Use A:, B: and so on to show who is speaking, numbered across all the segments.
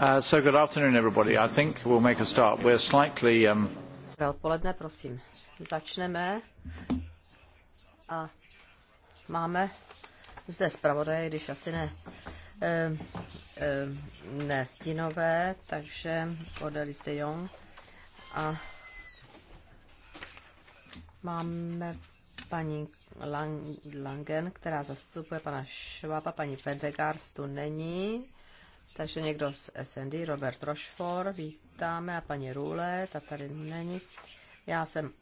A: Uh, so good afternoon, everybody. I think we'll make a start. We're slightly... Um...
B: Odpoledne, prosím. Začneme. A máme zde zpravodaje, když asi ne, e, e, ne stínové, takže podali jste Jong. A máme paní Lang, Langen, která zastupuje pana Švába, paní tu není takže někdo z SND, Robert Rošfor, vítáme a paní Růle, ta tady není. Já jsem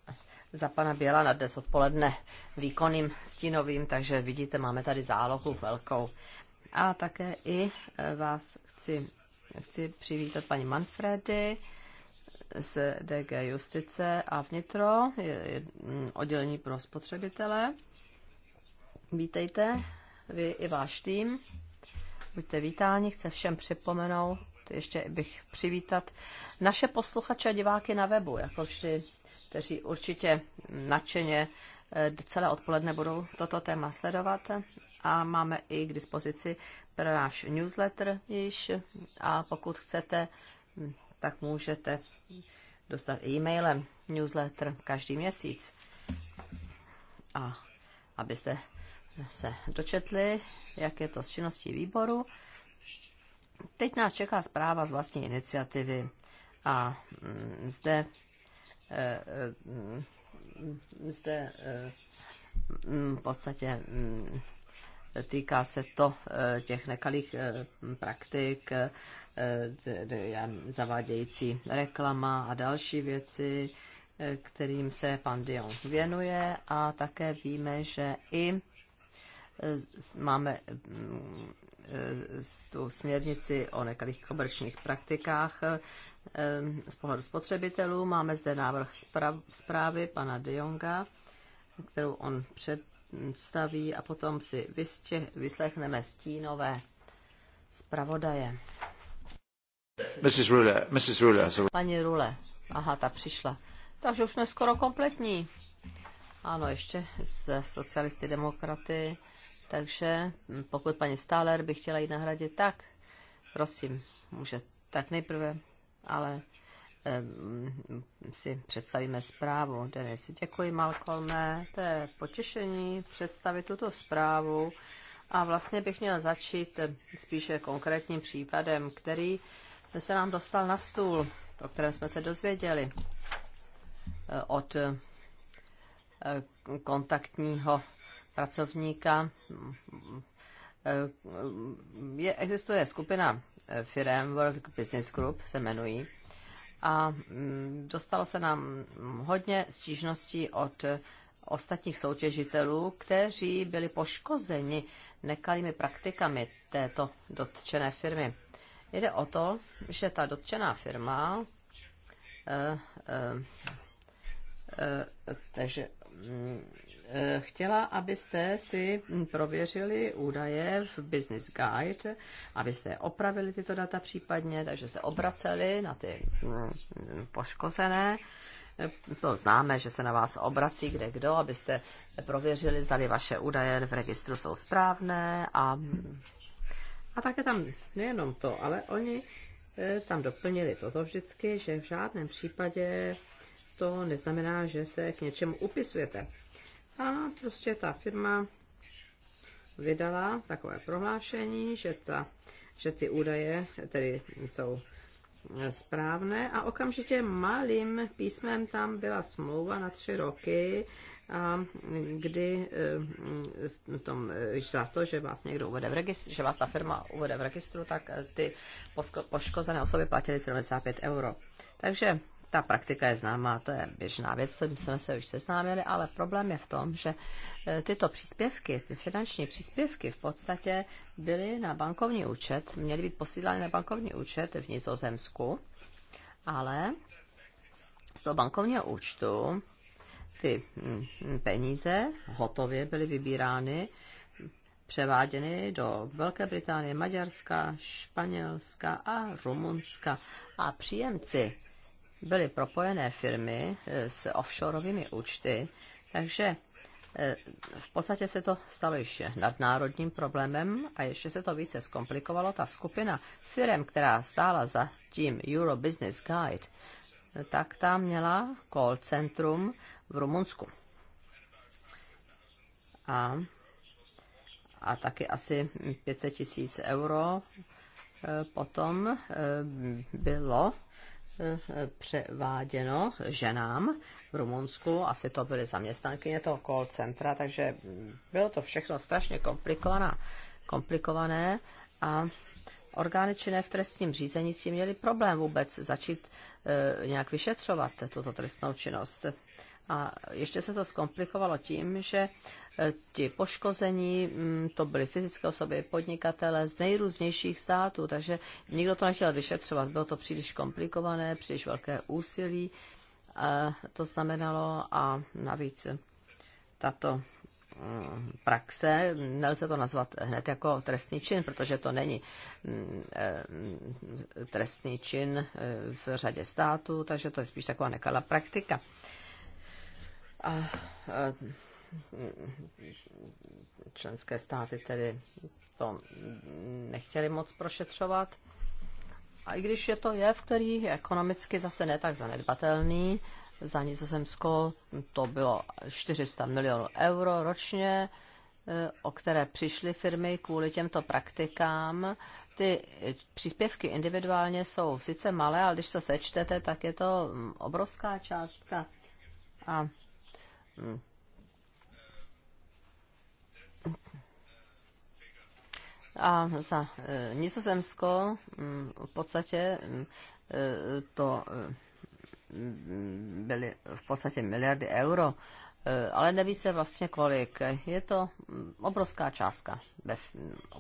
B: za pana Bělana dnes odpoledne výkonným stínovým, takže vidíte, máme tady zálohu velkou. A také i eh, vás chci, chci přivítat paní Manfredy z DG Justice a vnitro, mm, oddělení pro spotřebitele. Vítejte, vy i váš tým buďte vítáni, chce všem připomenout, ještě bych přivítat naše posluchače a diváky na webu, jako vždy, kteří určitě nadšeně eh, celé odpoledne budou toto téma sledovat a máme i k dispozici pro náš newsletter již a pokud chcete, hm, tak můžete dostat e-mailem newsletter každý měsíc. A abyste se dočetli, jak je to s činností výboru. Teď nás čeká zpráva z vlastní iniciativy a mm, zde e, e, zde e, mm, v podstatě mm, týká se to těch nekalých praktik, zavádějící reklama a další věci, kterým se pan Dion věnuje a také víme, že i E, máme mm, e, tu směrnici o nekalých komerčních praktikách e, z pohledu spotřebitelů. Máme zde návrh zprávy pana De Jonga, kterou on představí a potom si vystě, vyslechneme stínové zpravodaje. Mrs.
A: Rule, Mrs. Rule.
B: Pani Rule, aha, ta přišla. Takže už jsme skoro kompletní. Ano, ještě se socialisty, demokraty takže pokud paní Stáler by chtěla jít na hradě, tak prosím, může tak nejprve, ale si představíme zprávu. Denis, děkuji Malcolme, to je potěšení představit tuto zprávu a vlastně bych měla začít spíše konkrétním případem, který se nám dostal na stůl, o kterém jsme se dozvěděli eh, od eh, kontaktního pracovníka. Je, existuje skupina firm World Business Group, se jmenují, a mm, dostalo se nám hodně stížností od ostatních soutěžitelů, kteří byli poškozeni nekalými praktikami této dotčené firmy. Jde o to, že ta dotčená firma, eh, eh, eh, takže chtěla, abyste si prověřili údaje v Business Guide, abyste opravili tyto data případně, takže se obraceli na ty mm, poškozené. To známe, že se na vás obrací kde kdo, abyste prověřili, zda vaše údaje v registru jsou správné a, a také tam nejenom to, ale oni eh, tam doplnili toto vždycky, že v žádném případě to neznamená, že se k něčemu upisujete. A prostě ta firma vydala takové prohlášení, že, ta, že ty údaje tedy jsou správné a okamžitě malým písmem tam byla smlouva na tři roky, a kdy eh, v tom, eh, za to, že vás někdo uvede v registru, že vás ta firma uvede v registru, tak eh, ty poškozené osoby platily 75 euro. Takže ta praktika je známá, to je běžná věc, s tím jsme se už seznámili, ale problém je v tom, že e, tyto příspěvky, ty finanční příspěvky v podstatě byly na bankovní účet, měly být posílány na bankovní účet v Nizozemsku, ale z toho bankovního účtu ty mm, mm, peníze hotově byly vybírány, převáděny do Velké Británie, Maďarska, Španělska a Rumunska. A příjemci byly propojené firmy eh, s offshoreovými účty, takže eh, v podstatě se to stalo již nadnárodním problémem a ještě se to více zkomplikovalo. Ta skupina firm, která stála za tím Euro Business Guide, tak tam měla call centrum v Rumunsku. A, a taky asi 500 tisíc euro eh, potom bylo převáděno ženám v Rumunsku, asi to byly zaměstnankyně toho call centra, takže bylo to všechno strašně komplikované, komplikované a orgány činné v trestním řízení si měly problém vůbec začít e, nějak vyšetřovat tuto trestnou činnost. A ještě se to zkomplikovalo tím, že e, ti poškození, mm, to byly fyzické osoby, podnikatele z nejrůznějších států, takže nikdo to nechtěl vyšetřovat. Bylo to příliš komplikované, příliš velké úsilí e, to znamenalo a navíc tato mm, praxe, nelze to nazvat hned jako trestný čin, protože to není mm, e, trestný čin v řadě států, takže to je spíš taková nekalá praktika. A eh, členské státy tedy to nechtěli moc prošetřovat. A i když je to jev, který je ekonomicky zase ne tak zanedbatelný, za Nizozemsko to bylo 400 milionů euro ročně, eh, o které přišly firmy kvůli těmto praktikám. Ty příspěvky individuálně jsou sice malé, ale když se sečtete, tak je to mm, obrovská částka. A a za e, Nizozemsko mm, v podstatě mm, e, to e, mm, byly v podstatě miliardy euro, ale neví se vlastně kolik. Je to obrovská částka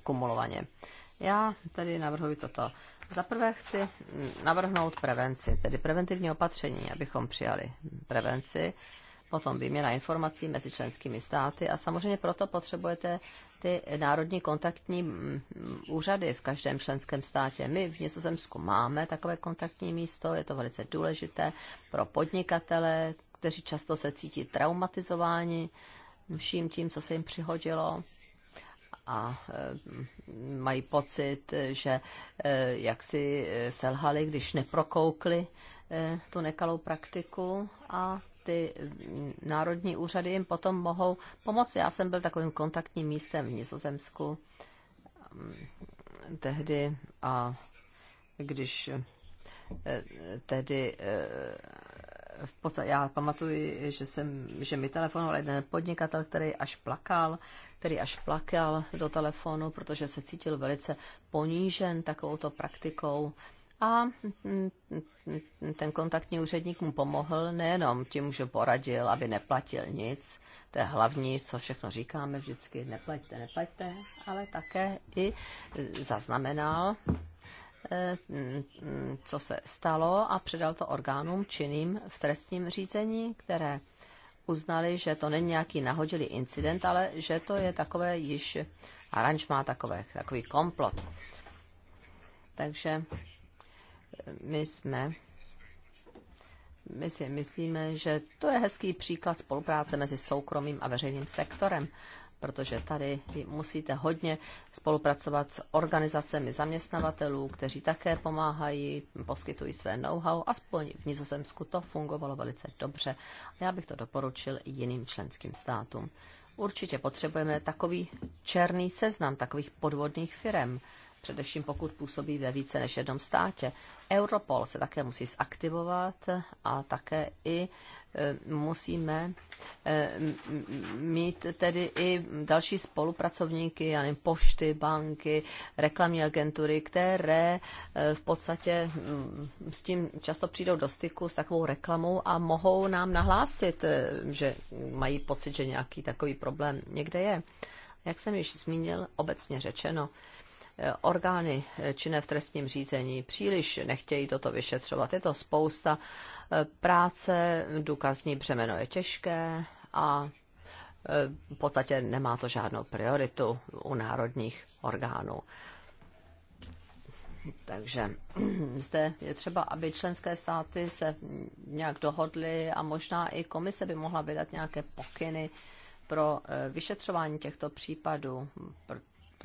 B: kumulovaně. Já tady navrhuji toto. Za prvé chci navrhnout prevenci, tedy preventivní opatření, abychom přijali prevenci potom výměna informací mezi členskými státy a samozřejmě proto potřebujete ty národní kontaktní mm, úřady v každém členském státě. My v Nizozemsku máme takové kontaktní místo, je to velice důležité pro podnikatele, kteří často se cítí traumatizováni vším tím, co se jim přihodilo a e, mají pocit, že e, jak si e, selhali, když neprokoukli tu nekalou praktiku a ty národní úřady jim potom mohou pomoci. Já jsem byl takovým kontaktním místem v Nizozemsku mm, tehdy a když eh, tedy eh, v podstatě, já pamatuji, že, jsem, že mi telefonoval jeden podnikatel, který až plakal, který až plakal do telefonu, protože se cítil velice ponížen takovouto praktikou a ten kontaktní úředník mu pomohl nejenom tím, že poradil, aby neplatil nic, to je hlavní, co všechno říkáme vždycky, neplaťte, neplaťte, ale také i zaznamenal, co se stalo a předal to orgánům činným v trestním řízení, které uznali, že to není nějaký nahodilý incident, ale že to je takové již aranž má takové, takový komplot. Takže my jsme my si myslíme, že to je hezký příklad spolupráce mezi soukromým a veřejným sektorem, protože tady musíte hodně spolupracovat s organizacemi zaměstnavatelů, kteří také pomáhají, poskytují své know-how. Aspoň v Nizozemsku to fungovalo velice dobře. Já bych to doporučil i jiným členským státům. Určitě potřebujeme takový černý seznam takových podvodných firm, především pokud působí ve více než jednom státě. Europol se také musí zaktivovat a také i e, musíme e, mít tedy i další spolupracovníky, ani pošty, banky, reklamní agentury, které e, v podstatě s tím často přijdou do styku s takovou reklamou a mohou nám nahlásit, že mají pocit, že nějaký takový problém někde je. Jak jsem již zmínil, obecně řečeno, orgány činné v trestním řízení příliš nechtějí toto vyšetřovat. Je to spousta eh, práce, důkazní břemeno je těžké a eh, v podstatě nemá to žádnou prioritu u národních orgánů. Takže zde je třeba, aby členské státy se nějak dohodly a možná i komise by mohla vydat nějaké pokyny pro eh, vyšetřování těchto případů,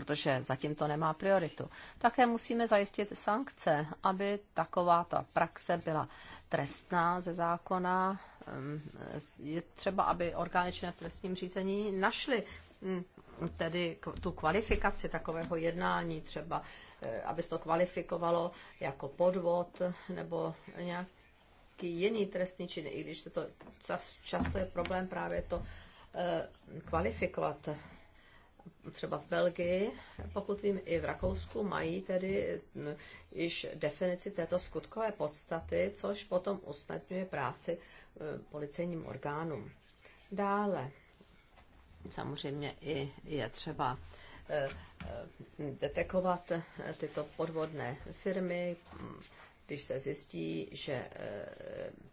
B: protože zatím to nemá prioritu. Také musíme zajistit sankce, aby taková ta praxe byla trestná ze zákona. Ehm, je třeba, aby orgány v trestním řízení našly hm, tedy tu kvalifikaci takového jednání třeba, eh, aby se to kvalifikovalo jako podvod nebo nějaký jiný trestný čin, i když se to často je problém právě to eh, kvalifikovat třeba v Belgii, pokud vím, i v Rakousku mají tedy mm, již definici této skutkové podstaty, což potom usnadňuje práci mm, policejním orgánům. Dále, samozřejmě i je třeba mm, e, e, detekovat tyto podvodné firmy, když se zjistí, že e,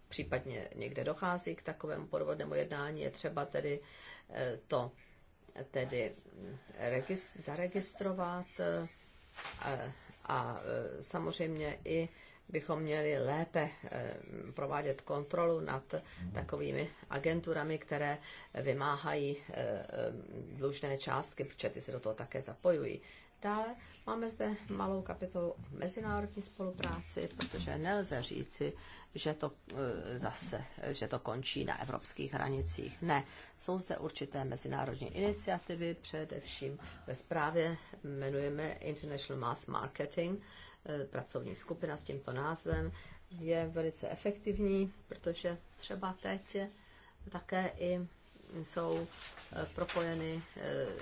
B: případně někde dochází k takovému podvodnému jednání, je třeba tedy to tedy mm, zaregistrovat eh, a, a eh, samozřejmě i bychom měli lépe eh, provádět kontrolu nad takovými agenturami, které vymáhají dlužné částky, protože ty se do toho také zapojují. Dále máme zde malou kapitolu o mezinárodní spolupráci, protože nelze říci, že to e, zase, e, že to končí na evropských hranicích. Ne, jsou zde určité mezinárodní iniciativy, především ve zprávě jmenujeme International Mass Marketing, e, pracovní skupina s tímto názvem, je velice efektivní, protože třeba teď také i jsou eh, propojeny,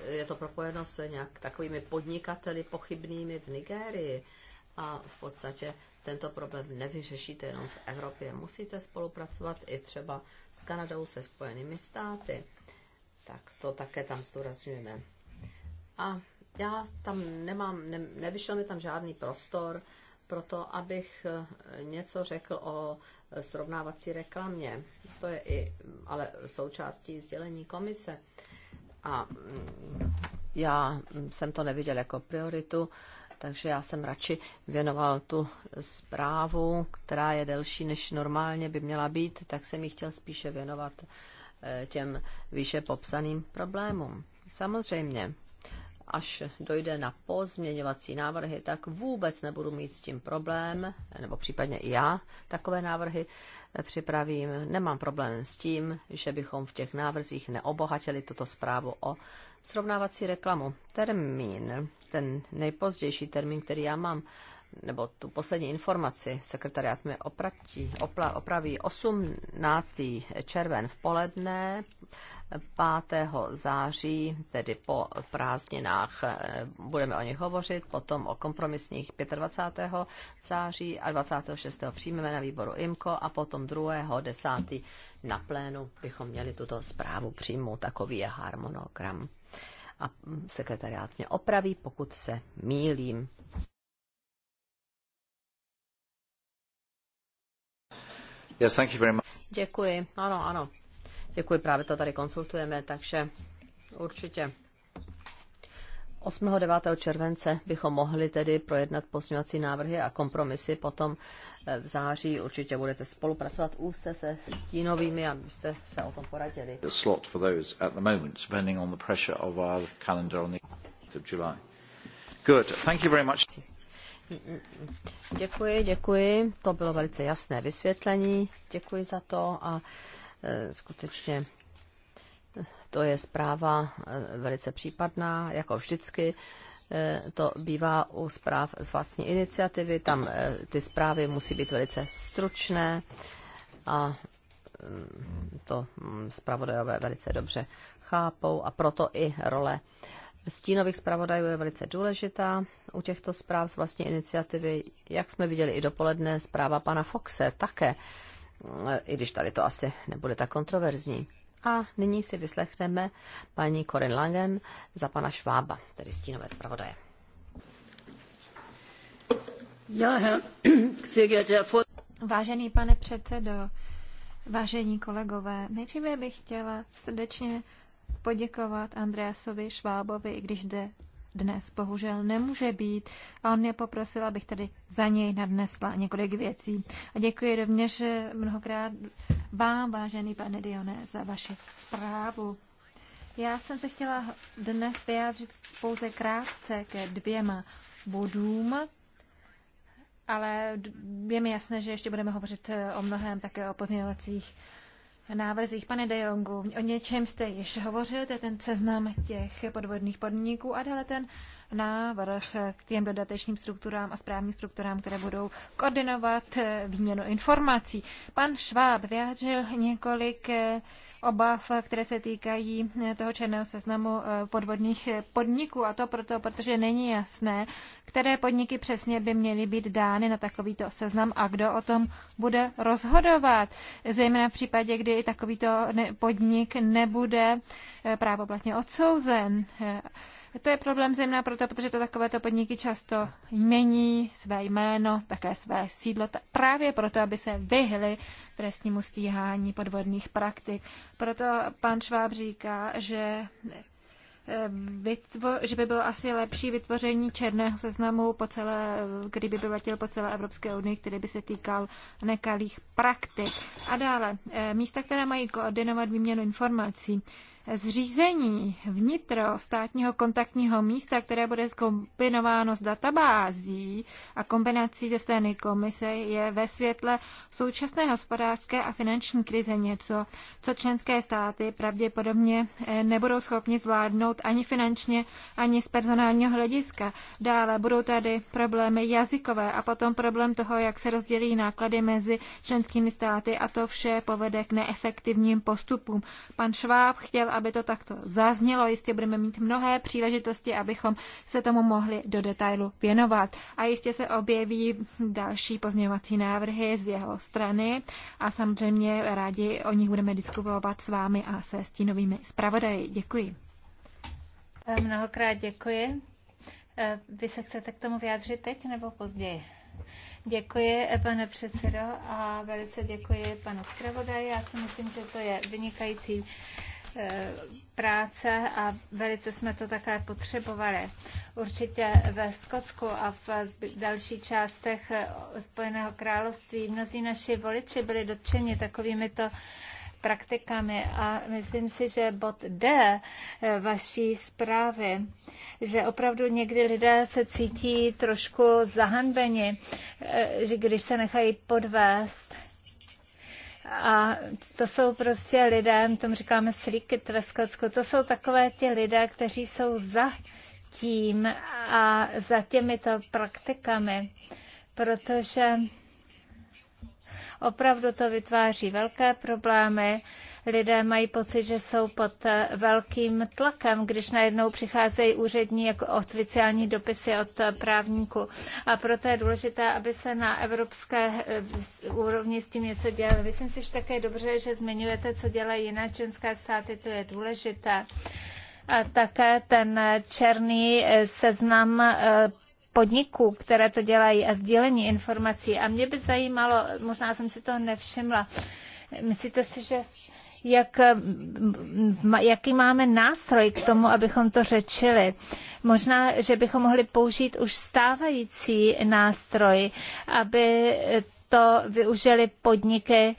B: eh, je to propojeno s nějak takovými podnikateli pochybnými v Nigérii a v podstatě tento problém nevyřešíte jenom v Evropě. Musíte spolupracovat i třeba s Kanadou, se Spojenými státy. Tak to také tam zdůrazňujeme. A já tam nemám, ne, nevyšel mi tam žádný prostor proto abych eh, něco řekl o eh, srovnávací reklamě. To je i mm, ale součástí sdělení komise. A mm, já mm, jsem to neviděl jako prioritu, takže já jsem radši věnoval tu zprávu, která je delší, než normálně by měla být, tak jsem ji chtěl spíše věnovat eh, těm výše popsaným problémům. Samozřejmě, až dojde na pozměňovací návrhy, tak vůbec nebudu mít s tím problém, nebo případně i já takové návrhy připravím. Nemám problém s tím, že bychom v těch návrzích neobohatili tuto zprávu o srovnávací reklamu. Termín, ten nejpozdější termín, který já mám, nebo tu poslední informaci, sekretariat mi opraví 18. červen v poledne, 5. září, tedy po prázdninách, eh, budeme o nich hovořit, potom o kompromisních 25. září a 26. přijmeme na výboru IMKO a potom 2. 10. na plénu bychom měli tuto zprávu přijmout. Takový je harmonogram. A sekretariát mě opraví, pokud se mílím.
A: Yes, thank you very much.
B: Děkuji. Ano, ano. Děkuji, právě to tady konsultujeme, takže určitě 8. 9. července bychom mohli tedy projednat pozměňovací návrhy a kompromisy. Potom eh, v září určitě budete spolupracovat úzce se stínovými, abyste se o tom poradili. Děkuji, děkuji. To bylo velice jasné vysvětlení. Děkuji za to a Eh, skutečně eh, to je zpráva eh, velice případná, jako vždycky to bývá u zpráv z vlastní iniciativy. Tam ty zprávy musí být velice stručné a mm, to mm, zpravodajové velice dobře chápou a proto i role stínových zpravodajů je velice důležitá u těchto zpráv z vlastní iniciativy. Jak jsme viděli i dopoledne, zpráva pana Foxe také i když tady to asi nebude tak kontroverzní. A nyní si vyslechneme paní Corin Langen za pana Švába, tedy stínové zpravodaje.
C: Vážený pane předsedo, vážení kolegové, nejdříve bych chtěla srdečně poděkovat Andreasovi Švábovi, i když zde dnes bohužel nemůže být a on mě poprosil, abych tady za něj nadnesla několik věcí. A děkuji rovněž mnohokrát vám, vážený pane Dione, za vaši zprávu. Já jsem se chtěla dnes vyjádřit pouze krátce ke dvěma bodům, ale je mi jasné, že ještě budeme hovořit o mnohem také o pozměňovacích návrzích. Pane De Jongu, o něčem jste již hovořil, to je ten seznam těch podvodných podniků a dále ten návrh k těm dodatečným strukturám a správním strukturám, které budou koordinovat eh, výměnu informací. Pan Šváb vyjádřil několik eh, obav, které se týkají eh, toho černého seznamu eh, podvodných eh, podniků. A to proto, protože není jasné, které podniky přesně by měly být dány na takovýto seznam a kdo o tom bude rozhodovat. Zejména v případě, kdy takovýto podnik nebude právoplatně odsouzen. To je problém zejména proto, protože to takovéto podniky často mění své jméno, také své sídlo, právě proto, aby se vyhly trestnímu stíhání podvodných praktik. Proto pan Šváb říká, že eh, Vytvo- že by bylo asi lepší vytvoření černého seznamu, po celé, který by vyletěl po celé Evropské unii, který by se týkal nekalých praktik. A dále, eh, místa, která mají koordinovat výměnu informací. Zřízení vnitro státního kontaktního místa, které bude zkombinováno s databází a kombinací ze strany komise, je ve světle současné hospodářské a finanční krize něco, co členské státy pravděpodobně eh, nebudou schopni zvládnout ani finančně, ani z personálního hlediska. Dále budou tady problémy jazykové a potom problém toho, jak se rozdělí náklady mezi členskými státy a to vše povede k neefektivním postupům. Pan Šváb chtěl, aby to takto zaznělo. Jistě budeme mít mnohé příležitosti, abychom se tomu mohli do detailu věnovat. A jistě se objeví další pozměňovací návrhy z jeho strany a samozřejmě rádi o nich budeme diskutovat s vámi a se stínovými zpravodaji. Děkuji.
D: Eh, mnohokrát děkuji. Eh, vy se chcete k tomu vyjádřit teď nebo později? Děkuji, eh, pane předsedo, a velice děkuji panu zpravodaji. Já si myslím, že to je vynikající E, práce a velice jsme to také potřebovali. Určitě ve Skotsku a v dalších částech Spojeného království mnozí naši voliči byli dotčeni takovými to praktikami a myslím si, že bod D e, vaší zprávy, že opravdu někdy lidé se cítí trošku zahanbeni, e, že když se nechají podvést, a to jsou prostě lidé, tomu říkáme slikit ve Skotsku, to jsou takové ti lidé, kteří jsou za tím a za těmito praktikami, protože opravdu to vytváří velké problémy lidé mají pocit, že jsou pod eh, velkým tlakem, když najednou přicházejí úřední jako oficiální dopisy od eh, právníků. A proto je důležité, aby se na evropské eh, úrovni s tím něco dělali. Myslím si, že také dobře, že zmiňujete, co dělají jiné členské státy, to je důležité. A také ten černý seznam podniků, které to dělají a sdílení informací. A mě by zajímalo, možná jsem si toho nevšimla, myslíte si, že jak, jaký máme nástroj k tomu, abychom to řečili. Možná, že bychom mohli použít už stávající nástroj, aby to využili podniky,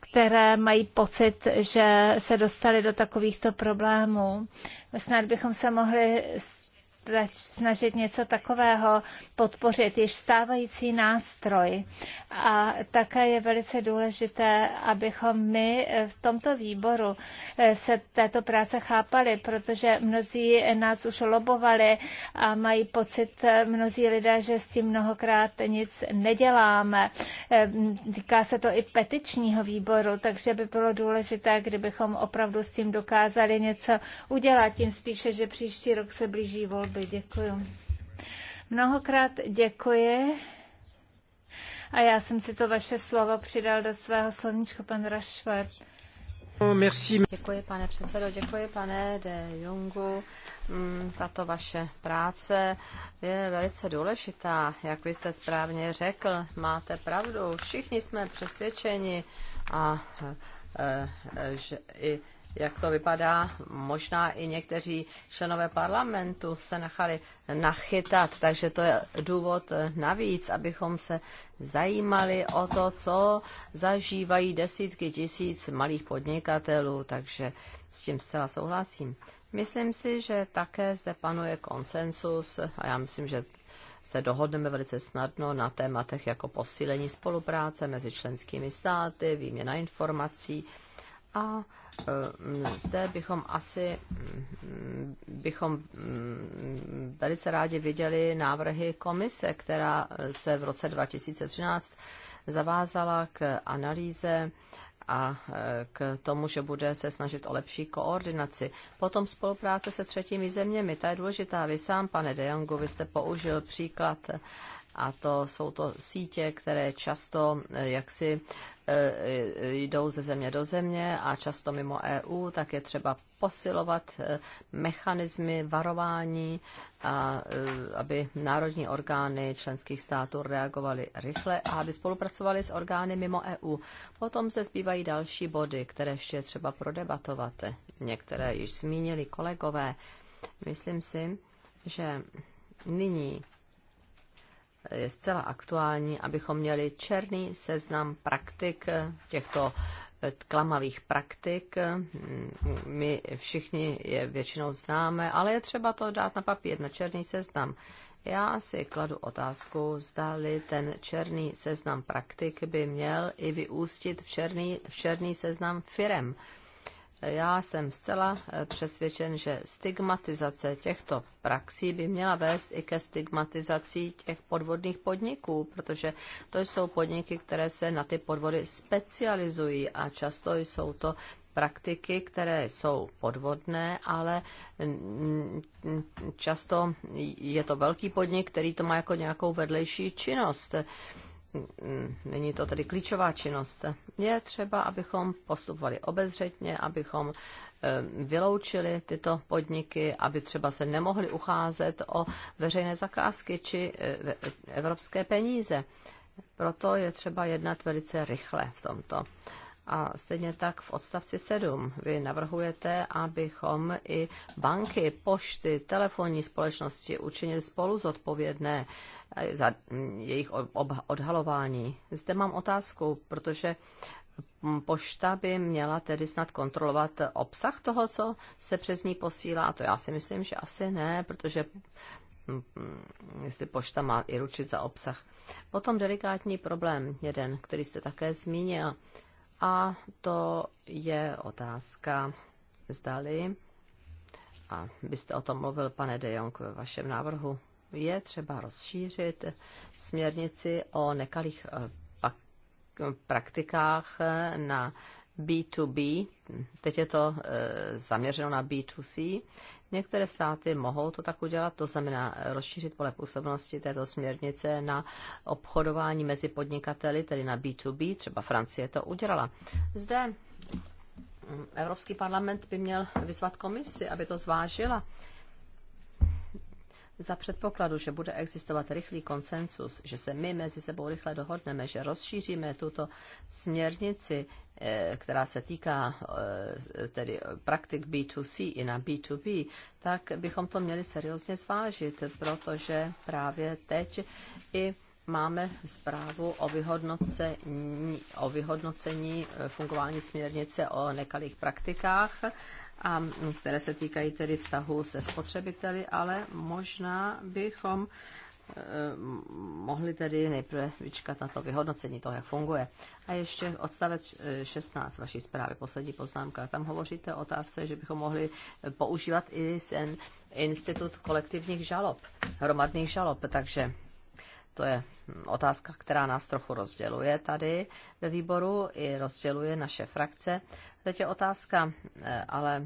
D: které mají pocit, že se dostali do takovýchto problémů. Snad bychom se mohli snažit něco takového podpořit, již stávající nástroj. A také je velice důležité, abychom my v tomto výboru eh, se této práce chápali, protože mnozí nás už lobovali a mají pocit eh, mnozí lidé, že s tím mnohokrát nic neděláme. Eh, týká se to i petičního výboru, takže by bylo důležité, kdybychom opravdu s tím dokázali něco udělat, tím spíše, že příští rok se blíží volby dobrý, děkuji. Mnohokrát děkuji. A já jsem si to vaše slovo přidal do svého slovníčka, pan Rašvert.
B: Děkuji, pane předsedo, děkuji, pane de Jungu. Mm, tato vaše práce je velice důležitá, jak vy jste správně řekl. Máte pravdu, všichni jsme přesvědčeni a e, e, že i jak to vypadá, možná i někteří členové parlamentu se nechali nachytat, takže to je důvod navíc, abychom se zajímali o to, co zažívají desítky tisíc malých podnikatelů, takže s tím zcela souhlasím. Myslím si, že také zde panuje konsensus a já myslím, že se dohodneme velice snadno na tématech jako posílení spolupráce mezi členskými státy, výměna informací, a e, zde bychom asi bychom mm, velice rádi viděli návrhy komise, která se v roce 2013 zavázala k analýze a e, k tomu, že bude se snažit o lepší koordinaci. Potom spolupráce se třetími zeměmi, ta je důležitá. Vy sám, pane De Jongu, vy jste použil příklad a to jsou to sítě, které často e, jaksi E, e, jdou ze země do země a často mimo EU, tak je třeba posilovat e, mechanismy varování, a, aby národní orgány členských států reagovaly rychle a aby spolupracovaly s orgány mimo EU. Potom se zbývají další body, které ještě je třeba prodebatovat. Některé již zmínili kolegové. Myslím si, že nyní je zcela aktuální, abychom měli černý seznam praktik těchto eh, klamavých praktik. Mm, my všichni je většinou známe, ale je třeba to dát na papír, na černý seznam. Já si kladu otázku, zdali ten černý seznam praktik by měl i vyústit v černý, v černý seznam firem. Já jsem zcela eh, přesvědčen, že stigmatizace těchto praxí by měla vést i ke stigmatizaci těch podvodných podniků, protože to jsou podniky, které se na ty podvody specializují a často jsou to praktiky, které jsou podvodné, ale často je to velký podnik, který to má jako nějakou vedlejší činnost. Mm, není to tedy klíčová činnost. Je třeba, abychom postupovali obezřetně, abychom eh, vyloučili tyto podniky, aby třeba se nemohli ucházet o veřejné zakázky či eh, evropské peníze. Proto je třeba jednat velice rychle v tomto. A stejně tak v odstavci 7 vy navrhujete, abychom i banky, pošty, telefonní společnosti učinili spolu zodpovědné eh, za mm, jejich odhalování. Zde mám otázku, protože mm, pošta by měla tedy snad kontrolovat obsah toho, co se přes ní posílá. A to já si myslím, že asi ne, protože mm, jestli pošta má i ručit za obsah. Potom delikátní problém, jeden, který jste také zmínil, a to je otázka, zdali, a byste o tom mluvil, pane De Jong, ve vašem návrhu, je třeba rozšířit směrnici o nekalých eh, praktikách eh, na B2B, teď je to eh, zaměřeno na B2C, Některé státy mohou to tak udělat, to znamená rozšířit pole působnosti této směrnice na obchodování mezi podnikateli, tedy na B2B, třeba Francie to udělala. Zde Evropský parlament by měl vyzvat komisi, aby to zvážila za předpokladu, že bude existovat rychlý konsensus, že se my mezi sebou rychle dohodneme, že rozšíříme tuto směrnici, eh, která se týká eh, tedy praktik B2C i na B2B, tak bychom to měli seriózně zvážit, protože právě teď i máme zprávu o vyhodnocení, o vyhodnocení eh, fungování směrnice o nekalých praktikách a no, které se týkají tedy vztahu se spotřebiteli, ale možná bychom eh, mohli tedy nejprve vyčkat na to vyhodnocení toho, jak funguje. A ještě odstavec 16 eh, vaší zprávy, poslední poznámka. Tam hovoříte o otázce, že bychom mohli eh, používat i sen institut kolektivních žalob, hromadných žalob, takže to je hm, otázka, která nás trochu rozděluje tady ve výboru i rozděluje naše frakce, Teď je otázka, eh, ale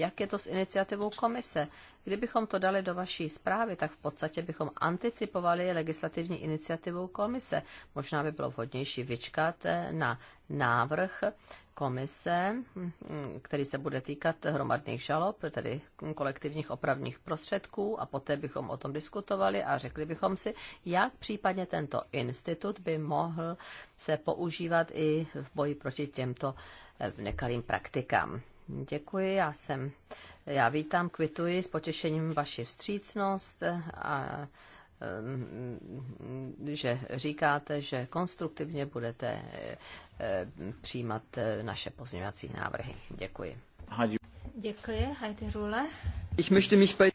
B: jak je to s iniciativou komise? Kdybychom to dali do vaší zprávy, tak v podstatě bychom anticipovali legislativní iniciativu komise. Možná by bylo vhodnější vyčkat eh, na návrh komise, hm, který se bude týkat hromadných žalob, tedy kolektivních opravních prostředků a poté bychom o tom diskutovali a řekli bychom si, jak případně tento institut by mohl se používat i v boji proti těmto eh, nekalým praktikám. Děkuji, já jsem, já vítám, kvituji s potěšením vaši vstřícnost a mm, že říkáte, že konstruktivně budete eh, přijímat eh, naše pozměňovací návrhy. Děkuji.
D: Děkuji, Heidi Rule.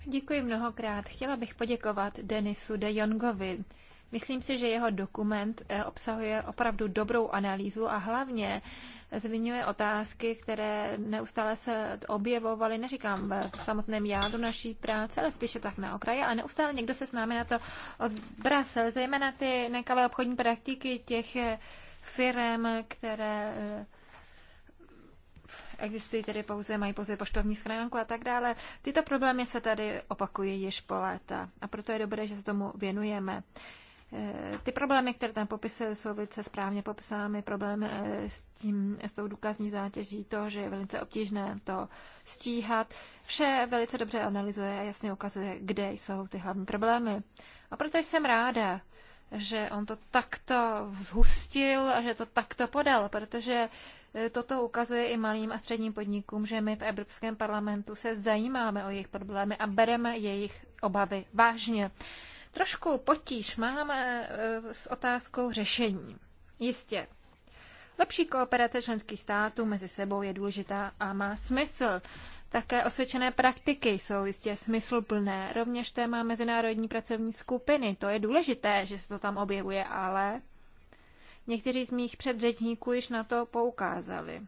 C: Děkuji mnohokrát. Chtěla bych poděkovat Denisu de Jongovi Myslím si, že jeho dokument eh, obsahuje opravdu dobrou analýzu a hlavně zmiňuje otázky, které neustále se objevovaly, neříkám v samotném jádru naší práce, ale spíše tak na okraji. A neustále někdo se s námi na to odbrasil, zejména ty nekalé obchodní praktiky těch eh, firm, které eh, existují tedy pouze, mají pouze poštovní schránku a tak dále. Tyto problémy se tady opakují již po léta a proto je dobré, že se tomu věnujeme. Eh, ty problémy, které tam popisuje, jsou velice správně popsány. Problém eh, s tím, s tou důkazní zátěží, to, že je velice obtížné to stíhat. Vše velice dobře analyzuje a jasně ukazuje, kde jsou ty hlavní problémy. A proto jsem ráda, že on to takto zhustil a že to takto podal, protože eh, toto ukazuje i malým a středním podnikům, že my v Evropském parlamentu se zajímáme o jejich problémy a bereme jejich obavy vážně. Trošku potíž máme eh, s otázkou řešení. Jistě, Lepší kooperace členských států mezi sebou je důležitá a má smysl. Také osvědčené praktiky jsou jistě smysluplné. Rovněž téma mezinárodní pracovní skupiny. To je důležité, že se to tam objevuje, ale někteří z mých předřečníků již na to poukázali.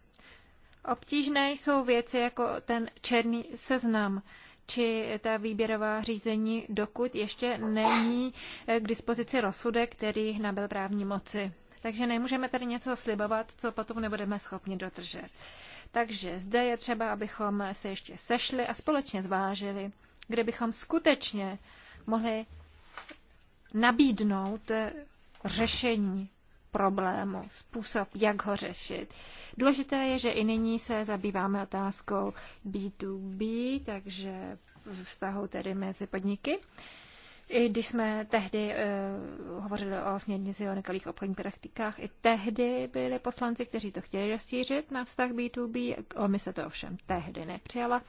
C: Obtížné jsou věci jako ten černý seznam či ta výběrová řízení, dokud ještě není eh, k dispozici rozsudek, který nabyl právní moci. Takže nemůžeme tady něco slibovat, co potom nebudeme schopni dotržet. Takže zde je třeba, abychom se ještě sešli a společně zvážili, kde bychom skutečně mohli nabídnout eh, řešení problému, způsob, jak ho řešit. Důležité je, že i nyní se zabýváme otázkou B2B, takže vztahu tedy mezi podniky. I když jsme tehdy uh, hovořili o směrnici o nekalých obchodních praktikách, i tehdy byli poslanci, kteří to chtěli rozšířit na vztah B2B, se to ovšem tehdy nepřijala.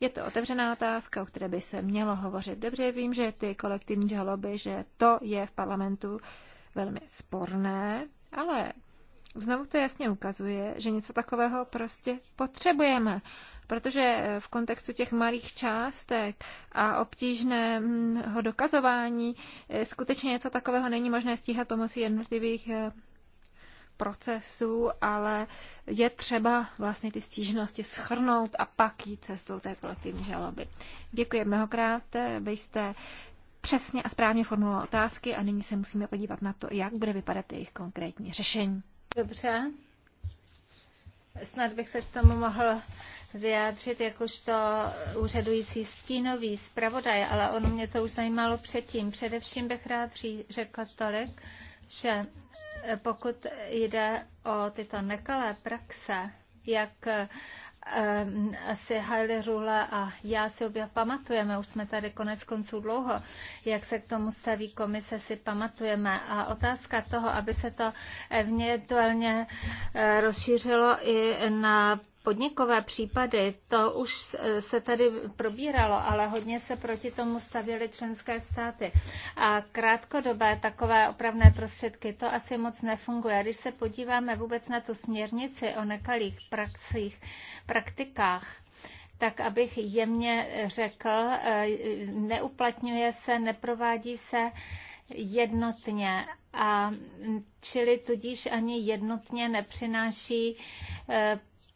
C: Je to otevřená otázka, o které by se mělo hovořit. Dobře vím, že ty kolektivní žaloby, že to je v parlamentu velmi sporné, ale znovu to jasně ukazuje, že něco takového prostě potřebujeme. Protože v kontextu těch malých částek a obtížného mm, dokazování eh, skutečně něco takového není možné stíhat pomocí jednotlivých eh, procesů, ale je třeba vlastně ty stížnosti schrnout a pak jít cestou té kolektivní žaloby. Děkuji mnohokrát, eh, vy jste přesně a správně formulovala otázky a nyní se musíme podívat na to, jak bude vypadat jejich konkrétní řešení.
D: Dobře. Snad bych se k tomu mohl vyjádřit jakožto úřadující stínový zpravodaj, ale ono mě to už zajímalo předtím. Především bych rád řekla tolik, že pokud jde o tyto nekalé praxe, jak asi Haile Rula a já si obě pamatujeme, už jsme tady konec konců dlouho, jak se k tomu staví komise, si pamatujeme. A otázka toho, aby se to eventuálně eh, rozšířilo i na podnikové případy, to už se tady probíralo, ale hodně se proti tomu stavěly členské státy. A krátkodobé takové opravné prostředky, to asi moc nefunguje. Když se podíváme vůbec na tu směrnici o nekalých praxích, praktikách, tak abych jemně řekl, eh, neuplatňuje se, neprovádí se jednotně a mm, čili tudíž ani jednotně nepřináší eh,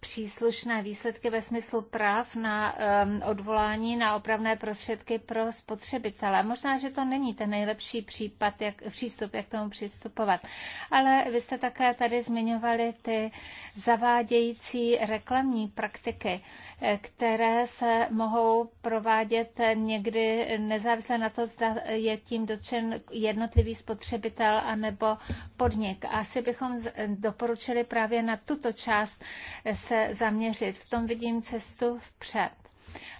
D: příslušné výsledky ve smyslu práv na um, odvolání na opravné prostředky pro spotřebitele. Možná, že to není ten nejlepší případ, jak, přístup, jak tomu přistupovat. Ale vy jste také tady zmiňovali ty zavádějící reklamní praktiky, eh, které se mohou provádět někdy nezávisle na to, zda je tím dotčen jednotlivý spotřebitel anebo podnik. Asi bychom doporučili právě na tuto část se zaměřit. V tom vidím cestu vpřed.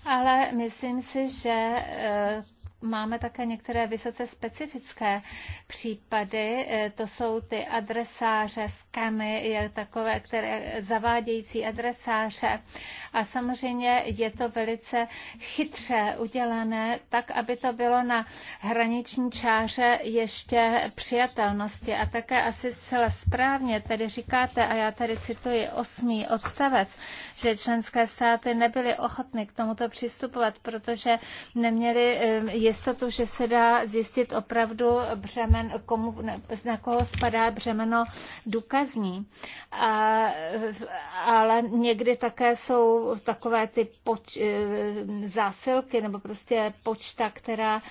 D: Ale myslím si, že eh, máme také některé vysoce specifické případy. Eh, to jsou ty adresáře, skamy, takové které, zavádějící adresáře. A samozřejmě je to velice chytře udělané, tak, aby to bylo na hraniční čáře ještě přijatelnosti. A také asi zcela správně tedy říkáte, a já tady cituji osmý odstavec, že členské státy nebyly ochotny k tomuto přistupovat, protože neměli eh, jistotu, že se dá zjistit opravdu břemen, komu, na koho spadá břemeno důkazní. A, eh, ale někdy také jsou takové ty poč, eh, zásilky nebo prostě počta, která,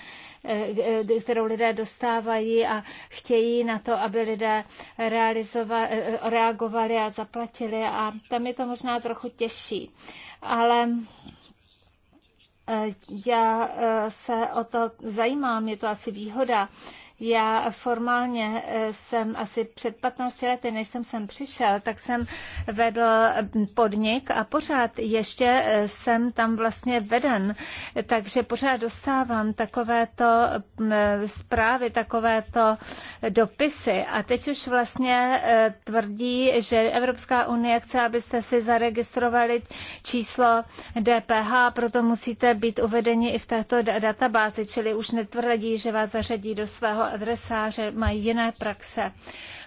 D: eh, eh, kterou lidé dostávají a chtějí na to, aby lidé reagovali a zaplatili a tam je to možná trochu těžší. Ale já se o to zajímám, je to asi výhoda, já formálně eh, jsem asi před 15 lety, než jsem sem přišel, tak jsem vedl hm, podnik a pořád ještě eh, jsem tam vlastně veden, takže pořád dostávám takovéto hm, eh, zprávy, takovéto dopisy a teď už vlastně tvrdí, že Evropská unie chce, abyste si zaregistrovali číslo DPH, proto musíte být uvedeni i v této databázi, čili už netvrdí, že vás zařadí do svého adresáře, mají jiné praxe.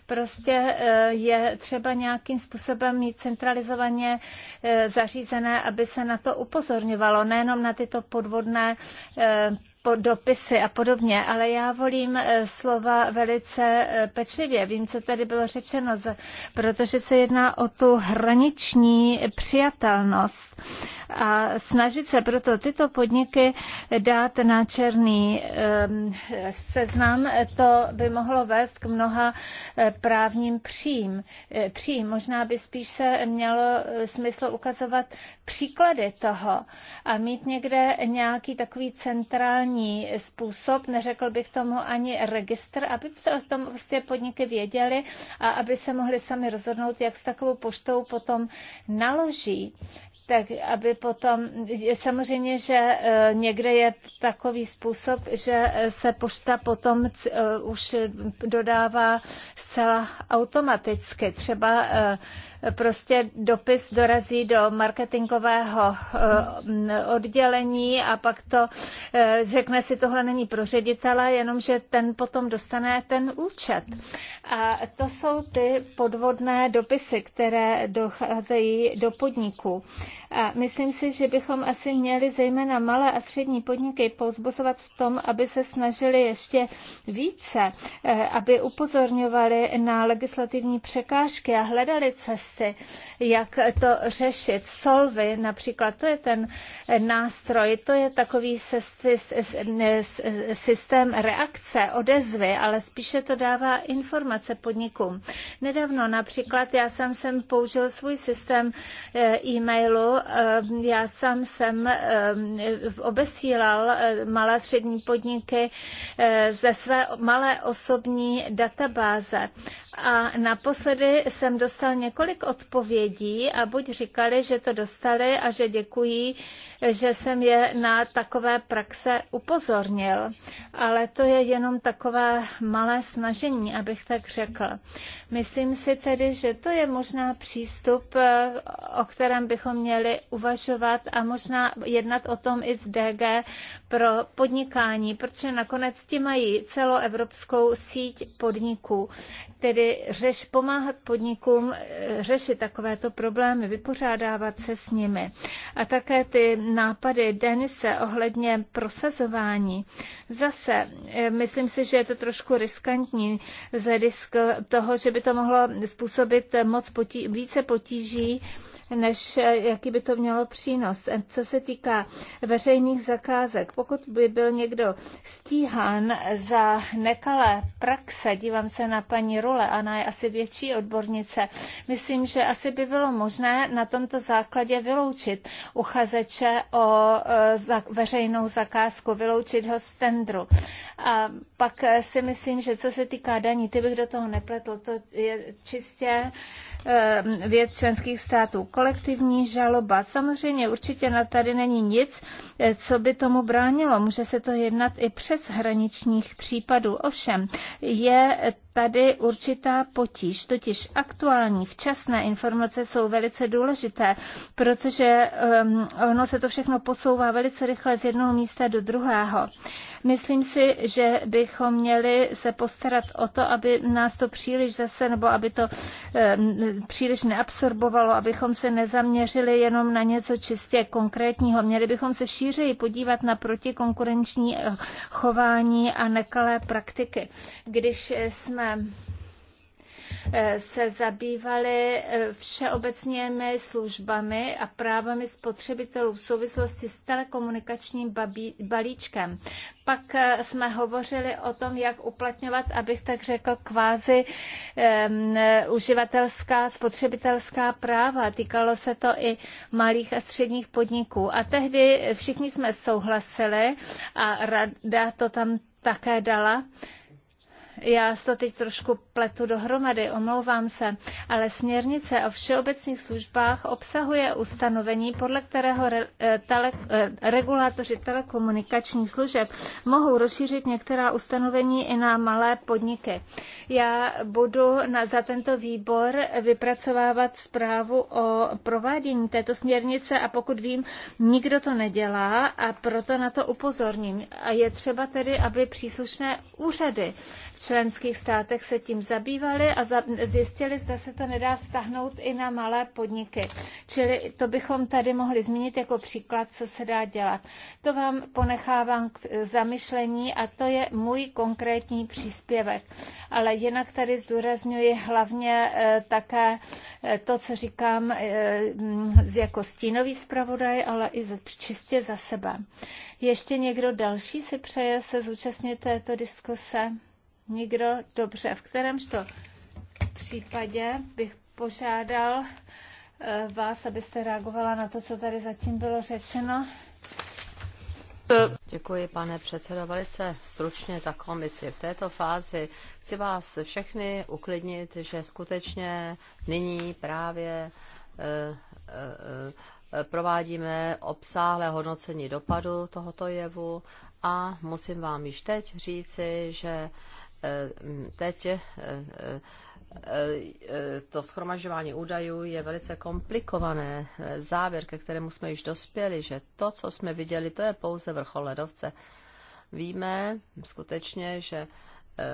D: Prostě eh, je třeba nějakým způsobem mít centralizovaně eh, zařízené, aby se na to upozorňovalo, nejenom na tyto podvodné eh, dopisy a podobně, ale já volím eh, slova velice eh, pečlivě. Vím, co tady bylo řečeno, protože se jedná o tu hraniční přijatelnost. A snažit se proto tyto podniky dát na černý ehm, seznam, to by mohlo vést k mnoha eh, právním přím. Možná by spíš se mělo smysl ukazovat příklady toho a mít někde nějaký takový centrální způsob, neřekl bych tomu ani registr, aby se o tom prostě podniky věděly a aby se mohli sami rozhodnout, jak s takovou poštou potom naloží tak aby potom, samozřejmě, že eh, někde je takový způsob, že eh, se pošta potom eh, už dodává zcela automaticky. Třeba prostě dopis dorazí do marketingového eh, oddělení a pak to eh, řekne si, tohle není pro ředitele, jenomže ten potom dostane ten účet. A to jsou ty podvodné dopisy, které docházejí do podniků. A myslím si, že bychom asi měli zejména malé a střední podniky pouzbuzovat v tom, aby se snažili ještě více, eh, aby upozorňovali na legislativní překážky a hledali cesty, praxi, jak to řešit. Solvy například, to je ten nástroj, to je takový systém reakce, odezvy, ale spíše to dává informace podnikům. Nedávno například já jsem sem použil svůj systém eh, e-mailu, eh, já jsem sem eh, obesílal malé střední podniky ze své malé osobní databáze. A naposledy jsem dostal několik odpovědí a buď říkali, že to dostali a že děkují, že jsem je na takové praxe upozornil. Ale to je jenom takové malé snažení, abych tak řekl. Myslím si tedy, že to je možná přístup, eh, o kterém bychom měli uvažovat a možná jednat o tom i z DG pro podnikání, protože nakonec ti mají celoevropskou síť podniků, tedy řeš pomáhat podnikům eh, řešit takovéto problémy, vypořádávat se s nimi. A také ty nápady Denise ohledně prosazování. Zase, eh, myslím si, že je to trošku riskantní z hlediska toho, že by to mohlo způsobit moc potí- více potíží, než eh, jaký by to mělo přínos. Eh, co se týká veřejných zakázek, pokud by byl někdo stíhán za nekalé praxe, dívám se na paní Rule, ona je asi větší odbornice, myslím, že asi by bylo možné na tomto základě vyloučit uchazeče o eh, veřejnou zakázku, vyloučit ho z tendru. A pak si myslím, že co se týká daní, ty bych do toho nepletl, to je čistě ehm, věc členských států. Kolektivní žaloba. Samozřejmě určitě na tady není nic, eh, co by tomu bránilo. Může se to jednat i přes hraničních případů. Ovšem, je tady určitá potíž. Totiž aktuální, včasné informace jsou velice důležité, protože um, ono se to všechno posouvá velice rychle z jednoho místa do druhého. Myslím si, že bychom měli se postarat o to, aby nás to příliš zase, nebo aby to um, příliš neabsorbovalo, abychom se nezaměřili jenom na něco čistě konkrétního. Měli bychom se šířeji podívat na protikonkurenční eh, chování a nekalé praktiky. Když jsme jsme eh, se zabývali eh, všeobecnými službami a právami spotřebitelů v souvislosti s telekomunikačním balíčkem. Pak eh, jsme hovořili o tom, jak uplatňovat, abych tak řekl, kvázi um, uživatelská, spotřebitelská práva. Týkalo se to i malých a středních podniků. A tehdy všichni jsme souhlasili a rada to tam také dala, já to teď trošku pletu dohromady, omlouvám se, ale směrnice o všeobecných službách obsahuje ustanovení, podle kterého re, eh, tele, eh, regulátoři telekomunikačních služeb mohou rozšířit některá ustanovení i na malé podniky. Já budu na, za tento výbor vypracovávat zprávu o provádění této směrnice a pokud vím, nikdo to nedělá a proto na to upozorním. A je třeba tedy, aby příslušné úřady členských státech se tím zabývali a zjistili, zda se to nedá vztahnout i na malé podniky. Čili to bychom tady mohli zmínit jako příklad, co se dá dělat. To vám ponechávám k e, zamyšlení a to je můj konkrétní příspěvek. Ale jinak tady zdůrazňuji hlavně e, také e, to, co říkám jako stínový zpravodaj, ale i čistě za sebe. Ještě někdo další si přeje se zúčastnit této diskuse? Nikdo? Dobře, v kterémž to případě bych požádal eh, vás, abyste reagovala na to, co tady zatím bylo řečeno.
B: Děkuji, pane předsedo, velice stručně za komisi. V této fázi chci vás všechny uklidnit, že skutečně nyní právě eh, eh, provádíme obsáhlé hodnocení dopadu tohoto jevu a musím vám již teď říci, že Eh, teď eh, eh, to schromažování údajů je velice komplikované. Závěr, ke kterému jsme již dospěli, že to, co jsme viděli, to je pouze vrchol ledovce. Víme skutečně, že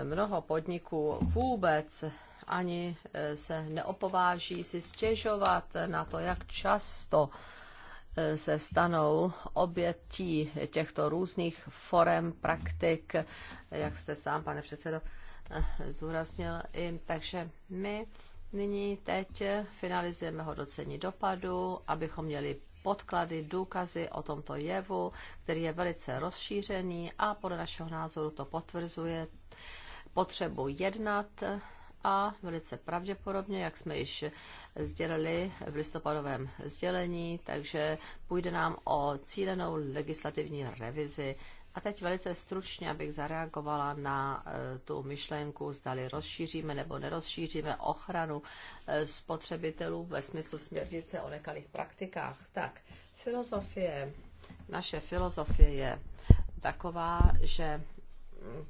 B: mnoho podniků vůbec ani se neopováží si stěžovat na to, jak často se stanou obětí těchto různých forem praktik, jak jste sám, pane předsedo, zúraznil I, takže my nyní teď finalizujeme hodnocení dopadu, abychom měli podklady, důkazy o tomto jevu, který je velice rozšířený a podle našeho názoru to potvrzuje potřebu jednat a velice pravděpodobně, jak jsme již sdělili v listopadovém sdělení, takže půjde nám o cílenou legislativní revizi. A teď velice stručně, abych zareagovala na e, tu myšlenku, zdali rozšíříme nebo nerozšíříme ochranu e, spotřebitelů ve smyslu směrnice o nekalých praktikách. Tak, filozofie, naše filozofie je taková, že mm,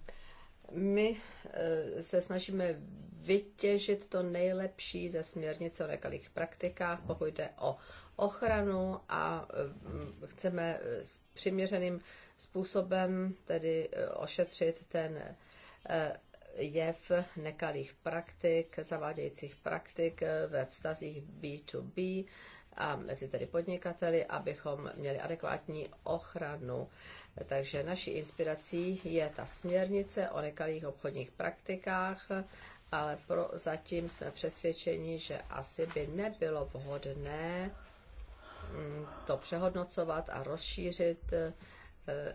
B: my eh, se snažíme vytěžit to nejlepší ze směrnice o nekalých praktikách, pokud jde o ochranu a eh, chceme s eh, přiměřeným způsobem tedy ošetřit ten jev nekalých praktik, zavádějících praktik ve vztazích B2B a mezi tedy podnikateli, abychom měli adekvátní ochranu takže naší inspirací je ta směrnice o nekalých obchodních praktikách, ale pro zatím jsme přesvědčeni, že asi by nebylo vhodné mm, to přehodnocovat a rozšířit e,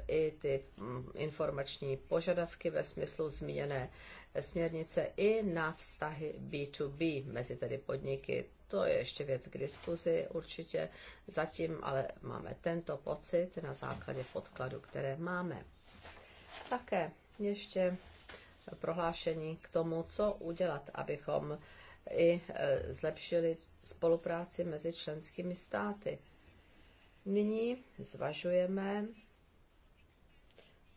B: i ty mm, informační požadavky ve smyslu zmíněné směrnice i na vztahy B2B mezi tedy podniky to je ještě věc k diskuzi určitě. Zatím ale máme tento pocit na základě podkladu, které máme. Také ještě prohlášení k tomu, co udělat, abychom i e, zlepšili spolupráci mezi členskými státy. Nyní zvažujeme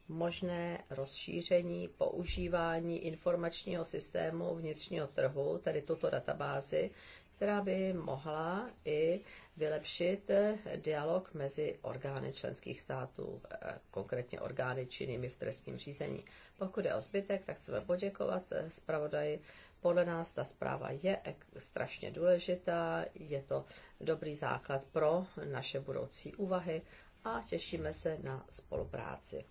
B: možné rozšíření používání informačního systému vnitřního trhu, tedy tuto databázi, která by mohla i vylepšit dialog mezi orgány členských států, eh, konkrétně orgány činnými v trestním řízení. Pokud je o zbytek, tak chceme poděkovat eh, zpravodaji. Podle nás ta zpráva je strašně důležitá, je to dobrý základ pro naše budoucí úvahy a těšíme se na spolupráci.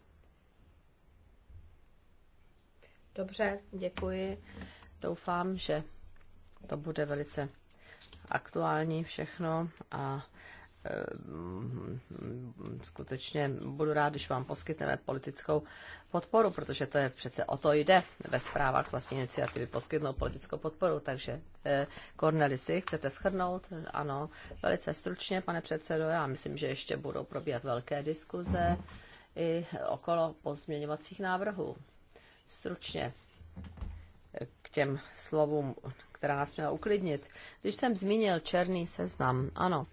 B: Dobře, děkuji. Doufám, že to bude velice aktuální všechno a eh, skutečně budu rád, když vám poskytneme politickou podporu, protože to je přece o to jde ve zprávách z vlastní iniciativy poskytnout politickou podporu. Takže eh, Cornelisi, chcete schrnout? Ano, velice stručně, pane předsedo. Já myslím, že ještě budou probíhat velké diskuze i okolo pozměňovacích návrhů. Stručně k těm slovům, která nás měla uklidnit. Když jsem zmínil černý seznam, ano,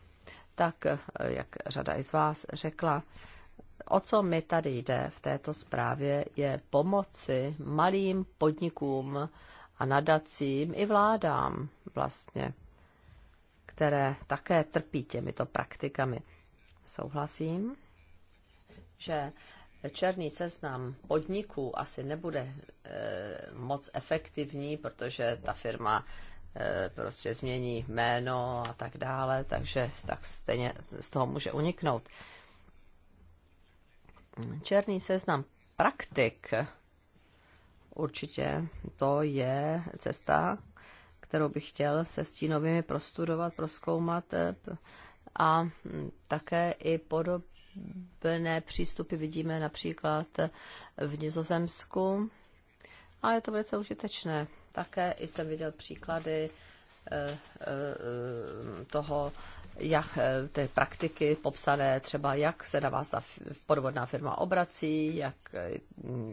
B: tak, eh, jak řada i z vás řekla, o co mi tady jde v této zprávě, je pomoci malým podnikům a nadacím i vládám vlastně, které také trpí těmito praktikami. Souhlasím, že černý seznam podniků asi nebude eh, moc efektivní, protože ta firma eh, prostě změní jméno a tak dále, takže tak stejně z toho může uniknout. Černý seznam praktik určitě to je cesta, kterou bych chtěl se stínovými prostudovat, proskoumat eh, a mm, také i podob, plné přístupy vidíme například v Nizozemsku a je to velice užitečné. Také jsem viděl příklady eh, eh, toho, jak eh, ty praktiky popsané, třeba jak se na vás ta podvodná firma obrací, jak,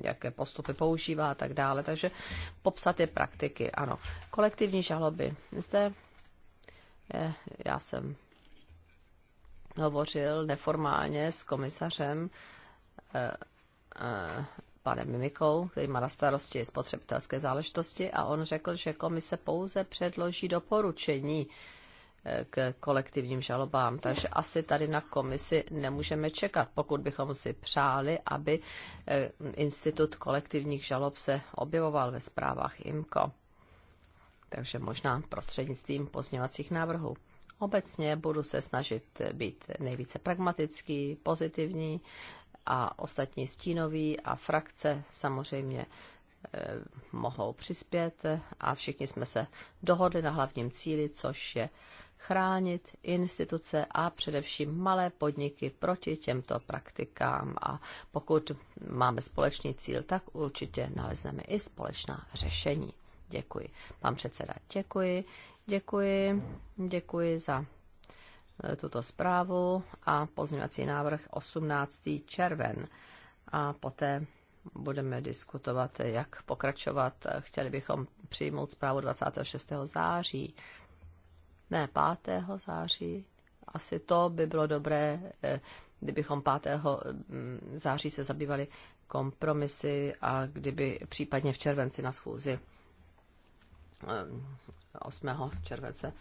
B: jaké postupy používá a tak dále. Takže popsat ty praktiky, ano. Kolektivní žaloby. Zde je, já jsem hovořil neformálně s komisařem eh, eh, panem Mimikou, který má na starosti spotřebitelské záležitosti a on řekl, že komise pouze předloží doporučení eh, k kolektivním žalobám. Takže asi tady na komisi nemůžeme čekat, pokud bychom si přáli, aby institut kolektivních žalob se objevoval ve zprávách IMCO. Takže možná prostřednictvím pozněvacích návrhů obecně budu se snažit být nejvíce pragmatický, pozitivní a ostatní stínoví a frakce samozřejmě eh, mohou přispět a všichni jsme se dohodli na hlavním cíli, což je chránit instituce a především malé podniky proti těmto praktikám a pokud máme společný cíl, tak určitě nalezneme i společná řešení. Děkuji. Pan předseda, děkuji. Děkuji, děkuji za eh, tuto zprávu a pozměňovací návrh 18. červen. A poté budeme diskutovat, jak pokračovat. Chtěli bychom přijmout zprávu 26. září. Ne, 5. září. Asi to by bylo dobré, eh, kdybychom 5. Mm, září se zabývali kompromisy a kdyby případně v červenci na schůzi 8. Eh, července,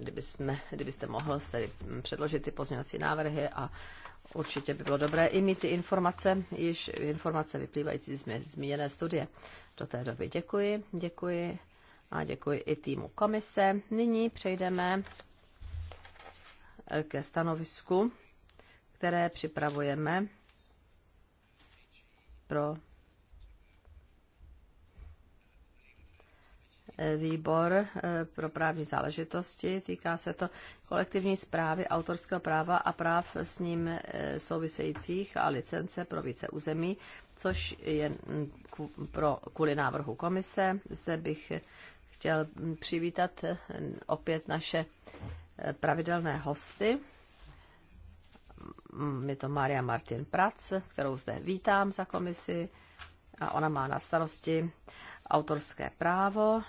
B: kdyby jsme, kdybyste mohl tedy předložit ty pozměňovací návrhy a určitě by bylo dobré i mít ty informace, již informace vyplývající z zmíněné studie. Do té doby děkuji, děkuji a děkuji i týmu komise. Nyní přejdeme eh, ke stanovisku, které připravujeme pro výbor eh, pro právní záležitosti. Týká se to kolektivní zprávy autorského práva a práv s ním eh, souvisejících a licence pro více území, což je mm, pro, kvůli návrhu komise. Zde bych chtěl přivítat eh, opět naše pravidelné hosty. Mm, je to Maria Martin Prac, kterou zde vítám za komisi a ona má na starosti autorské právo,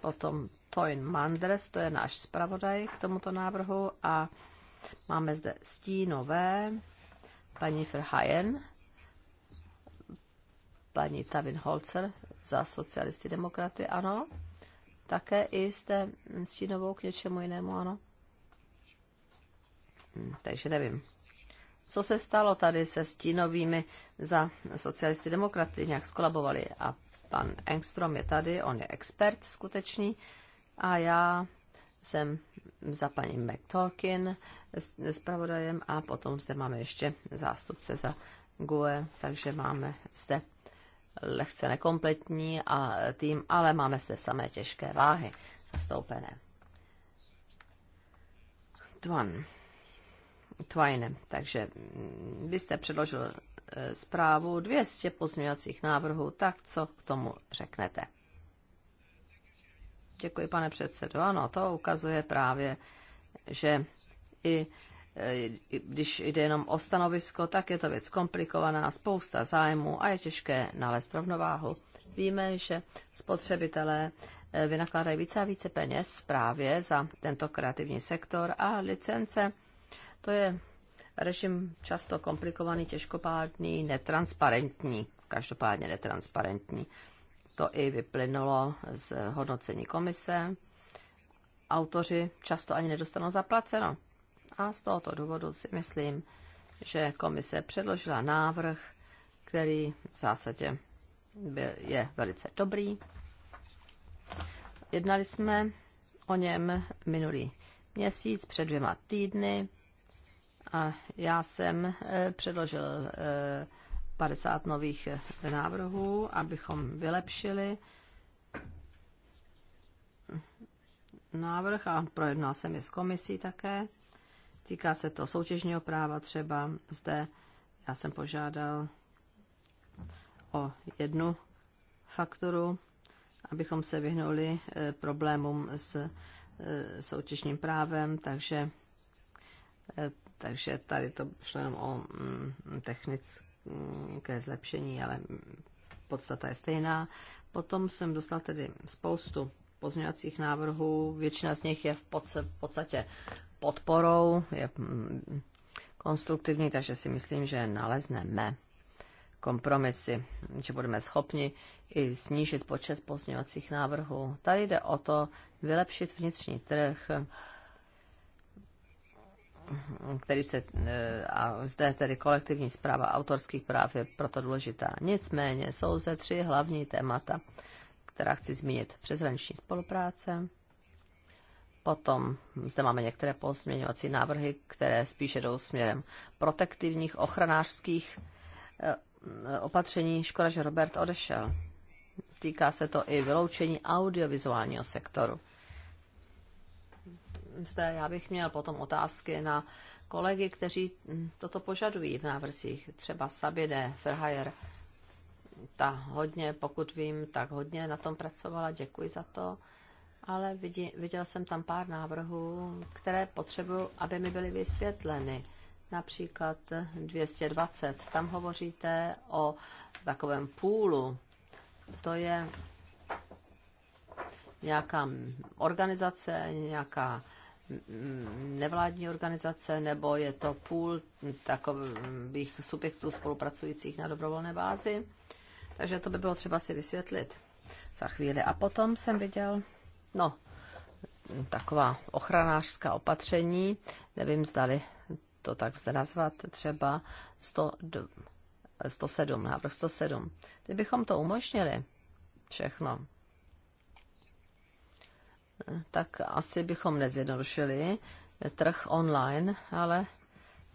B: potom Toin Mandres, to je náš zpravodaj k tomuto návrhu a máme zde stínové, paní Verhaen, paní Tavin Holzer za socialisty demokraty, ano. Také i jste stínovou k něčemu jinému, ano. Hm, takže nevím. Co se stalo tady se stínovými za socialisty demokraty? Nějak skolabovali a Pan Engstrom je tady, on je expert skutečný a já jsem za paní McTorkin s pravodajem a potom zde máme ještě zástupce za GUE, takže máme zde lehce nekompletní a tým, ale máme zde samé těžké váhy zastoupené. Twan. Twine. Takže byste mm, předložil zprávu 200 pozměňovacích návrhů, tak co k tomu řeknete? Děkuji, pane předsedo. Ano, to ukazuje právě, že i když jde jenom o stanovisko, tak je to věc komplikovaná, spousta zájmů a je těžké nalézt rovnováhu. Víme, že spotřebitelé eh, vynakládají více a více peněz právě za tento kreativní sektor a licence. To je režim často komplikovaný, těžkopádný, netransparentní, každopádně netransparentní. To i vyplynulo z hodnocení komise. Autoři často ani nedostanou zaplaceno. A z tohoto důvodu si myslím, že komise předložila návrh, který v zásadě je velice dobrý. Jednali jsme o něm minulý měsíc, před dvěma týdny a já jsem eh, předložil 50 eh, nových eh, návrhů, abychom vylepšili návrh a projednal jsem je s komisí také. Týká se to soutěžního práva třeba zde. Já jsem požádal o jednu fakturu, abychom se vyhnuli problémům s soutěžním právem, takže takže tady to šlo jenom o mm, technické zlepšení, ale podstata je stejná. Potom jsem dostal tedy spoustu pozměňovacích návrhů, většina z nich je v podstatě podporou, je mm, konstruktivní, takže si myslím, že nalezneme kompromisy, že budeme schopni i snížit počet pozměňovacích návrhů. Tady jde o to vylepšit vnitřní trh, který se, e, a zde tedy kolektivní zpráva autorských práv je proto důležitá. Nicméně jsou zde tři hlavní témata, která chci zmínit. Přeshraniční spolupráce, potom zde máme některé pozměňovací návrhy, které spíše jdou směrem protektivních, ochranářských e, opatření. Škoda, že Robert odešel. Týká se to i vyloučení audiovizuálního sektoru zde já bych měl potom otázky na kolegy, kteří toto požadují v návrzích. Třeba Sabine Ferhajer, ta hodně, pokud vím, tak hodně na tom pracovala, děkuji za to. Ale vidí, viděl jsem tam pár návrhů, které potřebuji, aby mi byly vysvětleny. Například 220. Tam hovoříte o takovém půlu. To je nějaká organizace, nějaká nevládní organizace, nebo je to půl takových subjektů spolupracujících na dobrovolné bázi. Takže to by bylo třeba si vysvětlit za chvíli. A potom jsem viděl, no, taková ochranářská opatření, nevím, zdali to tak se nazvat, třeba 100, 107, návrh 107. Kdybychom to umožnili všechno, tak asi bychom nezjednodušili trh online, ale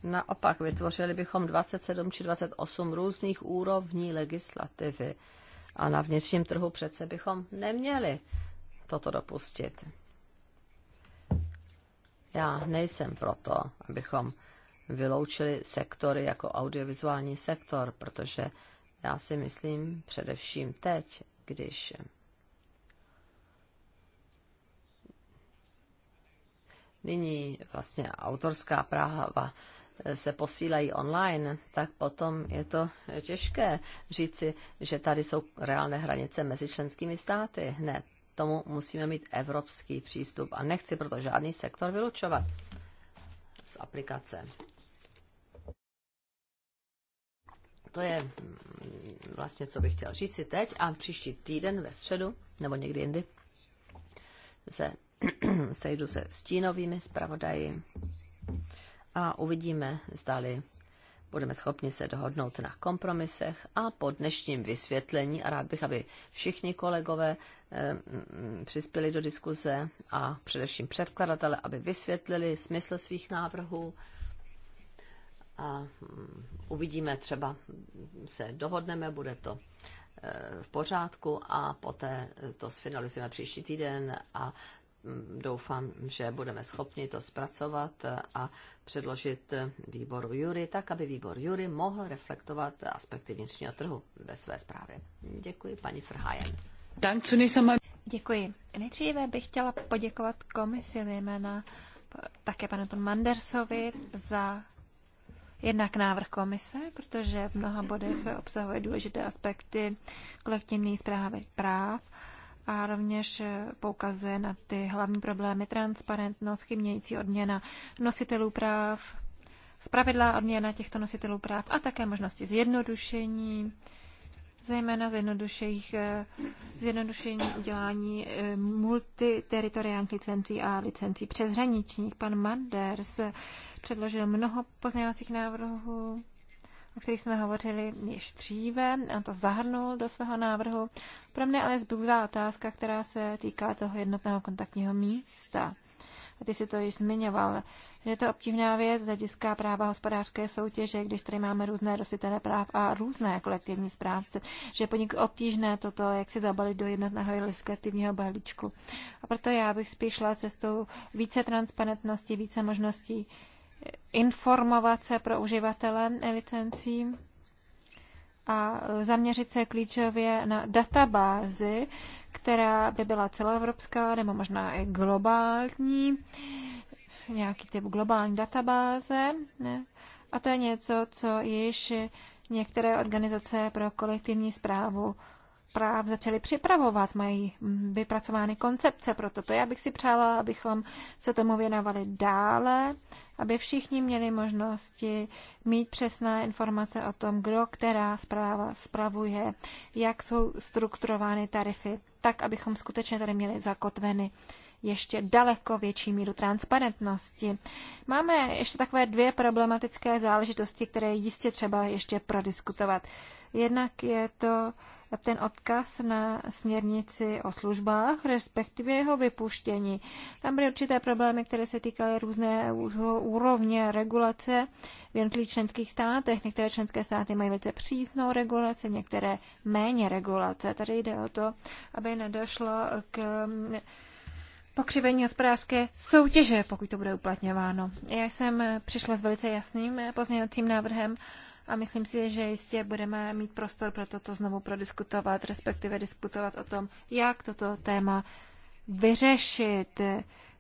B: naopak vytvořili bychom 27 či 28 různých úrovní legislativy. A na vnitřním trhu přece bychom neměli toto dopustit. Já nejsem proto, abychom vyloučili sektory jako audiovizuální sektor, protože já si myslím především teď, když nyní vlastně autorská práva se posílají online, tak potom je to těžké říci, že tady jsou reálné hranice mezi členskými státy. Ne, tomu musíme mít evropský přístup a nechci proto žádný sektor vylučovat z aplikace. To je mm, vlastně, co bych chtěl říct si teď a příští týden ve středu nebo někdy jindy se sejdu se stínovými zpravodaji a uvidíme, zdali budeme schopni se dohodnout na kompromisech a po dnešním vysvětlení, a rád bych, aby všichni kolegové e, přispěli do diskuze a především předkladatele, aby vysvětlili smysl svých návrhů a mm, uvidíme, třeba se dohodneme, bude to eh, v pořádku a poté to sfinalizujeme příští týden a doufám, že budeme schopni to zpracovat a předložit výboru Jury, tak aby výbor Jury mohl reflektovat aspekty vnitřního trhu ve své zprávě. Děkuji, paní Frhajen.
C: Děkuji. Nejdříve bych chtěla poděkovat komisi zejména také panu Tom Mandersovi za jednak návrh komise, protože v mnoha bodech obsahuje důležité aspekty kolektivní zprávy práv a rovněž eh, poukazuje na ty hlavní problémy transparentnost, chybnějící odměna nositelů práv, zpravidla odměna těchto nositelů práv a také možnosti zjednodušení, zejména eh, zjednodušení udělání eh, multiteritoriálních licencí a licencí přeshraničních. Pan Manders předložil mnoho pozměňovacích návrhů o kterých jsme hovořili již dříve, a to zahrnul do svého návrhu. Pro mě ale zbývá otázka, která se týká toho jednotného kontaktního místa. A ty si to již zmiňoval. Je to obtížná věc z hlediska práva hospodářské soutěže, když tady máme různé dositelé práv a různé kolektivní zprávce, že je poněkud obtížné toto, jak si zabalit do jednotného legislativního balíčku. A proto já bych spíš šla cestou více transparentnosti, více možností informovat se pro uživatele licencí a zaměřit se klíčově na databázy, která by byla celoevropská nebo možná i globální, nějaký typ globální databáze. Ne? A to je něco, co již některé organizace pro kolektivní zprávu práv začali připravovat, mají vypracovány koncepce pro toto. Já bych si přála, abychom se tomu věnovali dále, aby všichni měli možnosti mít přesná informace o tom, kdo která zpráva spravuje, jak jsou strukturovány tarify, tak, abychom skutečně tady měli zakotveny ještě daleko větší míru transparentnosti. Máme ještě takové dvě problematické záležitosti, které jistě třeba ještě prodiskutovat. Jednak je to ten odkaz na směrnici o službách, respektive jeho vypuštění. Tam byly určité problémy, které se týkaly různé úrovně regulace v jednotlivých členských státech. Některé členské státy mají velice přísnou regulaci, některé méně regulace. Tady jde o to, aby nedošlo k mm, pokřivení hospodářské soutěže, pokud to bude uplatňováno. Já jsem přišla s velice jasným eh, pozměňovacím návrhem a myslím si, že jistě budeme mít prostor pro toto znovu prodiskutovat, respektive diskutovat o tom, jak toto téma vyřešit,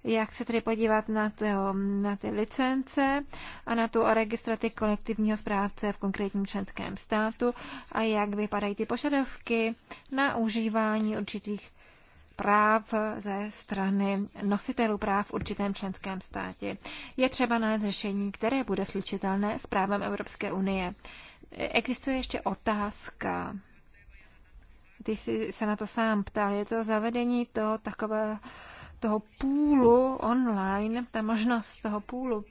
C: jak se tedy podívat na, to, na ty licence a na tu registraci kolektivního správce v konkrétním členském státu a jak vypadají ty požadavky na užívání určitých práv ze strany nositelů práv v určitém členském státě. Je třeba nalézt řešení, které bude slučitelné s právem Evropské unie. Existuje ještě otázka. Ty jsi se na to sám ptal. Je to zavedení toho takové toho půlu online, ta možnost toho půlu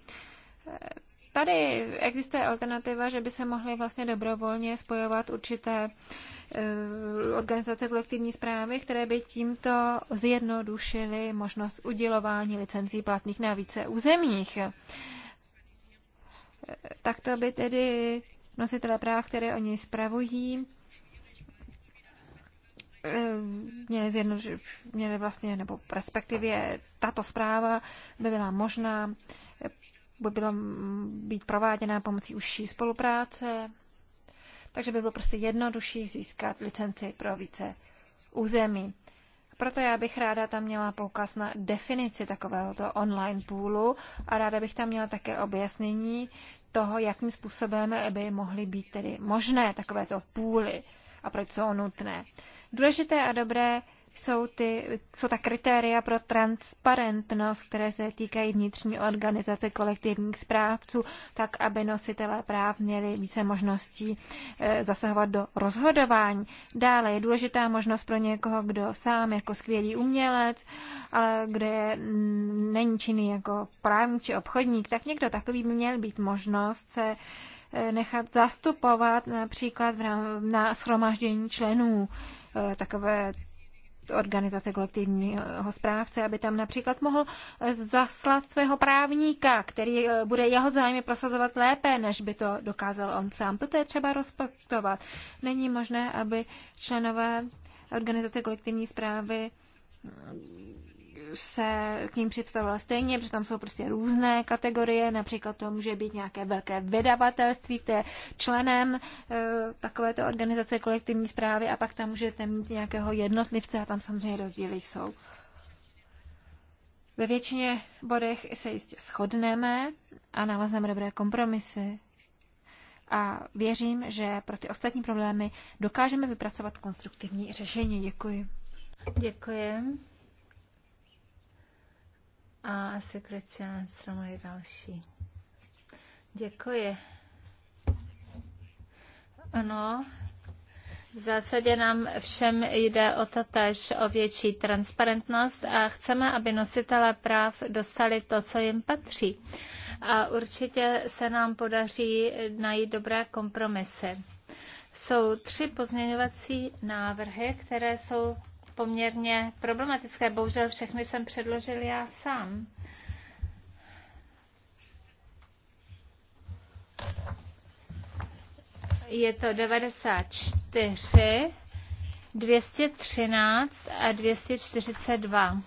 C: Tady existuje alternativa, že by se mohly vlastně dobrovolně spojovat určité eh, organizace kolektivní zprávy, které by tímto zjednodušily možnost udělování licencí platných na více územích. Eh, Takto by tedy nositelé práv, které oni spravují, eh, měli, měli vlastně, nebo perspektivě tato zpráva by byla možná by bylo být prováděná pomocí užší spolupráce, takže by bylo prostě jednodušší získat licenci pro více území. Proto já bych ráda tam měla poukaz na definici takovéhoto online půlu a ráda bych tam měla také objasnění toho, jakým způsobem by mohly být tedy možné takovéto půly a proč jsou nutné. Důležité a dobré jsou, ty, jsou ta kritéria pro transparentnost, které se týkají vnitřní organizace kolektivních správců, tak aby nositelé práv měli více možností eh, zasahovat do rozhodování. Dále je důležitá možnost pro někoho, kdo sám jako skvělý umělec, ale kde je, mm, není činný jako právník či obchodník, tak někdo takový by měl být možnost se eh, nechat zastupovat například v rám, na schromaždění členů eh, takové organizace kolektivního správce, aby tam například mohl zaslat svého právníka, který eh, bude jeho zájmy prosazovat lépe, než by to dokázal on sám. Toto je třeba rozpaktovat. Není možné, aby členové organizace kolektivní správy se k ním představila stejně, protože tam jsou prostě různé kategorie, například to může být nějaké velké vydavatelství, které členem e, takovéto organizace kolektivní zprávy a pak tam můžete mít nějakého jednotlivce a tam samozřejmě rozdíly jsou. Ve většině bodech se jistě shodneme a nalezneme dobré kompromisy. A věřím, že pro ty ostatní problémy dokážeme vypracovat konstruktivní řešení. Děkuji. Děkuji
D: a asi Kristian Strom je další. Děkuji. Ano, v zásadě nám všem jde o to tež, o větší transparentnost a chceme, aby nositelé práv dostali to, co jim patří. A určitě se nám podaří najít dobré kompromisy. Jsou tři pozměňovací návrhy, které jsou poměrně problematické. Bohužel všechny jsem předložil já sám. Je to 94, 213 a 242.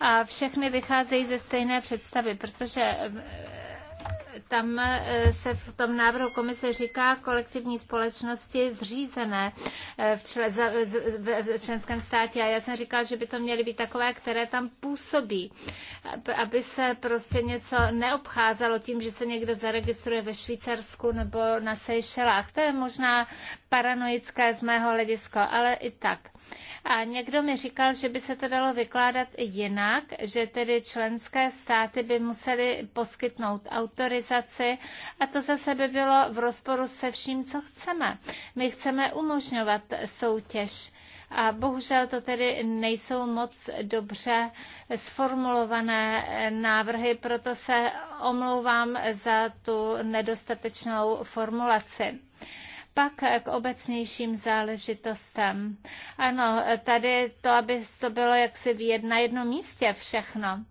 D: A všechny vycházejí ze stejné představy, protože tam eh, se v tom návrhu komise říká kolektivní společnosti zřízené eh, v, čl- v členském státě. A já jsem říkala, že by to měly být takové, které tam působí, aby se prostě něco neobcházelo tím, že se někdo zaregistruje ve Švýcarsku nebo na Seychelách. To je možná paranoické z mého hlediska, ale i tak. Uh, a někdo mi říkal, že by se to dalo vykládat jinak, že tedy členské státy by museli poskytnout autorizaci a to zase by bylo v rozporu se vším, co chceme. My chceme umožňovat soutěž. A bohužel to tedy nejsou moc dobře sformulované návrhy, proto se omlouvám za tu nedostatečnou formulaci. Pak k obecnějším záležitostem. Ano, tady to, aby to bylo jaksi na jednom místě všechno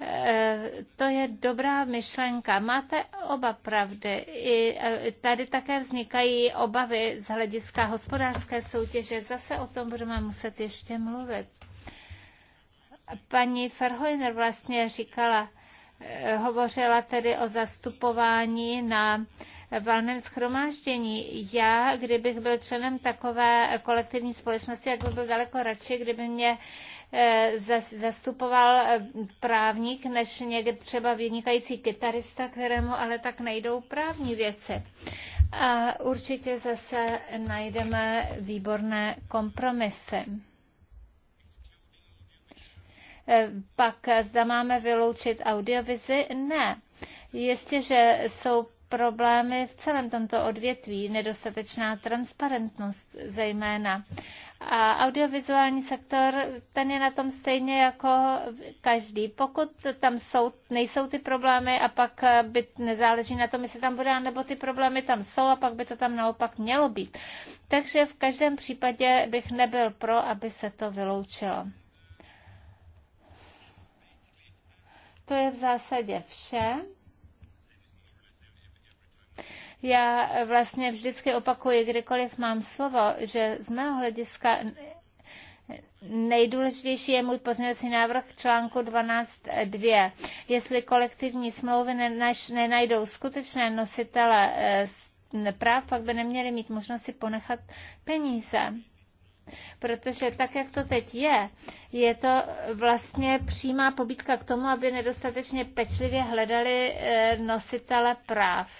D: eh, to je dobrá myšlenka. Máte oba pravdy. I eh, tady také vznikají obavy z hlediska hospodářské soutěže. Zase o tom budeme muset ještě mluvit. Paní Ferhojner vlastně říkala, eh, hovořila tedy o zastupování na valném schromáždění. Já, kdybych byl členem takové kolektivní společnosti, jak by byl daleko radši, kdyby mě eh, zastupoval eh, právník, než někde třeba vynikající kytarista, kterému ale tak nejdou právní věci. A určitě zase najdeme výborné kompromisy. Eh, pak zda máme vyloučit audiovizi? Ne. Jestliže jsou problémy v celém tomto odvětví, nedostatečná transparentnost zejména. A audiovizuální sektor, ten je na tom stejně jako každý. Pokud tam jsou, nejsou ty problémy a pak eh, by nezáleží na tom, jestli tam bude, nebo ty problémy tam jsou a pak by to tam naopak mělo být. Takže v každém případě bych nebyl pro, aby se to vyloučilo. To je v zásadě vše. Já vlastně vždycky opakuji, kdykoliv mám slovo, že z mého hlediska Nejdůležitější je můj pozměňovací návrh k článku 12.2. Jestli kolektivní smlouvy nenajdou skutečné nositele eh, práv, pak by neměli mít možnost si ponechat peníze. Protože tak, jak to teď je, je to vlastně přímá pobídka k tomu, aby nedostatečně pečlivě hledali eh, nositele práv.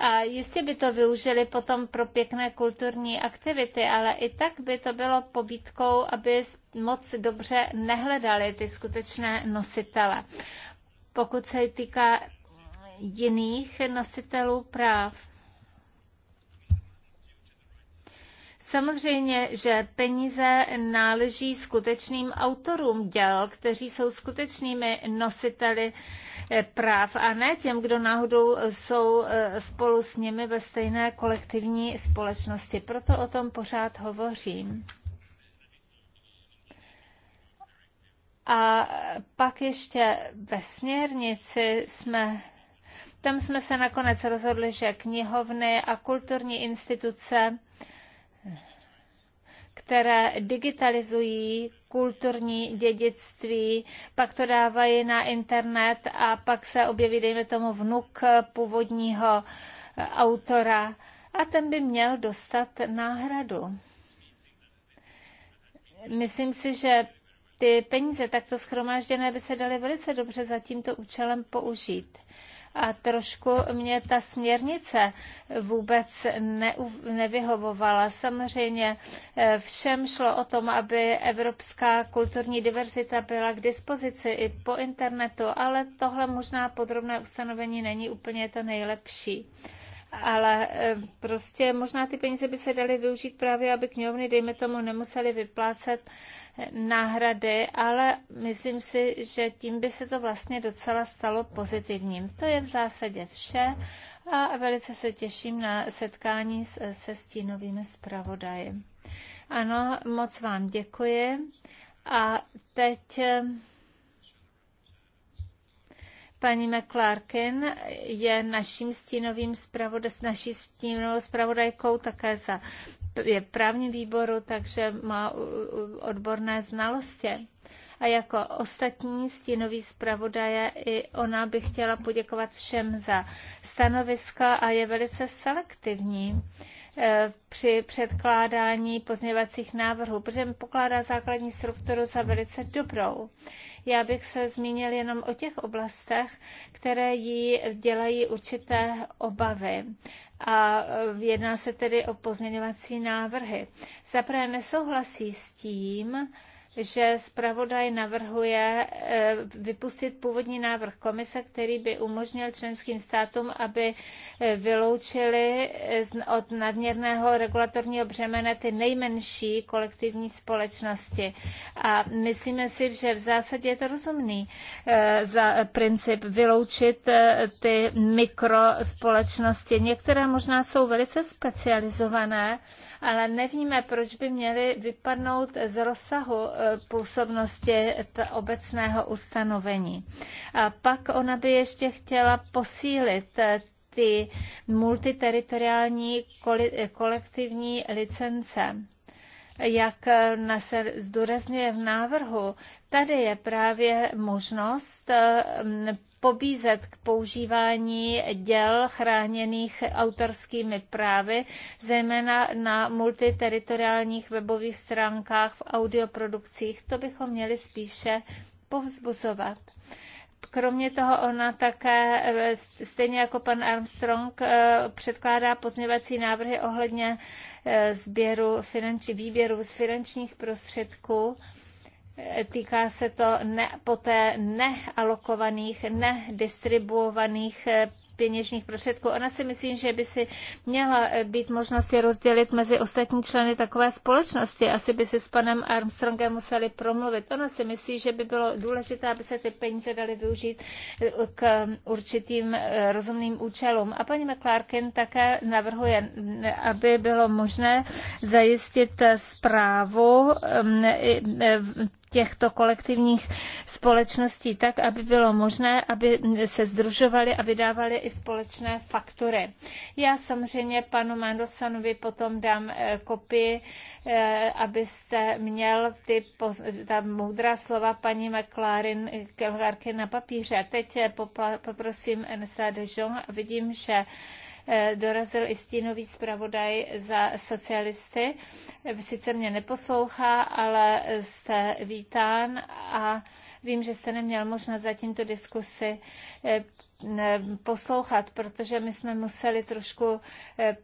D: A jistě by to využili potom pro pěkné kulturní aktivity, ale i tak by to bylo pobídkou, aby moc dobře nehledali ty skutečné nositele. Pokud se týká jiných nositelů práv, Samozřejmě, že peníze náleží skutečným autorům děl, kteří jsou skutečnými nositeli eh, práv a ne těm, kdo náhodou jsou eh, spolu s nimi ve stejné kolektivní společnosti. Proto o tom pořád hovořím. A pak ještě ve směrnici jsme tam jsme se nakonec rozhodli, že knihovny a kulturní instituce které digitalizují kulturní dědictví, pak to dávají na internet a pak se objeví, dejme tomu, vnuk původního eh, autora a ten by měl dostat náhradu. Myslím si, že ty peníze takto schromážděné by se daly velice dobře za tímto účelem použít a trošku mě ta směrnice vůbec ne, nevyhovovala. Samozřejmě eh, všem šlo o tom, aby evropská kulturní diverzita byla k dispozici i po internetu, ale tohle možná podrobné ustanovení není úplně to nejlepší ale eh, prostě možná ty peníze by se daly využít právě, aby knihovny, dejme tomu, nemuseli vyplácet eh, náhrady, ale myslím si, že tím by se to vlastně docela stalo pozitivním. To je v zásadě vše a velice se těším na setkání eh, se stínovými zpravodaji. Ano, moc vám děkuji a teď Paní McClarkin je naším stínovým zpravodaj, naší stínovou zpravodajkou také za je v právním výboru, takže má odborné znalosti. A jako ostatní stínový zpravodaje i ona by chtěla poděkovat všem za stanoviska a je velice selektivní eh, při předkládání pozměvacích návrhů, protože pokládá základní strukturu za velice dobrou. Já bych se zmínil jenom o těch oblastech, které jí dělají určité obavy a e, jedná se tedy o pozměňovací návrhy. Zaprvé nesouhlasí s tím, že zpravodaj navrhuje eh, vypustit původní návrh komise, který by umožnil členským státům, aby eh, vyloučili eh, od nadměrného regulatorního břemene ty nejmenší kolektivní společnosti. A myslíme si, že v zásadě je to rozumný za princip vyloučit ty mikrospolečnosti. Některé možná jsou velice specializované, ale nevíme, proč by měly vypadnout z rozsahu působnosti obecného ustanovení. A pak ona by ještě chtěla posílit eh, ty multiteritoriální kolektivní licence jak eh, se zdůrazňuje v návrhu, tady je právě možnost eh, pobízet k používání děl chráněných autorskými právy, zejména na multiteritoriálních webových stránkách, v audioprodukcích. To bychom měli spíše povzbuzovat. Kromě toho ona také, e, stejně jako pan Armstrong, e, předkládá pozměvací návrhy ohledně e, sběru finanční, výběru z finančních prostředků Týká se to ne, poté nealokovaných, nedistribuovaných eh, peněžních prostředků. Ona si myslím, že by si měla eh, být možnost je rozdělit mezi ostatní členy takové společnosti. Asi by si s panem Armstrongem museli promluvit. Ona si myslí, že by bylo důležité, aby se ty peníze daly využít eh, k určitým rozumným účelům. A paní McClarkin také navrhuje, aby bylo možné zajistit zprávu těchto kolektivních společností tak, aby bylo možné, aby se združovali a vydávali i společné faktury. Já samozřejmě panu Mandelsonovi potom dám eh, kopii, eh, abyste měl ty ta moudrá slova paní McLaren eh, Kelharky na papíře. Teď poprosím Ensa Dijon a vidím, že Eh, dorazil i stínový zpravodaj za socialisty. Eh, sice mě neposlouchá, ale jste vítán a vím, že jste neměl možnost zatím tímto diskusi eh, poslouchat, protože my jsme museli trošku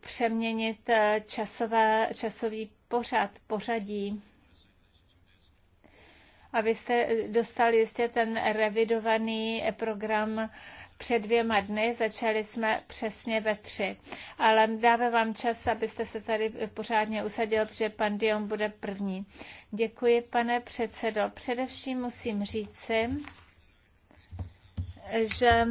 D: přeměnit časové, časový pořad, pořadí abyste dostali jistě ten revidovaný program před dvěma dny, začali jsme přesně ve tři. Ale dáme vám čas, abyste se tady pořádně usadil, protože pan Dion bude první. Děkuji, pane předsedo. Především musím říci, že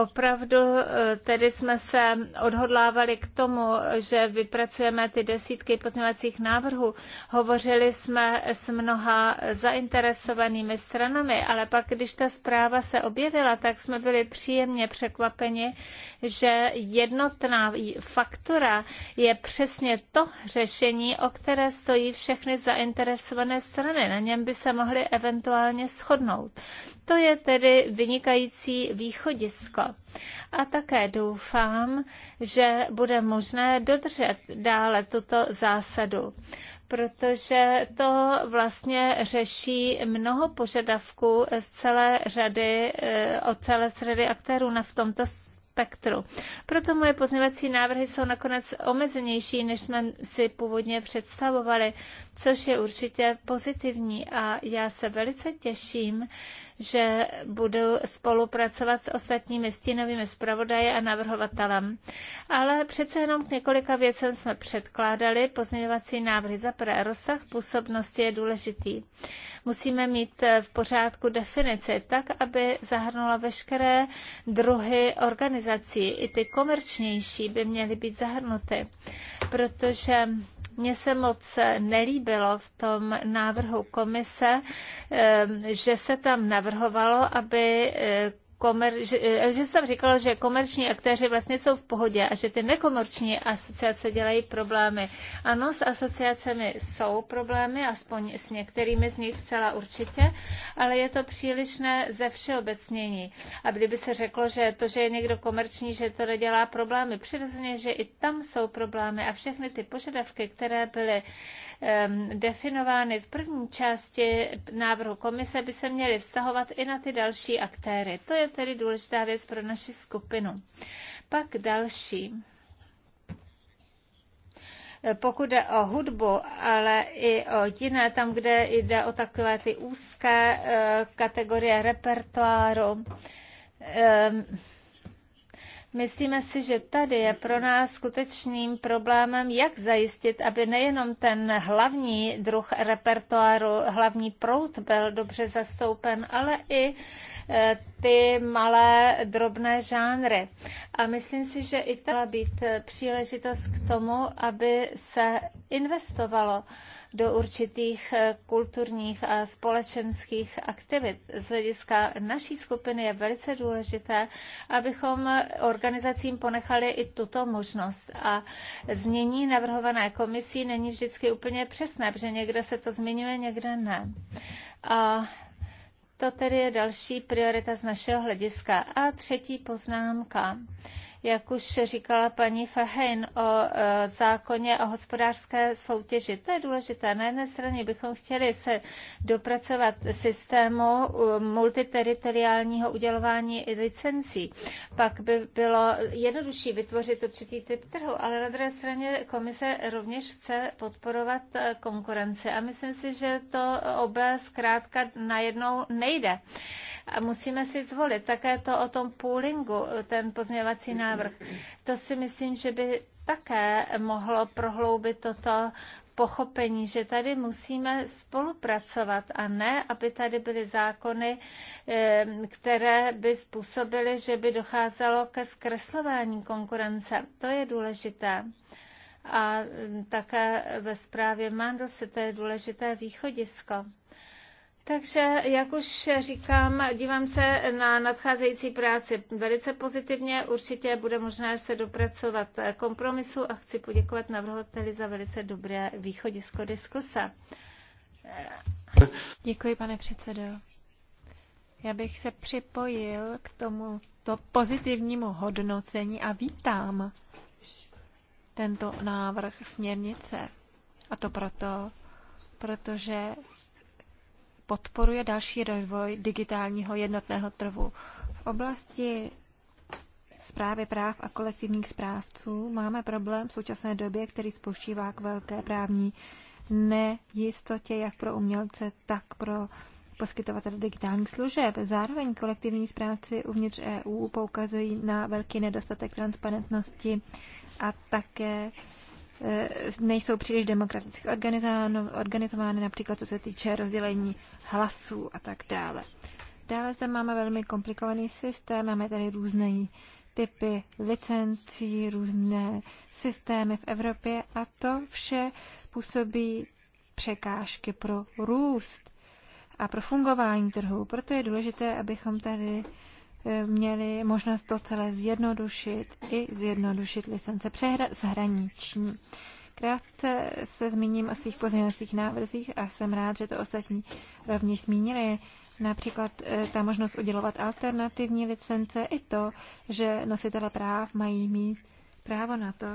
D: Opravdu eh, tedy jsme se odhodlávali k tomu, že vypracujeme ty desítky pozměňovacích návrhů. Hovořili jsme s mnoha zainteresovanými stranami, ale pak, když ta zpráva se objevila, tak jsme byli příjemně překvapeni, že jednotná faktura je přesně to řešení, o které stojí všechny zainteresované strany. Na něm by se mohly eventuálně shodnout. To je tedy vynikající východisko. A také doufám, že bude možné dodržet dále tuto zásadu protože to vlastně řeší mnoho požadavků z celé řady, eh, od celé řady aktérů na v tomto spektru. Proto moje pozměvací návrhy jsou nakonec omezenější, než jsme si původně představovali, což je určitě pozitivní a já se velice těším že budu spolupracovat s ostatními stínovými zpravodaje a navrhovatelem. Ale přece jenom k několika věcem jsme předkládali pozměňovací návrhy. Za prvé, rozsah působnosti je důležitý. Musíme mít eh, v pořádku definici tak, aby zahrnula veškeré druhy organizací. I ty komerčnější by měly být zahrnuty, protože mně se moc nelíbilo v tom návrhu komise, eh, že se tam navrhovalo, aby eh, komer, že, eh, že jsem říkalo, že komerční aktéři vlastně jsou v pohodě a že ty nekomerční asociace dělají problémy. Ano, s asociacemi jsou problémy, aspoň s některými z nich zcela určitě, ale je to přílišné ze všeobecnění. A kdyby se řeklo, že to, že je někdo komerční, že to nedělá problémy, přirozeně, že i tam jsou problémy a všechny ty požadavky, které byly um, definovány v první části návrhu komise, by se měly vztahovat i na ty další aktéry. To je tedy důležitá věc pro naši skupinu. Pak další pokud jde o hudbu, ale i o jiné, tam, kde jde o takové ty úzké eh, kategorie repertoáru, eh, Myslíme si, že tady je pro nás skutečným problémem, jak zajistit, aby nejenom ten hlavní druh repertoáru, hlavní prout byl dobře zastoupen, ale i e, ty malé drobné žánry. A myslím si, že i to být příležitost k tomu, aby se investovalo do určitých eh, kulturních a společenských aktivit. Z hlediska naší skupiny je velice důležité, abychom organizacím ponechali i tuto možnost. A znění navrhované komisí není vždycky úplně přesné, protože někde se to zmiňuje, někde ne. A to tedy je další priorita z našeho hlediska. A třetí poznámka jak už říkala paní Fahin o e, zákoně o hospodářské soutěži. To je důležité. Na jedné straně bychom chtěli se dopracovat systému multiteritoriálního udělování licencí. Pak by bylo jednodušší vytvořit určitý typ trhu, ale na druhé straně komise rovněž chce podporovat e, konkurenci. A myslím si, že to obe zkrátka najednou nejde. A musíme si zvolit také to o tom poolingu, ten pozměvací návrh. To si myslím, že by také mohlo prohloubit toto pochopení, že tady musíme spolupracovat a ne, aby tady byly zákony, eh, které by způsobily, že by docházelo ke zkreslování konkurence. To je důležité. A mm, také ve zprávě Mandl se to je důležité východisko. Takže, jak už říkám, dívám se na nadcházející práci velice pozitivně. Určitě bude možné se dopracovat kompromisu a chci poděkovat navrhovateli za velice dobré východisko diskuse. Děkuji, pane předsedo. Já bych se připojil k tomuto
C: pozitivnímu hodnocení a vítám tento návrh směrnice. A to proto, protože podporuje další rozvoj digitálního jednotného trhu. V oblasti zprávy práv a kolektivních správců máme problém v současné době, který spočívá k velké právní nejistotě jak pro umělce, tak pro poskytovatele digitálních služeb. Zároveň kolektivní správci uvnitř EU poukazují na velký nedostatek transparentnosti a také Eh, nejsou příliš demokraticky organizovány, například co se týče rozdělení hlasů a tak dále. Dále zde máme velmi komplikovaný systém, máme tady různé typy licencí, různé systémy v Evropě a to vše působí překážky pro růst a pro fungování trhu. Proto je důležité, abychom tady měli možnost to celé zjednodušit i zjednodušit licence přeshraniční. Krátce se zmíním o svých pozměňovacích návrzích a jsem rád, že to ostatní rovněž zmínili. Například eh, ta možnost udělovat alternativní licence i to, že nositele práv mají mít právo na to,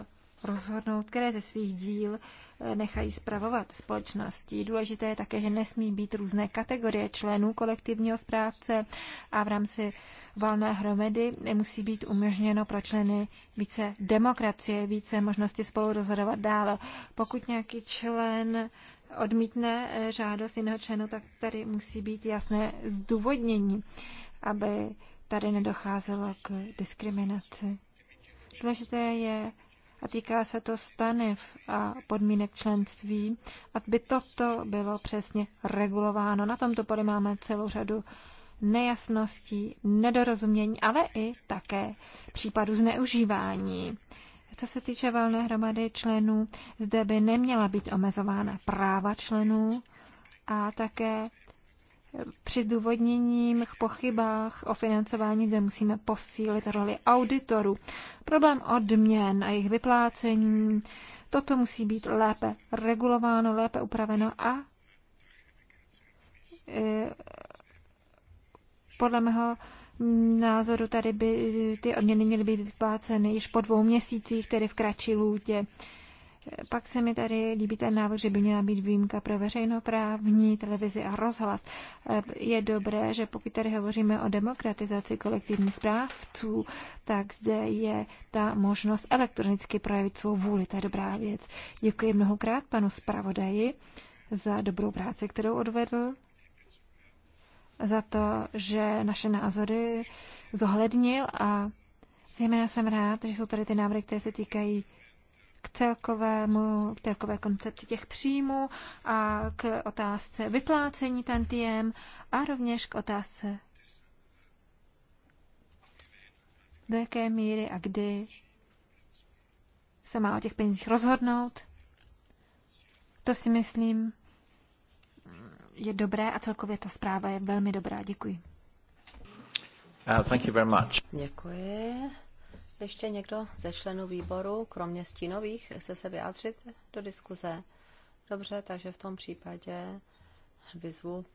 C: rozhodnout, které ze svých díl eh, nechají spravovat společnosti. Důležité je také, že nesmí být různé kategorie členů kolektivního správce a v rámci valné hromady musí být umožněno pro členy více demokracie, více možnosti spolu rozhodovat dále. Pokud nějaký člen odmítne eh, žádost jiného členu, tak tady musí být jasné zdůvodnění, aby tady nedocházelo k diskriminaci. Důležité je a týká se to stanev a podmínek členství, aby toto bylo přesně regulováno. Na tomto poli máme celou řadu nejasností, nedorozumění, ale i také případů zneužívání. Co se týče valné hromady členů, zde by neměla být omezována práva členů a také při k pochybách o financování, kde musíme posílit roli auditorů. Problém odměn a jejich vyplácení, toto musí být lépe regulováno, lépe upraveno a e, podle mého názoru tady by ty odměny měly být vypláceny již po dvou měsících, tedy v kratší lůtě. Pak se mi tady líbí ten návrh, že by měla být výjimka pro veřejnoprávní televizi a rozhlas. Eh, je dobré, že pokud tady hovoříme o demokratizaci kolektivních správců, tak zde je ta možnost elektronicky projevit svou vůli. To je dobrá věc. Děkuji mnohokrát panu zpravodaji za dobrou práci, kterou odvedl, za to, že naše názory zohlednil a zejména jsem rád, že jsou tady ty návrhy, které se týkají k, celkovému, k celkové koncepci těch příjmů a k otázce vyplácení tantiem a rovněž k otázce, do jaké míry a kdy se má o těch penězích rozhodnout. To si myslím je dobré a celkově ta zpráva je velmi dobrá. Děkuji.
A: Uh, thank you very much.
B: Děkuji. Ještě někdo ze členů výboru, kromě stínových, chce se vyjádřit do diskuze? Dobře, takže v tom případě vyzvu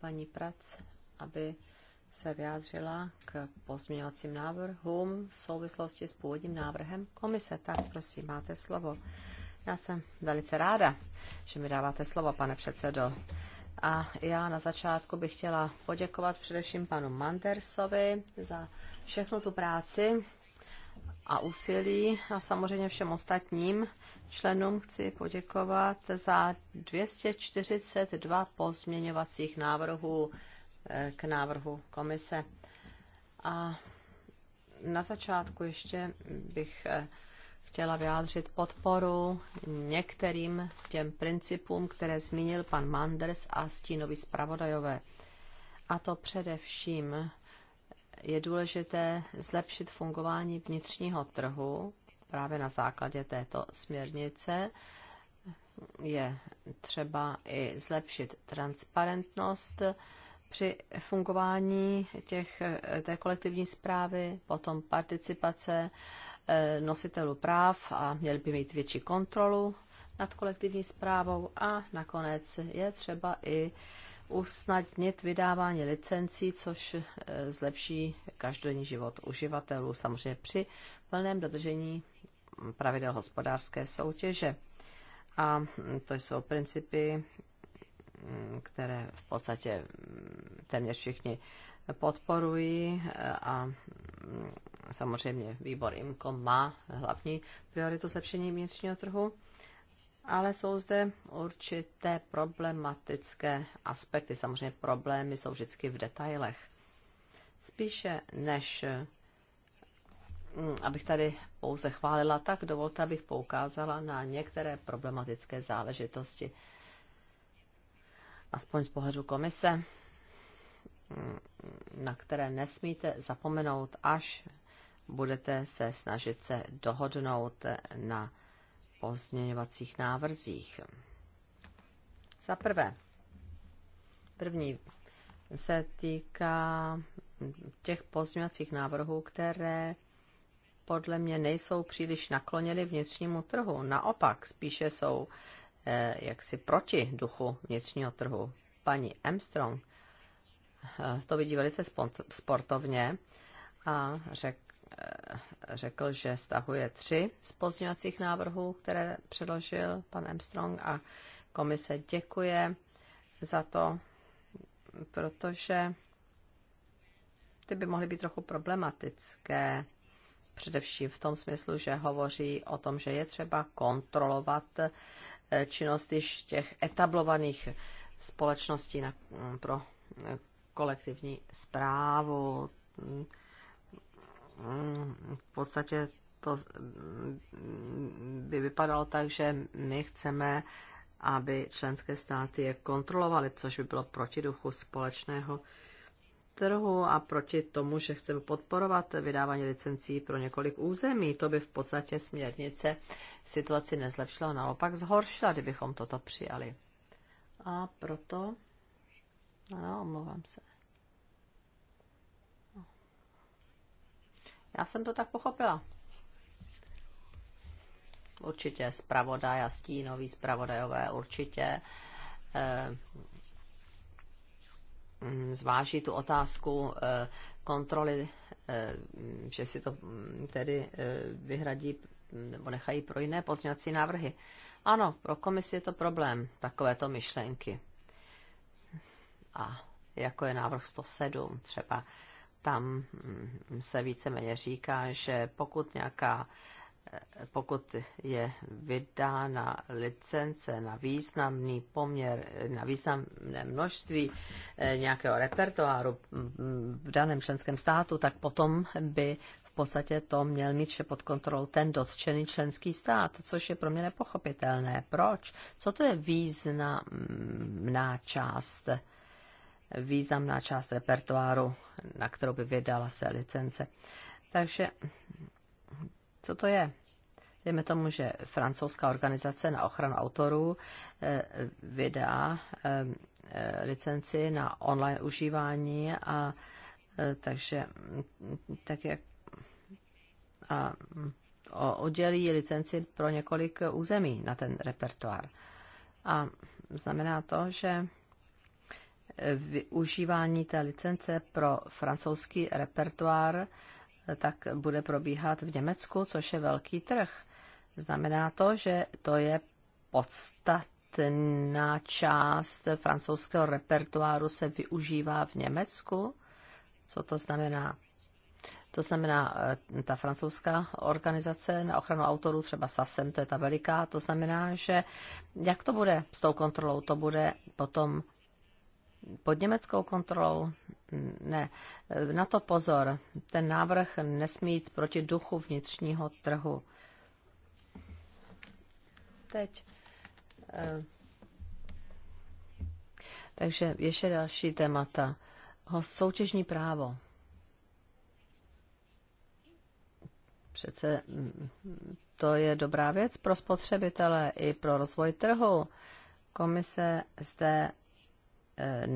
B: paní Prac, aby se vyjádřila k pozměňovacím návrhům v souvislosti s původním návrhem komise. Tak prosím, máte slovo. Já jsem velice ráda, že mi dáváte slovo, pane předsedo. A já na začátku bych chtěla poděkovat především panu Mandersovi za všechnu tu práci, a úsilí a samozřejmě všem ostatním členům chci poděkovat za 242 pozměňovacích návrhů eh, k návrhu komise. A na začátku ještě bych eh, chtěla vyjádřit podporu některým těm principům, které zmínil pan Manders a stínový zpravodajové. A to především je důležité zlepšit fungování vnitřního trhu právě na základě této směrnice. Je třeba i zlepšit transparentnost při fungování těch, té kolektivní zprávy, potom participace eh, nositelů práv a měli by mít větší kontrolu nad kolektivní zprávou a nakonec je třeba i usnadnit vydávání licencí, což eh, zlepší každodenní život uživatelů, samozřejmě při plném dodržení pravidel hospodářské soutěže. A hm, to jsou principy, hm, které v podstatě hm, téměř všichni podporují eh, a samozřejmě výbor IMCO má hlavní prioritu zlepšení vnitřního trhu ale jsou zde určité problematické aspekty. Samozřejmě problémy jsou vždycky v detailech. Spíše než mm, abych tady pouze chválila, tak dovolte, abych poukázala na některé problematické záležitosti. Aspoň z pohledu komise, mm, na které nesmíte zapomenout, až budete se snažit se dohodnout na pozměňovacích návrzích. Za prvé, první se týká těch pozměňovacích návrhů, které podle mě nejsou příliš nakloněny vnitřnímu trhu. Naopak, spíše jsou eh, jaksi proti duchu vnitřního trhu. Paní Armstrong eh, to vidí velice sportovně a řek, řekl, že stahuje tři z pozměňovacích návrhů, které předložil pan Armstrong a komise děkuje za to, protože ty by mohly být trochu problematické, především v tom smyslu, že hovoří o tom, že je třeba kontrolovat eh, činnost již těch etablovaných společností na, pro eh, kolektivní zprávu v podstatě to by vypadalo tak, že my chceme, aby členské státy je kontrolovaly, což by bylo proti duchu společného trhu a proti tomu, že chceme podporovat vydávání licencí pro několik území. To by v podstatě směrnice situaci nezlepšila, naopak zhoršila, kdybychom toto přijali. A proto, ano, omlouvám se. Já jsem to tak pochopila. Určitě zpravodaj a stínový zpravodajové určitě eh, mm, zváží tu otázku eh, kontroly, eh, že si to mm, tedy vyhradí mm, nebo nechají pro jiné pozměňovací návrhy. Ano, pro komisi je to problém, takovéto myšlenky. A jako je návrh 107 třeba, tam mm, se víceméně říká, že pokud nějaká eh, pokud je vydána licence na významný poměr, na významné množství eh, nějakého repertoáru mm, v daném členském státu, tak potom by v podstatě to měl mít vše pod kontrolou ten dotčený členský stát, což je pro mě nepochopitelné. Proč? Co to je významná část? významná část repertoáru, na kterou by vydala se licence. Takže co to je? Dejme tomu, že francouzská organizace na ochranu autorů eh, vydá eh, eh, licenci na online užívání a takže tak jak a oddělí licenci pro několik území na ten repertoár. A znamená to, že využívání té licence pro francouzský repertoár tak bude probíhat v Německu, což je velký trh. Znamená to, že to je podstatná část francouzského repertoáru se využívá v Německu. Co to znamená? To znamená, eh, ta francouzská organizace na ochranu autorů, třeba SASEM, to je ta veliká, to znamená, že jak to bude s tou kontrolou? To bude potom pod německou kontrolou? Ne. Na to pozor. Ten návrh nesmí jít proti duchu vnitřního trhu. Teď. Eh, takže ještě další témata. soutěžní právo. Přece mm, to je dobrá věc pro spotřebitele i pro rozvoj trhu. Komise zde Eh,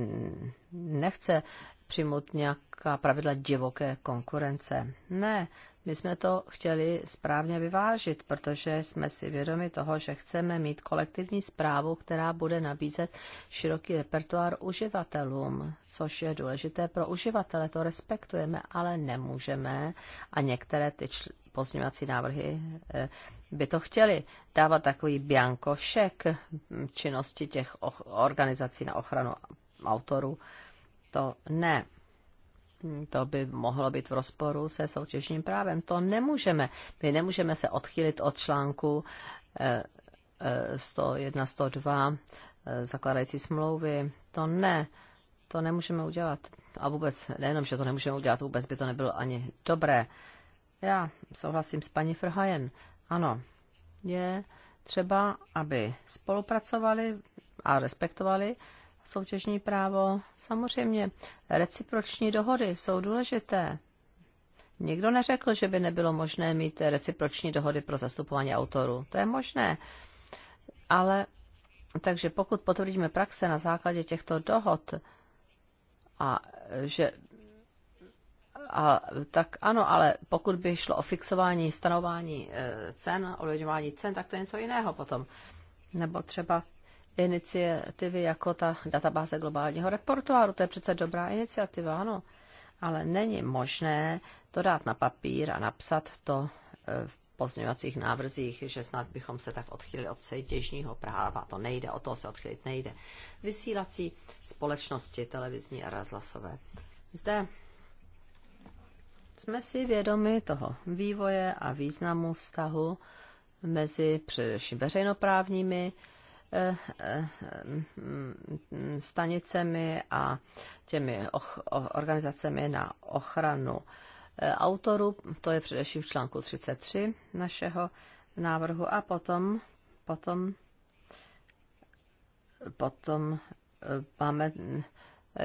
B: nechce přijmout nějaká pravidla divoké konkurence. Ne, my jsme to chtěli správně vyvážit, protože jsme si vědomi toho, že chceme mít kolektivní zprávu, která bude nabízet široký repertoár uživatelům, což je důležité pro uživatele, to respektujeme, ale nemůžeme a některé ty čl- pozměňovací návrhy eh, by to chtěli dávat takový biankošek činnosti těch organizací na ochranu autorů. To ne. To by mohlo být v rozporu se soutěžním právem. To nemůžeme. My nemůžeme se odchylit od článku 101, eh, 102 eh, eh, zakladající smlouvy. To ne. To nemůžeme udělat. A vůbec, nejenom, že to nemůžeme udělat, vůbec by to nebylo ani dobré. Já souhlasím s paní Frhajen ano, je třeba, aby spolupracovali a respektovali soutěžní právo. Samozřejmě reciproční dohody jsou důležité. Nikdo neřekl, že by nebylo možné mít reciproční dohody pro zastupování autorů. To je možné. Ale takže pokud potvrdíme praxe na základě těchto dohod, a že a, tak ano, ale pokud by šlo o fixování, stanování e, cen, ovlivňování cen, tak to je něco jiného potom. Nebo třeba iniciativy jako ta databáze globálního reportuáru, to je přece dobrá iniciativa, ano. Ale není možné to dát na papír a napsat to e, v pozměňovacích návrzích, že snad bychom se tak odchylili od sejtěžního práva. To nejde, o to se odchylit nejde. Vysílací společnosti televizní a rozhlasové. Zde jsme si vědomi toho vývoje a významu vztahu mezi především veřejnoprávními eh, eh, stanicemi a těmi organizacemi na ochranu eh, autorů. To je především v článku 33 našeho návrhu a potom, potom, potom máme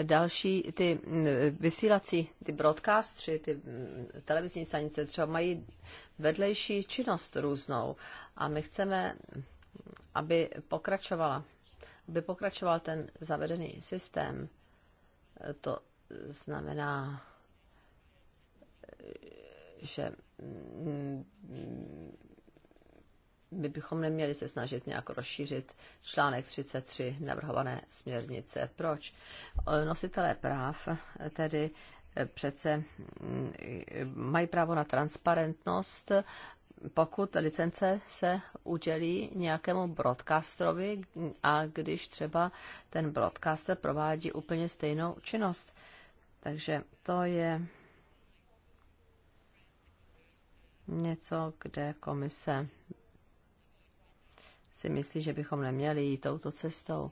B: další ty mm, vysílací, ty broadcastři, ty mm, televizní stanice třeba mají vedlejší činnost různou a my chceme, aby pokračovala, aby pokračoval ten zavedený systém. To znamená, že mm, my bychom neměli se snažit nějak rozšířit článek 33 navrhované směrnice. Proč? Nositelé práv tedy e, přece mm, mají právo na transparentnost, pokud licence se udělí nějakému broadcasterovi a když třeba ten broadcaster provádí úplně stejnou činnost. Takže to je něco, kde komise si myslí, že bychom neměli jít touto cestou.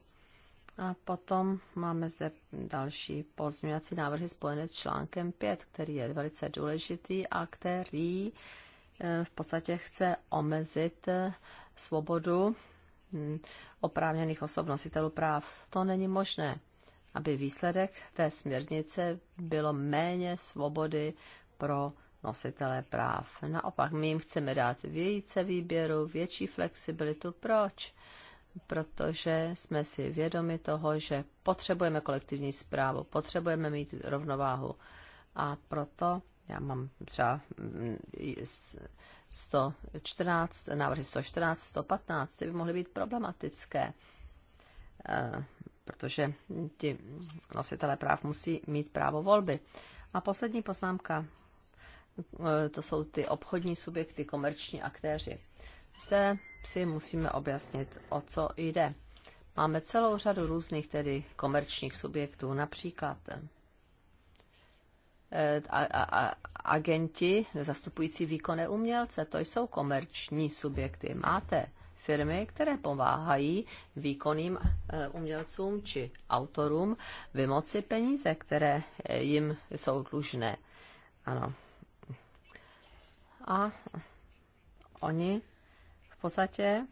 B: A potom máme zde další pozměňovací návrhy spojené s článkem 5, který je velice důležitý a který eh, v podstatě chce omezit eh, svobodu hm, oprávněných osob nositelů práv. To není možné, aby výsledek té směrnice bylo méně svobody pro nositelé práv. Naopak, my jim chceme dát více výběru, větší flexibilitu. Proč? Protože jsme si vědomi toho, že potřebujeme kolektivní zprávu, potřebujeme mít rovnováhu. A proto já mám třeba 114, mm, návrhy 114, 115, ty by mohly být problematické, eh, protože ti nositelé práv musí mít právo volby. A poslední poznámka Eh, to jsou ty obchodní subjekty, komerční aktéři. Zde si musíme objasnit, o co jde. Máme celou řadu různých tedy komerčních subjektů, například eh, a, a, a, agenti zastupující výkonné umělce, to jsou komerční subjekty. Máte firmy, které pomáhají výkonným eh, umělcům či autorům vymoci peníze, které jim jsou dlužné. Ano, a oni v podstatě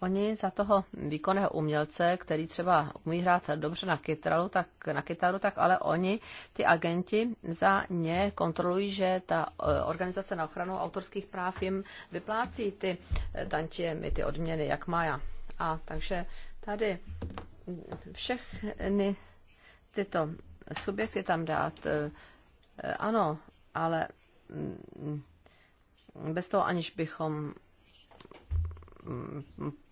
B: oni za toho výkonného umělce, který třeba umí hrát dobře na kytaru, tak, na kytaru, tak ale oni, ty agenti, za ně kontrolují, že ta e, organizace na ochranu autorských práv jim vyplácí ty e, tantiemy, ty odměny, jak má já. A takže tady všechny tyto subjekty tam dát, e, ano, ale bez toho aniž bychom mm,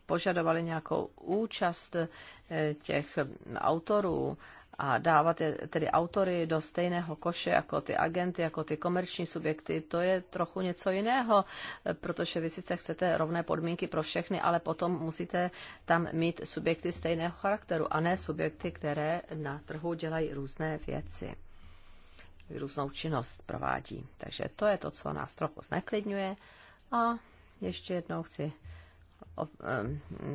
B: požadovali nějakou účast eh, těch autorů a dávat je, tedy autory do stejného koše jako ty agenty, jako ty komerční subjekty, to je trochu něco jiného, eh, protože vy sice chcete rovné podmínky pro všechny, ale potom musíte tam mít subjekty stejného charakteru a ne subjekty, které na trhu dělají různé věci různou činnost provádí. Takže to je to, co nás trochu zneklidňuje. A ještě jednou chci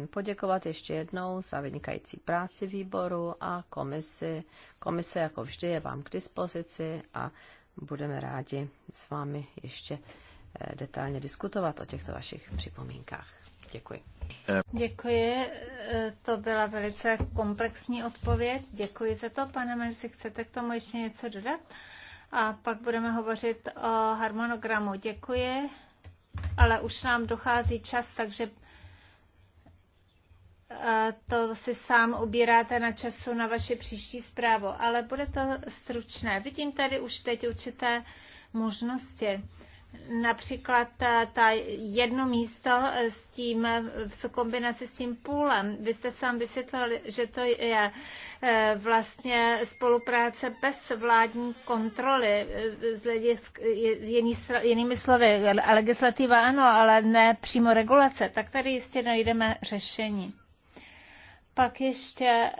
B: poděkovat ještě jednou za vynikající práci výboru a komisi. Komise, jako vždy, je vám k dispozici a budeme rádi s vámi ještě eh, detailně diskutovat o těchto vašich připomínkách. Děkuji.
D: Děkuji, to byla velice komplexní odpověď. Děkuji za to. Pane Mersi, chcete k tomu ještě něco dodat? a pak budeme hovořit o harmonogramu. Děkuji, ale už nám dochází čas, takže e, to si sám ubíráte na času na vaše příští zprávu, ale bude to stručné. Vidím tady už teď určité možnosti například ta, eh, ta jedno místo eh, s tím, eh, v kombinaci s tím půlem. Vy jste sám vysvětlil, že to je vlastně spolupráce bez vládní kontroly z hledisk, jiný, jinými slovy, legislativa ano, ale ne přímo regulace. Tak tady jistě najdeme řešení. Pak ještě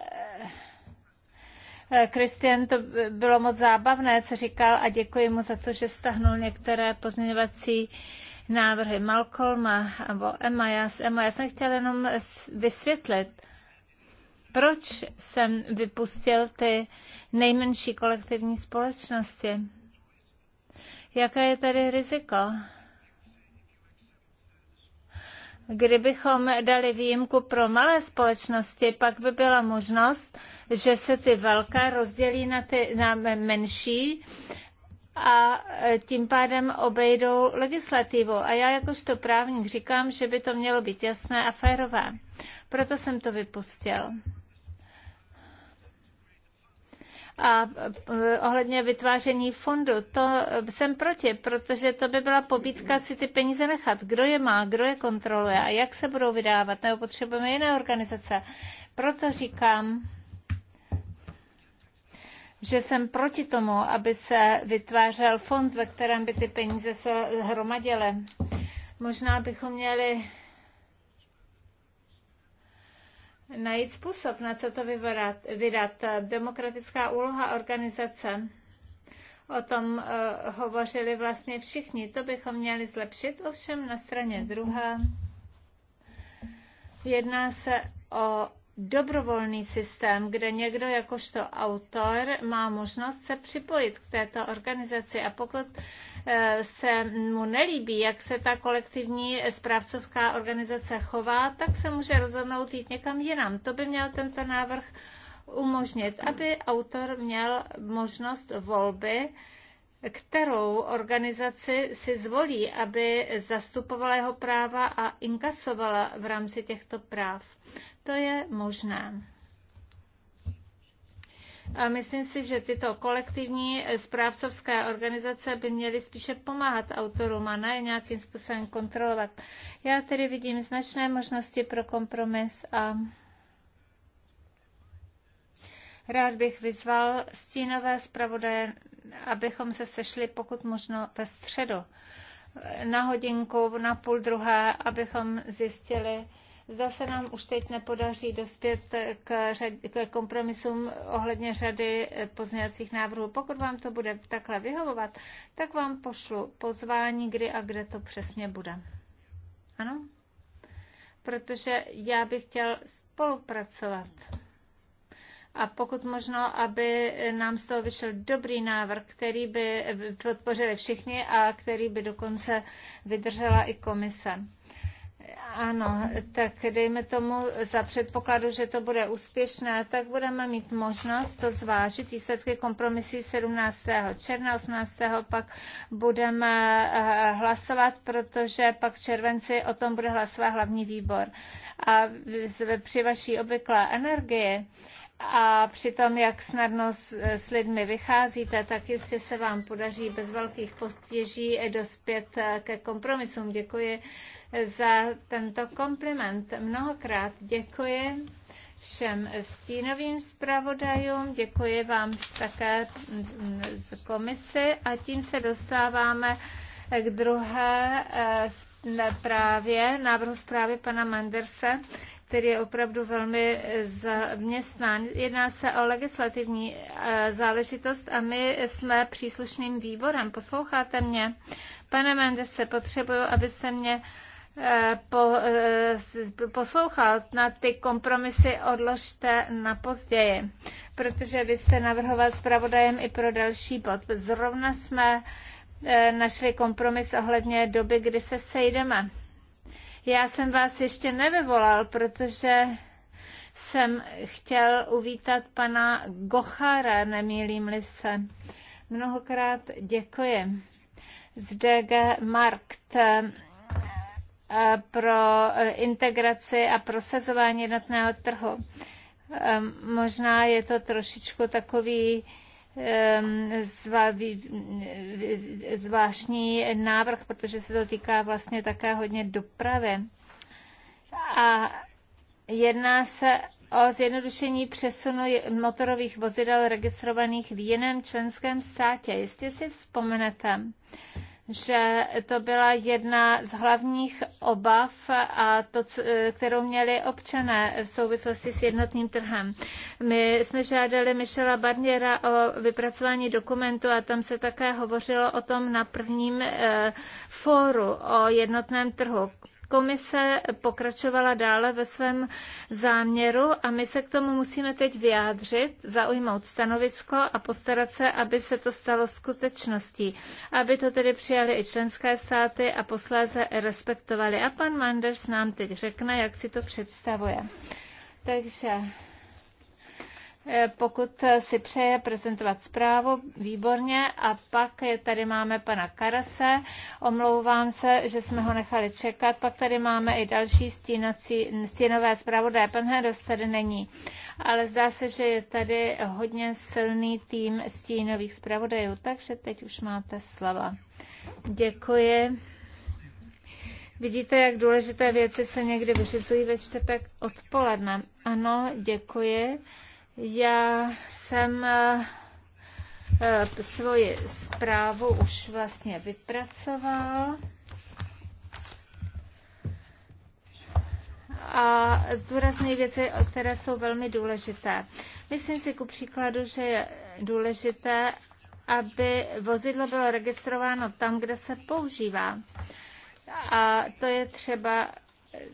D: Kristian, eh, to bylo moc zábavné, co říkal a děkuji mu za to, že stahnul některé pozměňovací návrhy Malcolma nebo Emma. Já, Emma, já jsem chtěla jenom vysvětlit, proč jsem vypustil ty nejmenší kolektivní společnosti. Jaké je tady riziko? Kdybychom dali výjimku pro malé společnosti, pak by byla možnost, že se ty velké rozdělí na ty na menší a tím pádem obejdou legislativu. A já jakožto právník říkám, že by to mělo být jasné a férové. Proto jsem to vypustil. A e, ohledně vytváření fondu, to jsem proti, protože to by byla pobídka si ty peníze nechat. Kdo je má, kdo je kontroluje a jak se budou vydávat, nebo potřebujeme jiné organizace. Proto říkám, že jsem proti tomu, aby se vytvářel fond, ve kterém by ty peníze se hromadily. Možná bychom měli najít způsob, na co to vyvrat, vydat. Demokratická úloha organizace. O tom uh, hovořili vlastně všichni. To bychom měli zlepšit, ovšem na straně druhé. Jedná se o dobrovolný systém, kde někdo jakožto autor má možnost se připojit k této organizaci a pokud eh, se mu nelíbí, jak se ta kolektivní správcovská organizace chová, tak se může rozhodnout jít někam jinam. To by měl tento návrh umožnit, aby autor měl možnost volby, kterou organizaci si zvolí, aby zastupovala jeho práva a inkasovala v rámci těchto práv to je možné. A myslím si, že tyto kolektivní správcovské organizace by měly spíše pomáhat autorům a ne nějakým způsobem kontrolovat. Já tedy vidím značné možnosti pro kompromis a rád bych vyzval stínové zpravodaje, abychom se sešli pokud možno ve středu na hodinku, na půl druhé, abychom zjistili, Zda se nám už teď nepodaří dospět k, řad, k kompromisům ohledně řady pozměňovacích návrhů. Pokud vám to bude takhle vyhovovat, tak vám pošlu pozvání, kdy a kde to přesně bude. Ano? Protože já bych chtěl spolupracovat a pokud možno, aby nám z toho vyšel dobrý návrh, který by podpořili všichni a který by dokonce vydržela i komise. Ano, tak dejme tomu za předpokladu, že to bude úspěšné, tak budeme mít možnost to zvážit. Výsledky kompromisí 17. června, 18. pak budeme eh, hlasovat, protože pak v červenci o tom bude hlasovat hlavní výbor. A při vaší obvyklé energie a při tom jak snadno s, s lidmi vycházíte, tak jistě se vám podaří bez velkých postěží dospět eh, ke kompromisům. Děkuji za tento kompliment. Mnohokrát děkuji všem stínovým zpravodajům, děkuji vám také z komisy a tím se dostáváme k druhé eh, právě, návrhu zprávy pana Manderse, který je opravdu velmi zaměstnán. Jedná se o legislativní eh, záležitost a my jsme příslušným výborem. Posloucháte mě? Pane Mendese, potřebuju, abyste mě po, eh, poslouchal na ty kompromisy, odložte na později, protože vy jste navrhoval zpravodajem i pro další bod. Zrovna jsme eh, našli kompromis ohledně doby, kdy se sejdeme. Já jsem vás ještě nevyvolal, protože jsem chtěl uvítat pana Gochara, nemýlím-li se. Mnohokrát děkuji. Zde Markt eh, Eh, pro eh, integraci a prosazování jednotného trhu. Možná je to trošičku takový zvláštní návrh, protože se to týká vlastně také hodně dopravy. A jedná se o zjednodušení přesunu motorových vozidel registrovaných v jiném členském státě. Jistě si vzpomenete, že to byla jedna z hlavních obav, a to, kterou měli občané v souvislosti s jednotným trhem. My jsme žádali Michela Barniera o vypracování dokumentu a tam se také hovořilo o tom na prvním eh, fóru o jednotném trhu. Komise pokračovala dále ve svém záměru a my se k tomu musíme teď vyjádřit, zaujmout stanovisko a postarat se, aby se to stalo skutečností, aby to tedy přijali i členské státy a posléze respektovali. A pan Manders nám teď řekne, jak si to představuje. Takže Eh, pokud si přeje prezentovat zprávu, výborně. A pak tady máme pana Karase, omlouvám se, že jsme ho nechali čekat. Pak tady máme i další stínací, stínové zpravodaje. Pan Hedos tady není, ale zdá se, že je tady hodně silný tým stínových zpravodajů, takže teď už máte slova. Děkuji. Vidíte, jak důležité věci se někdy vyřizují ve čtvrtek odpoledne. Ano, děkuji. Já jsem eh, svoji zprávu už vlastně vypracoval. a zdůrazňuji věci, které jsou velmi důležité. Myslím si ku příkladu, že je důležité, aby vozidlo bylo registrováno tam, kde se používá. A to je třeba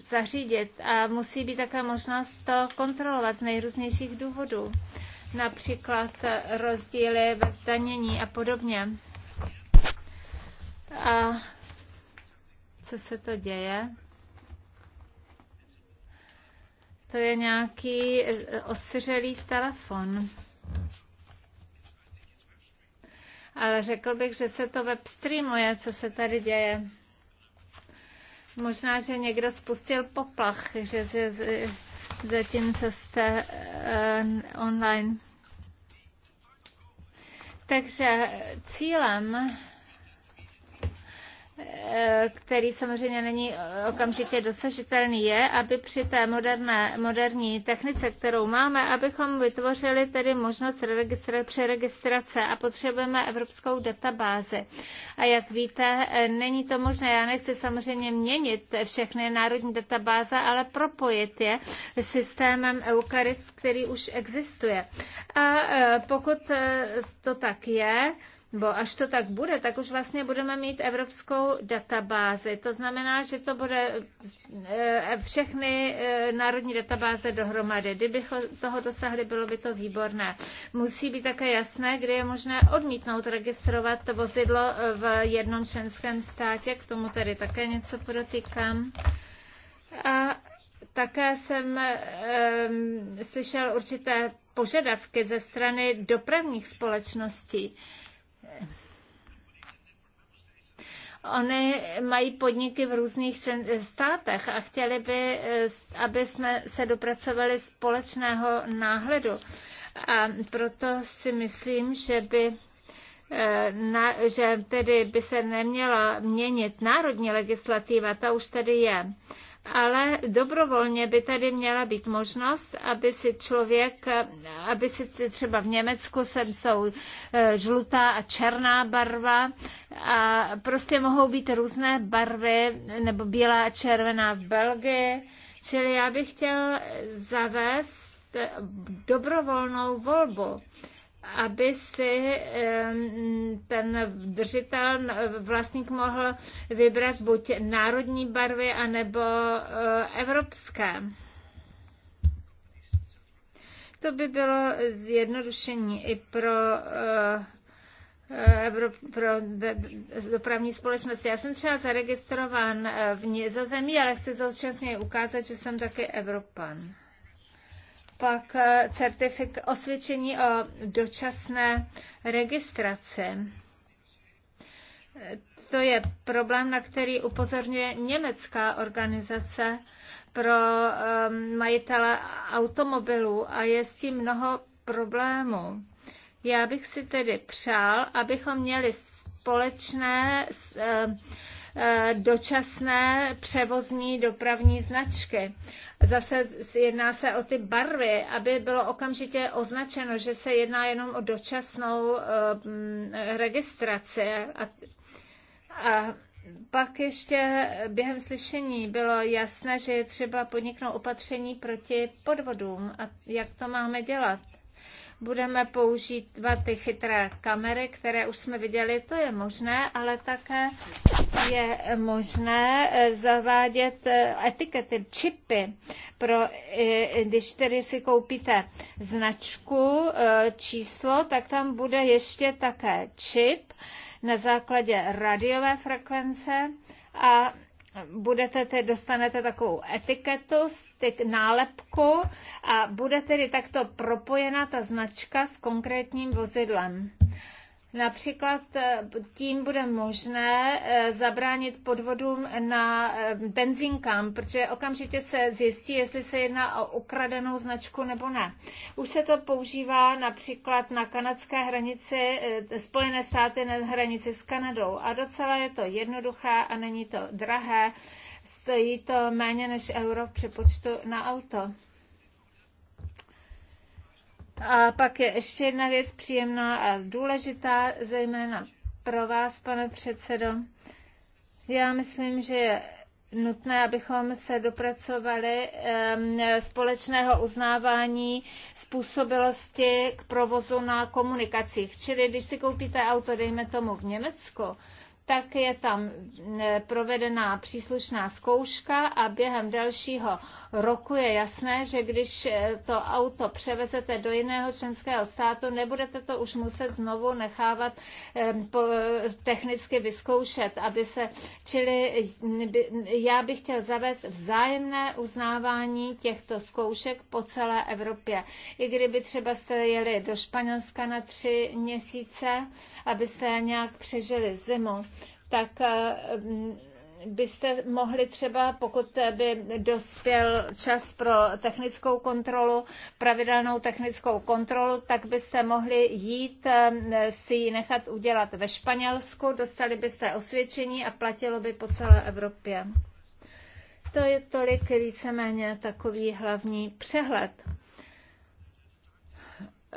D: zařídit a musí být také možnost to kontrolovat z nejrůznějších důvodů, například rozdíly ve zdanění a podobně. A co se to děje? To je nějaký eh, osyřelý telefon. Ale řekl bych, že se to webstreamuje, co se tady děje. Možná, že někdo spustil poplach, že, zatím se jste uh, online. Takže cílem Eh, který samozřejmě není eh, okamžitě dosažitelný, je, aby při té moderné, moderní technice, kterou máme, abychom vytvořili tedy možnost přeregistrace a potřebujeme evropskou databázi. A jak víte, eh, není to možné. Já nechci samozřejmě měnit všechny národní databáze, ale propojit je systémem Eucharist, který už existuje. A pokud to tak je, Bo až to tak bude, tak už vlastně budeme mít evropskou databázi. To znamená, že to bude eh, všechny eh, národní databáze dohromady. Kdybychom toho dosáhli, bylo by to výborné. Musí být také jasné, kdy je možné odmítnout registrovat to vozidlo eh, v jednom členském státě. K tomu tady také něco podotýkám. A také jsem um, slyšel určité požadavky ze strany dopravních společností Oni mají podniky v různých státech a chtěli by, eh, aby jsme se dopracovali společného náhledu. A proto si myslím, že by eh, na, že tedy by se neměla měnit národní legislativa, ta už tedy je ale dobrovolně by tady měla být možnost, aby si člověk, aby si třeba v Německu sem jsou e, žlutá a černá barva a prostě mohou být různé barvy, nebo bílá a červená v Belgii, čili já bych chtěl zavést dobrovolnou volbu aby si ten držitel, vlastník mohl vybrat buď národní barvy, anebo eh, evropské. To by bylo zjednodušení i pro eh, Evrop, pro dopravní společnost. Já jsem třeba zaregistrován eh, v Nizozemí, ale chci současně ukázat, že jsem taky Evropan pak eh, certifik- osvědčení o dočasné registraci. To je problém, na který upozorňuje německá organizace pro um, majitele automobilů a je s tím mnoho problémů. Já bych si tedy přál, abychom měli společné ehm, Eh, dočasné převozní dopravní značky. Zase jedná se o ty barvy, aby bylo okamžitě označeno, že se jedná jenom o dočasnou eh, registraci. A, a pak ještě během slyšení bylo jasné, že je třeba podniknout opatření proti podvodům a jak to máme dělat budeme používat ty chytré kamery, které už jsme viděli, to je možné, ale také je možné eh, zavádět eh, etikety, čipy, pro, eh, když tedy si koupíte značku, číslo, tak tam bude ještě také čip na základě radiové frekvence, a budete tedy, dostanete takovou etiketu, styk, nálepku a bude tedy takto propojena ta značka s konkrétním vozidlem. Například eh, tím bude možné eh, zabránit podvodům na eh, benzinkám, protože okamžitě se zjistí, jestli se jedná o ukradenou značku nebo ne. Už se to používá například na kanadské hranici, Spojené státy na hranici s Kanadou a docela je to jednoduché a není to drahé. Stojí to méně než euro v přepočtu na auto. A pak je ještě jedna věc příjemná a důležitá, zejména pro vás, pane předsedo. Já myslím, že je nutné, abychom se dopracovali společného uznávání způsobilosti k provozu na komunikacích. Čili když si koupíte auto, dejme tomu v Německu, tak je tam mm, provedená příslušná zkouška a během dalšího roku je jasné, že když eh, to auto převezete do jiného členského státu, nebudete to už muset znovu nechávat eh, technicky vyzkoušet, aby se, čili mm, mm, já bych chtěl zavést vzájemné uznávání těchto zkoušek po celé Evropě. I kdyby třeba jste jeli do Španělska na tři měsíce, abyste nějak přežili zimu, tak eh, mm, byste mohli třeba, pokud by dospěl čas pro technickou kontrolu, pravidelnou technickou kontrolu, tak byste mohli jít eh, si ji nechat udělat ve Španělsku, dostali byste osvědčení a platilo by po celé Evropě. To je tolik víceméně takový hlavní přehled.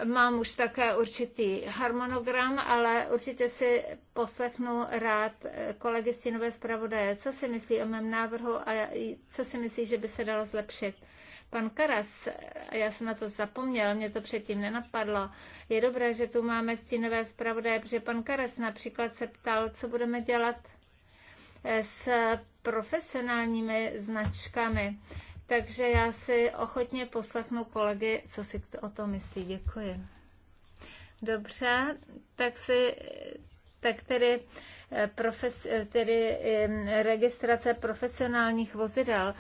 D: Mám už také určitý harmonogram, ale určitě si poslechnu rád kolegy stínové zpravodaje, co si myslí o mém návrhu a co si myslí, že by se dalo zlepšit. Pan Karas, já jsem na to zapomněl, mě to předtím nenapadlo. Je dobré, že tu máme stínové zpravodaje, protože pan Karas například se ptal, co budeme dělat s profesionálními značkami. Takže já si ochotně poslechnu kolegy, co si o tom myslí. Děkuji. Dobře, tak si, tak tedy eh, profes, eh, tedy registrace profesionálních vozidel.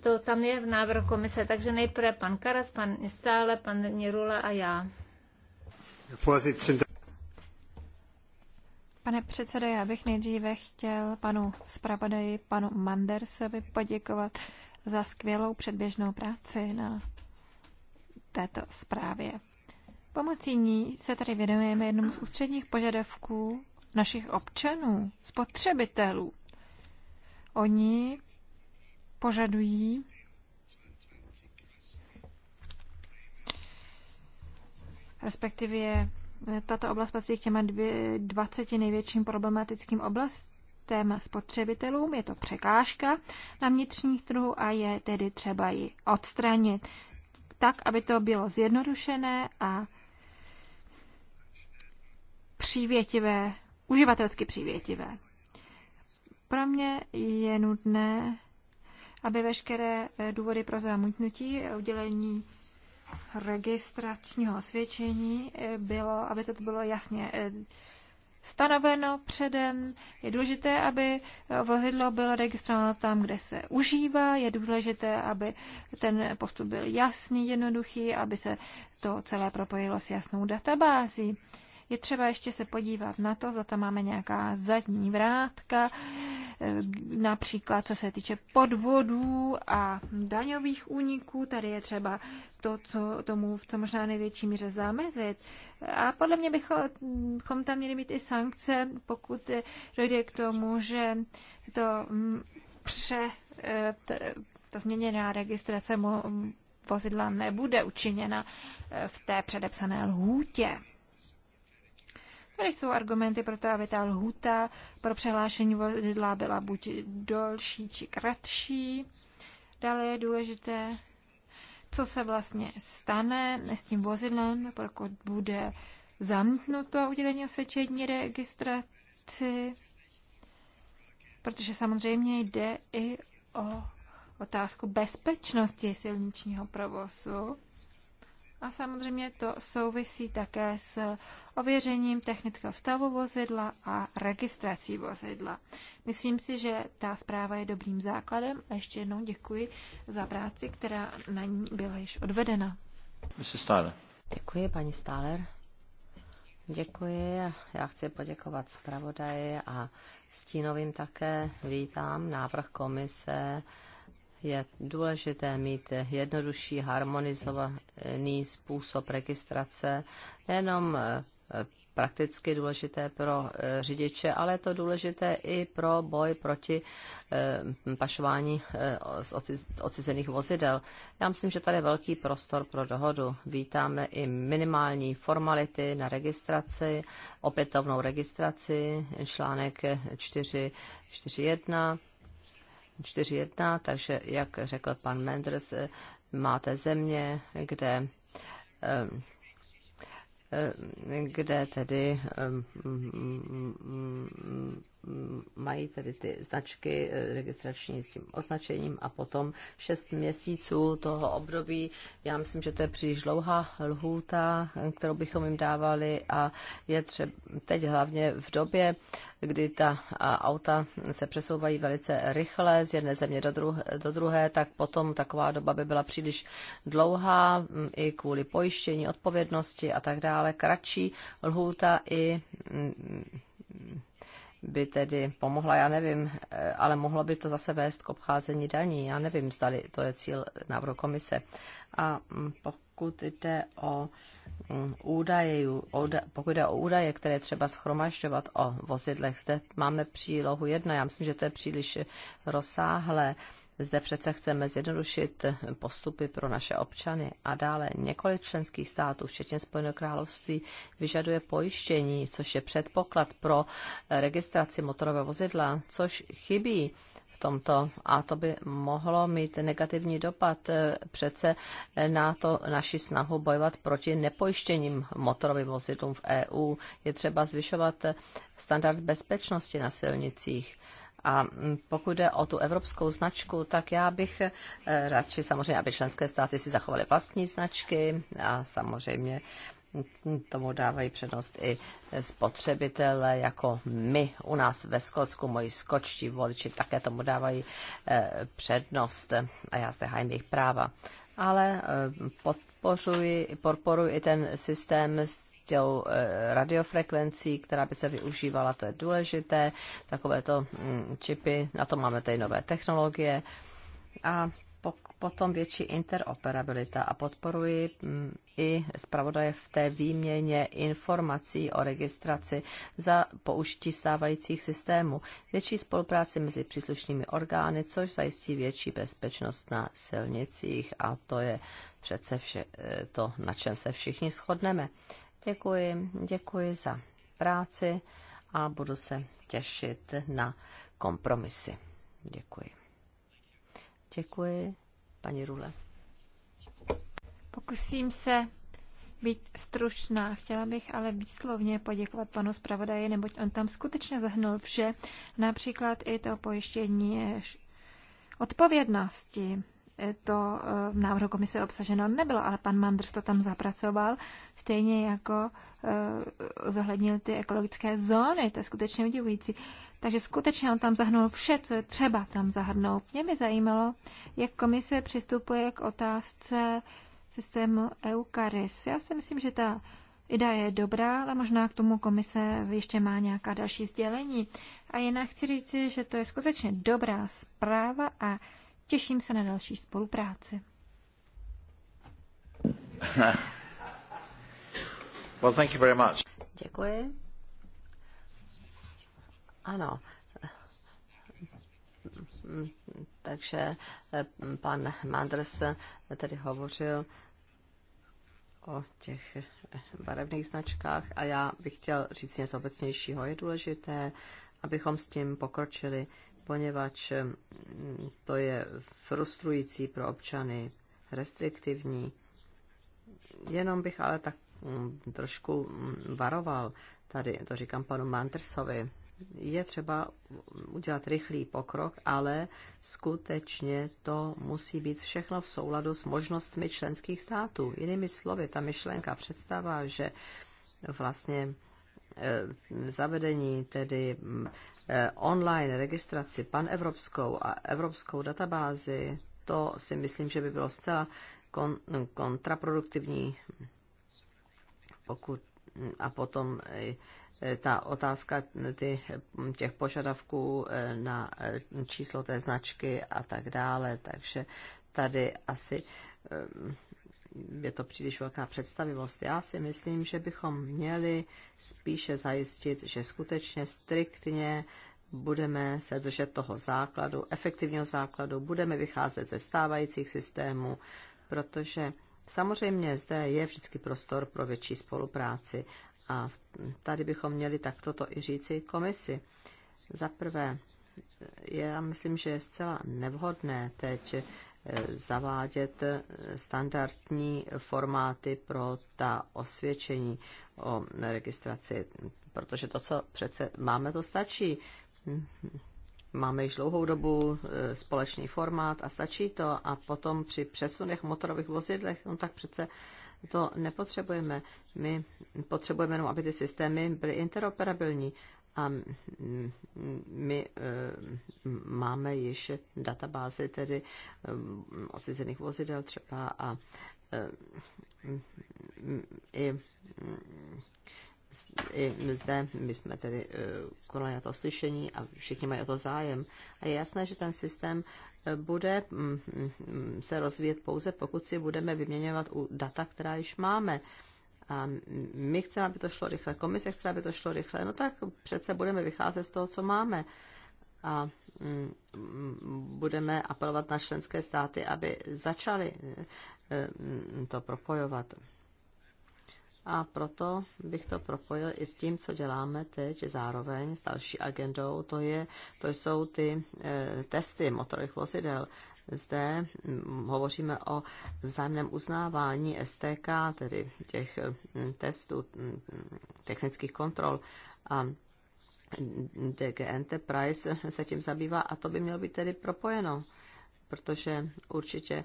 D: To tam je v návrhu komise, takže nejprve pan Karas, pan Stále, pan Nirula a já. Pane předsedo, já bych nejdříve chtěl panu
C: zpravodaji, panu Mandersovi poděkovat za skvělou předběžnou práci na této zprávě. Pomocí ní se tady věnujeme jednomu z ústředních požadavků našich občanů, spotřebitelů. Oni požadují respektive tato oblast patří k těma dvě, 20 největším problematickým oblast, těm spotřebitelům, je to překážka na vnitřních trhu a je tedy třeba ji odstranit tak, aby to bylo zjednodušené a přívětivé, uživatelsky přívětivé. Pro mě je nutné, aby veškeré eh, důvody pro zamítnutí udělení registračního osvědčení eh, bylo, aby to bylo jasně eh, stanoveno předem. Je důležité, aby vozidlo bylo registrováno tam, kde se užívá. Je důležité, aby ten postup byl jasný, jednoduchý, aby se to celé propojilo s jasnou databází je třeba ještě se podívat na to, za to máme nějaká zadní vrátka, eh, například co se týče podvodů a daňových úniků, tady je třeba to, co tomu v co možná největší míře zamezit. A podle mě bychom tam měli mít i sankce, pokud dojde k tomu, že to mm, pře, ta, eh, ta změněná registrace vozidla nebude učiněna eh, v té předepsané lhůtě. Tady jsou argumenty pro to, aby ta lhuta pro přehlášení vozidla byla buď delší či kratší. Dále je důležité, co se vlastně stane s tím vozidlem, pokud bude zamítnuto udělení osvědčení registraci, protože samozřejmě jde i o otázku bezpečnosti silničního provozu. A samozřejmě to souvisí také s ověřením technického stavu vozidla a registrací vozidla. Myslím si, že ta zpráva je dobrým základem a ještě jednou děkuji za práci, která na ní
B: byla již odvedena. Stále. Děkuji, paní Stáler. Děkuji. Já chci poděkovat zpravodaji a stínovým také vítám návrh komise je důležité mít jednodušší, harmonizovaný způsob registrace, nejenom eh, prakticky důležité pro eh, řidiče, ale je to důležité i pro boj proti eh, pašování z ocizených vozidel. Já myslím, že tady je velký prostor pro dohodu. Vítáme i minimální formality na registraci, opětovnou registraci, článek 4.4.1 4.1, takže jak řekl pan Mendres eh, máte země, kde eh, eh, kde tedy mají tedy ty značky eh, registrační s tím označením a potom 6 měsíců toho období. Já myslím, že to je příliš dlouhá lhůta, kterou bychom jim dávali a je třeba teď hlavně v době, kdy ta auta se přesouvají velice rychle z jedné země do, druh- do druhé, tak potom taková doba by byla příliš dlouhá mm, i kvůli pojištění, odpovědnosti a tak dále. Kratší lhůta i mm, by tedy pomohla, já nevím, eh, ale mohlo by to zase vést k obcházení daní. Já nevím, zdali to je cíl návrhu komise. A mm, pokud jde o mm, údaje, pokud jde o údaje, které třeba schromažďovat o vozidlech, zde máme přílohu jedna. Já myslím, že to je příliš rozsáhlé. Zde přece chceme zjednodušit postupy pro naše občany a dále několik členských států, včetně Spojeného království, vyžaduje pojištění, což je předpoklad pro registraci motorového vozidla, což chybí v tomto a to by mohlo mít negativní dopad eh, přece na to naši snahu bojovat proti nepojištěním motorovým vozidlům v EU. Je třeba zvyšovat standard bezpečnosti na silnicích. A mm, pokud jde o tu evropskou značku, tak já bych eh, radši samozřejmě, aby členské státy si zachovaly vlastní značky a samozřejmě mm, tomu dávají přednost i spotřebitele, jako my u nás ve Skotsku, moji skočtí voliči také tomu dávají eh, přednost a já zde hájím jejich práva. Ale eh, podporuji, podporuji i ten systém s chtěl eh, radiofrekvencí, která by se využívala, to je důležité. Takovéto mm, čipy, na to máme tady nové technologie. A potom větší interoperabilita a podporuji mm, i zpravodaje v té výměně informací o registraci za použití stávajících systémů, větší spolupráci mezi příslušnými orgány, což zajistí větší bezpečnost na silnicích a to je přece vše, eh, to, na čem se všichni shodneme. Děkuji, děkuji za práci a budu se těšit na kompromisy. Děkuji. Děkuji, paní Rule.
C: Pokusím se být stručná. Chtěla bych ale výslovně poděkovat panu zpravodaji, neboť on tam skutečně zahnul vše, například i to pojištění odpovědnosti to eh, v návrhu komise obsaženo nebylo, ale pan Mandrš to tam zapracoval, stejně jako eh, zohlednil ty ekologické zóny, to je skutečně udivující. Takže skutečně on tam zahrnul vše, co je třeba tam zahrnout. Mě by zajímalo, jak komise přistupuje k otázce systému EUCARIS. Já si myslím, že ta idea je dobrá, ale možná k tomu komise ještě má nějaká další sdělení. A jinak chci říci, že to je skutečně dobrá zpráva a Těším se na další spolupráci.
A: well, thank you very much.
B: Děkuji. Ano. Takže eh, pan Manders tedy hovořil o těch barevných značkách a já bych chtěl říct něco obecnějšího. Je důležité, abychom s tím pokročili poněvadž mm, to je frustrující pro občany, restriktivní. Jenom bych ale tak mm, trošku mm, varoval, tady to říkám panu Mantersovi, je třeba udělat rychlý pokrok, ale skutečně to musí být všechno v souladu s možnostmi členských států. Jinými slovy, ta myšlenka představá, že vlastně e, zavedení tedy Eh, online registraci panevropskou a evropskou databázi, to si myslím, že by bylo zcela kontraproduktivní, pokud a potom eh, ta otázka ty, těch požadavků eh, na číslo té značky a tak dále. Takže tady asi je to příliš velká představivost. Já si myslím, že bychom měli spíše zajistit, že skutečně striktně budeme se držet toho základu, efektivního základu, budeme vycházet ze stávajících systémů, protože samozřejmě zde je vždycky prostor pro větší spolupráci. A tady bychom měli takto to i říci komisi. Za prvé, já myslím, že je zcela nevhodné teď zavádět standardní formáty pro ta osvědčení o registraci, protože to, co přece máme, to stačí. Máme již dlouhou dobu e, společný formát a stačí to. A potom při přesunech motorových vozidlech, no tak přece to nepotřebujeme. My potřebujeme jenom, aby ty systémy byly interoperabilní a my e, máme již databázy tedy e, odcizených vozidel třeba a e, i i zde my jsme tedy konali na to slyšení a všichni mají o to zájem. A je jasné, že ten systém bude se rozvíjet pouze, pokud si budeme vyměňovat u data, která již máme a my chceme, aby to šlo rychle, komise chce, aby to šlo rychle, no tak přece budeme vycházet z toho, co máme a mm, mm, budeme apelovat na členské státy, aby začaly e, e, mm, to propojovat. A proto bych to propojil i s tím, co děláme teď zároveň s další agendou, to, je, to jsou ty e, testy motorových vozidel zde mm, hovoříme o vzájemném uznávání STK, tedy těch mm, testů, mm, technických kontrol a DG Enterprise se tím zabývá a to by mělo být tedy propojeno, protože určitě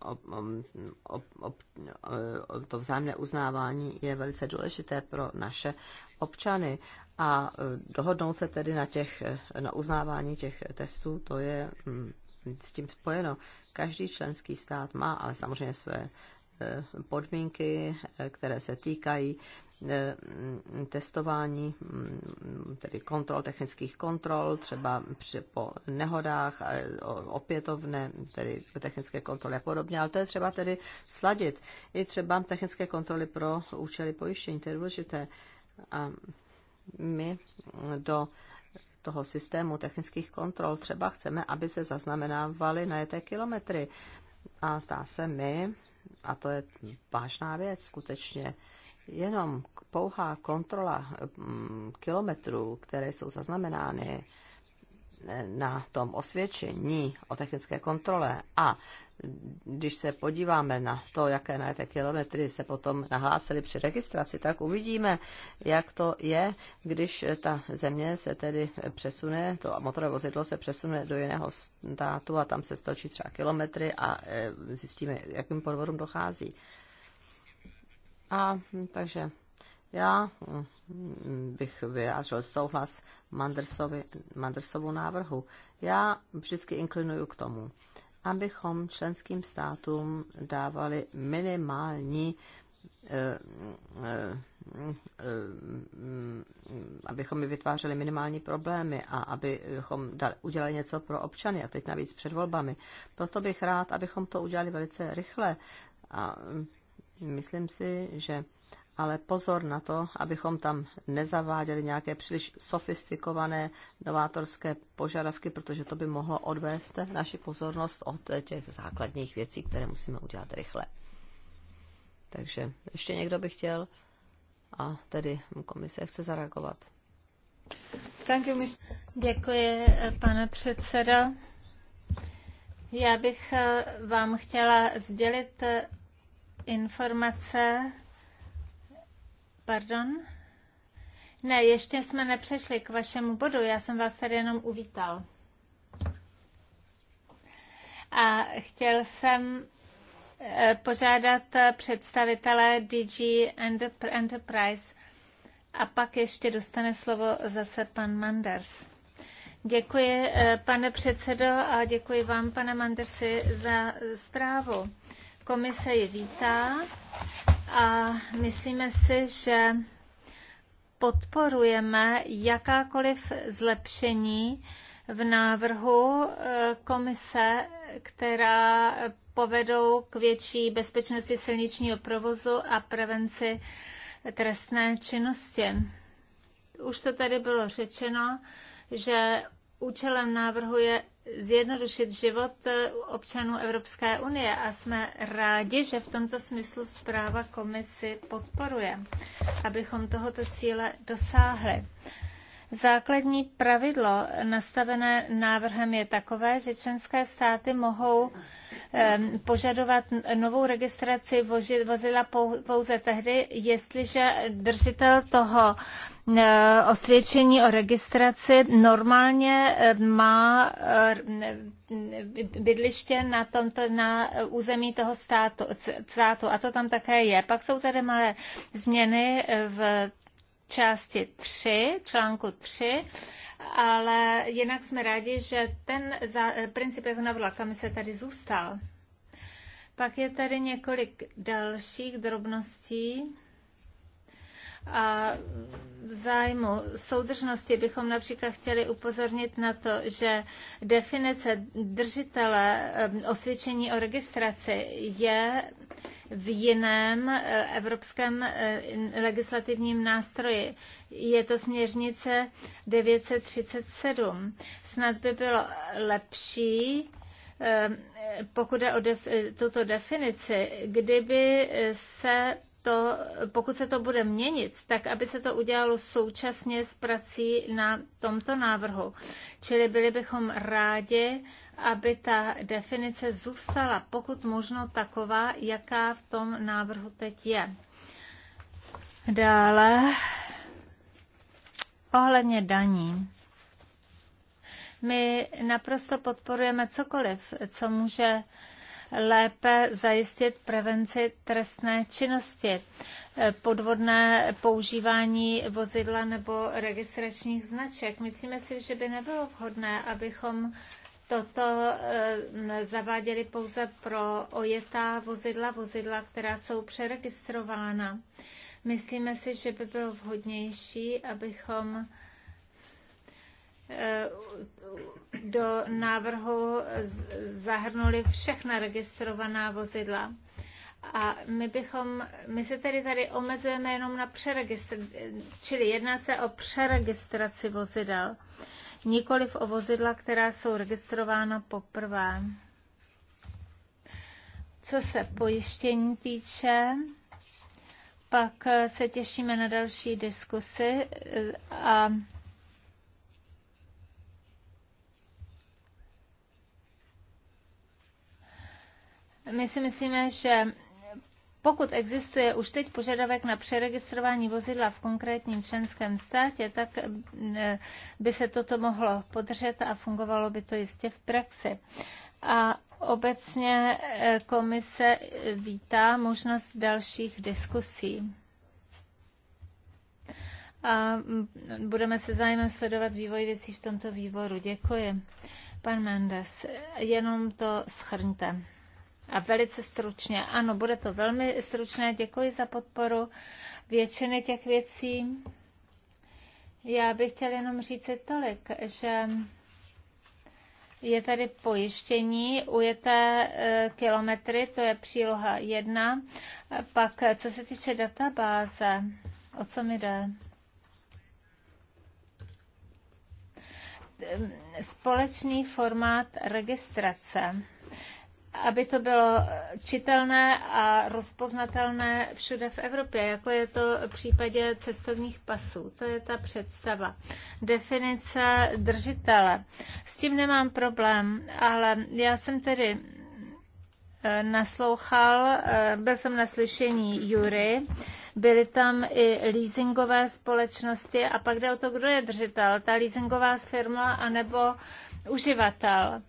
B: O, o, o, to vzájemné uznávání je velice důležité pro naše občany a e, dohodnout se tedy na, těch, e, na uznávání těch testů, to je mm, s tím spojeno. Každý členský stát má ale samozřejmě své e, podmínky, které se týkají mm, testování, mm, tedy kontrol, technických kontrol, třeba při, po nehodách, opětovné, tedy technické kontroly a podobně, ale to je třeba tedy sladit. I třeba technické kontroly pro účely pojištění, to je důležité. A my do toho systému technických kontrol třeba chceme, aby se zaznamenávaly najeté kilometry. A zdá se mi, a to je vážná věc skutečně, jenom pouhá kontrola mm, kilometrů, které jsou zaznamenány, na tom osvědčení o technické kontrole a když se podíváme na to, jaké té kilometry se potom nahlásili při registraci, tak uvidíme, jak to je, když ta země se tedy přesune, to motorové vozidlo se přesune do jiného státu a tam se stočí třeba kilometry a e, zjistíme, jakým podvodům dochází. A takže já mm, bych vyjádřil souhlas Mandersovi, Mandersovu návrhu. Já vždycky inklinuju k tomu, abychom členským státům dávali minimální eh, eh, mm, abychom mi vytvářeli minimální problémy a abychom dali, udělali něco pro občany a teď navíc před volbami. Proto bych rád, abychom to udělali velice rychle a mm, myslím si, že ale pozor na to, abychom tam nezaváděli nějaké příliš sofistikované novátorské požadavky, protože to by mohlo odvést naši pozornost od těch základních věcí, které musíme udělat rychle. Takže ještě někdo by chtěl a tedy komise chce zareagovat.
D: Děkuji, pane předseda. Já bych vám chtěla sdělit informace Pardon? Ne, ještě jsme nepřešli k vašemu bodu, já jsem vás tady jenom uvítal. A chtěl jsem eh, požádat představitele DG Enterprise a pak ještě dostane slovo zase pan Manders. Děkuji, eh, pane předsedo, a děkuji vám, pane Mandersi, za zprávu. Komise ji vítá a myslíme si, že podporujeme jakákoliv zlepšení v návrhu eh, komise, která povedou k větší bezpečnosti silničního provozu a prevenci trestné činnosti. Už to tady bylo řečeno, že Účelem návrhu je zjednodušit život eh, občanů Evropské unie a jsme rádi, že v tomto smyslu zpráva komisi podporuje, abychom tohoto cíle dosáhli. Základní pravidlo nastavené návrhem je takové, že členské státy mohou ehm, požadovat novou registraci vozidla pouze tehdy, jestliže držitel toho Eh, osvědčení o registraci normálně eh, má eh, bydliště na, tomto, na území toho státu, státu a to tam také je. Pak jsou tady malé změny v části 3, článku 3, ale jinak jsme rádi, že ten za, princip, jak ho navrhla se tady zůstal. Pak je tady několik dalších drobností. A v zájmu soudržnosti bychom například chtěli upozornit na to, že definice držitele osvědčení o registraci je v jiném e, evropském e, legislativním nástroji. Je to směrnice 937. Snad by bylo lepší, pokud je o def- tuto definici, kdyby se to, pokud se to bude měnit, tak aby se to udělalo současně s prací na tomto návrhu. Čili byli bychom rádi, aby ta definice zůstala pokud možno taková, jaká v tom návrhu teď je. Dále ohledně daní. My naprosto podporujeme cokoliv, co může lépe zajistit prevenci trestné činnosti, eh, podvodné používání vozidla nebo registračních značek. Myslíme si, že by nebylo vhodné, abychom toto eh, zaváděli pouze pro ojetá vozidla, vozidla, která jsou přeregistrována. Myslíme si, že by bylo vhodnější, abychom do návrhu zahrnuli všechna registrovaná vozidla. A my bychom, my se tedy tady omezujeme jenom na přeregistraci, čili jedná se o přeregistraci vozidel, nikoliv o vozidla, která jsou registrována poprvé. Co se pojištění týče, pak se těšíme na další diskusy a My si myslíme, že pokud existuje už teď požadavek na přeregistrování vozidla v konkrétním členském státě, tak eh, by se toto mohlo podržet a fungovalo by to jistě v praxi. A obecně eh, komise eh, vítá možnost dalších diskusí. A mm, budeme se zájmem sledovat vývoj věcí v tomto výboru. Děkuji. Pan Mendes, jenom to schrňte. A velice stručně, ano, bude to velmi stručné, děkuji za podporu většiny těch věcí. Já bych chtěla jenom říct tolik, že je tady pojištění ujeté eh, kilometry, to je příloha jedna. Pak, eh, co se týče databáze, o co mi jde? Ehm, společný formát registrace aby to bylo čitelné a rozpoznatelné všude v Evropě, jako je to v případě cestovních pasů. To je ta představa. Definice držitele. S tím nemám problém, ale já jsem tedy eh, naslouchal, eh, byl jsem na slyšení Jury, byly tam i leasingové společnosti a pak jde o to, kdo je držitel, ta leasingová firma anebo uživatel.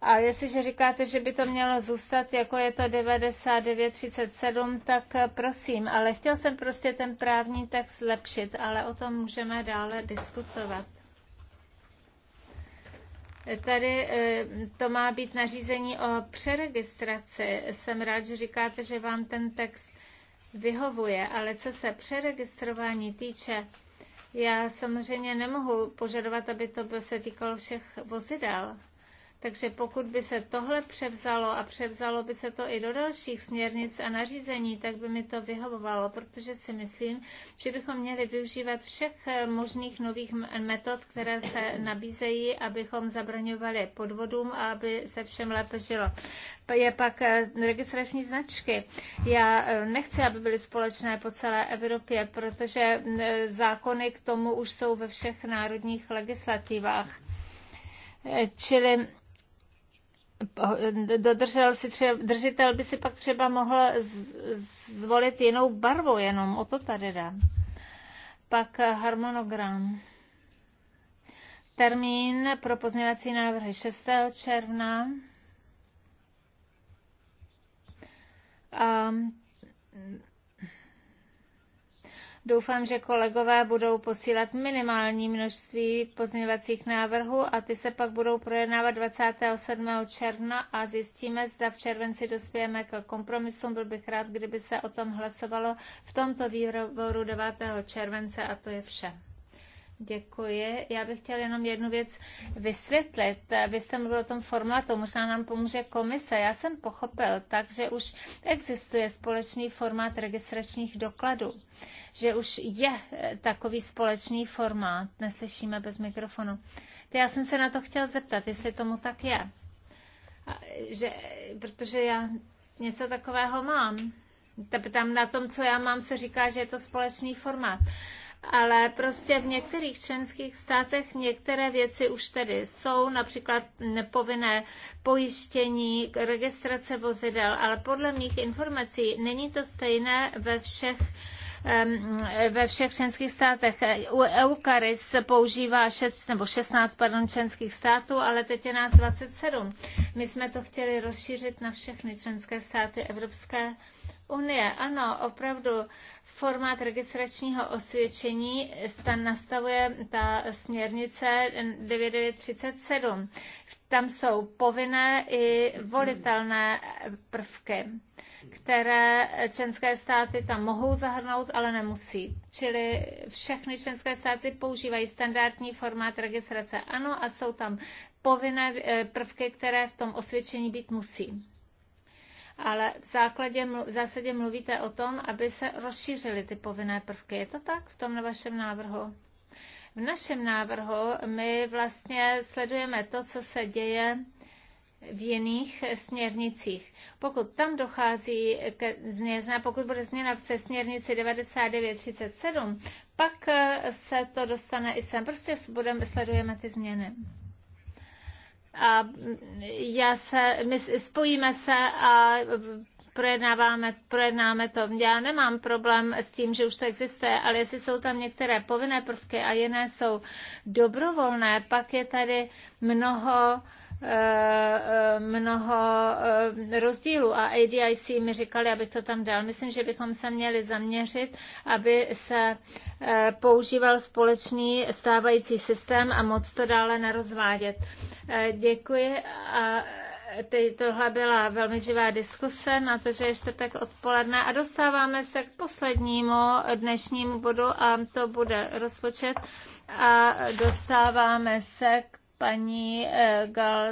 D: A jestliže říkáte, že by to mělo zůstat, jako je to 9937, tak eh, prosím, ale chtěl jsem prostě ten právní text zlepšit, ale o tom můžeme dále diskutovat. Tady eh, to má být nařízení o přeregistraci. Jsem rád, že říkáte, že vám ten text vyhovuje, ale co se přeregistrování týče, já samozřejmě nemohu požadovat, aby to se týkalo všech vozidel takže pokud by se tohle převzalo a převzalo by se to i do dalších směrnic a nařízení, tak by mi to vyhovovalo, protože si myslím, že bychom měli využívat všech eh, možných nových metod, které se nabízejí, abychom zabraňovali podvodům a aby se všem lépe žilo. Je pak eh, registrační značky. Já eh, nechci, aby byly společné po celé Evropě, protože zákony k tomu už jsou ve všech národních legislativách. Čili dodržel si třeba, držitel by si pak třeba mohl z, zvolit jinou barvu, jenom o to tady jde. Pak harmonogram. Termín pro pozměňovací návrhy 6. června. Um, Doufám, že kolegové budou posílat minimální množství pozměňovacích návrhů a ty se pak budou projednávat 27. června a zjistíme, zda v červenci dospějeme k kompromisům. Byl bych rád, kdyby se o tom hlasovalo v tomto výboru 9. července a to je vše. Děkuji. Já bych chtěla jenom jednu věc vysvětlit. Vy jste mluvil o tom formátu, možná nám pomůže komise. Já jsem pochopil tak, že už existuje společný formát registračních dokladů, že už je eh, takový společný formát. Neslyšíme bez mikrofonu. Já jsem se na to chtěl zeptat, jestli tomu tak je. A, že, protože já něco takového mám. Tam na tom, co já mám, se říká, že je to společný formát ale prostě v některých členských státech některé věci už tedy jsou, například nepovinné pojištění, registrace vozidel, ale podle mých informací není to stejné ve všech ve všech členských státech. U Eukaris používá 6 nebo 16 pardon, členských států, ale teď je nás 27. My jsme to chtěli rozšířit na všechny členské státy Evropské unie. Ano, opravdu formát registračního osvědčení tam nastavuje ta směrnice 9937. Tam jsou povinné i volitelné prvky, které členské státy tam mohou zahrnout, ale nemusí. Čili všechny členské státy používají standardní formát registrace. Ano, a jsou tam povinné eh, prvky, které v tom osvědčení být musí ale v, základě, v zásadě mluvíte o tom, aby se rozšířily ty povinné prvky. Je to tak v tom na vašem návrhu? V našem návrhu my vlastně sledujeme to, co se děje v jiných směrnicích. Pokud tam dochází ke změně, pokud bude změna v směrnici 9937, pak se to dostane i sem. Prostě budeme, sledujeme ty změny a já se, my spojíme se a projednáváme, projednáme to. Já nemám problém s tím, že už to existuje, ale jestli jsou tam některé povinné prvky a jiné jsou dobrovolné, pak je tady mnoho Eh, mnoho eh, rozdílů a ADIC mi říkali, abych to tam dal. Myslím, že bychom se měli zaměřit, aby se eh, používal společný stávající systém a moc to dále nerozvádět. Děkuji a teď tohle byla velmi živá diskuse na to, že je čtvrtek odpoledne a dostáváme se k poslednímu dnešnímu bodu a to bude rozpočet a dostáváme se k paní eh, Gal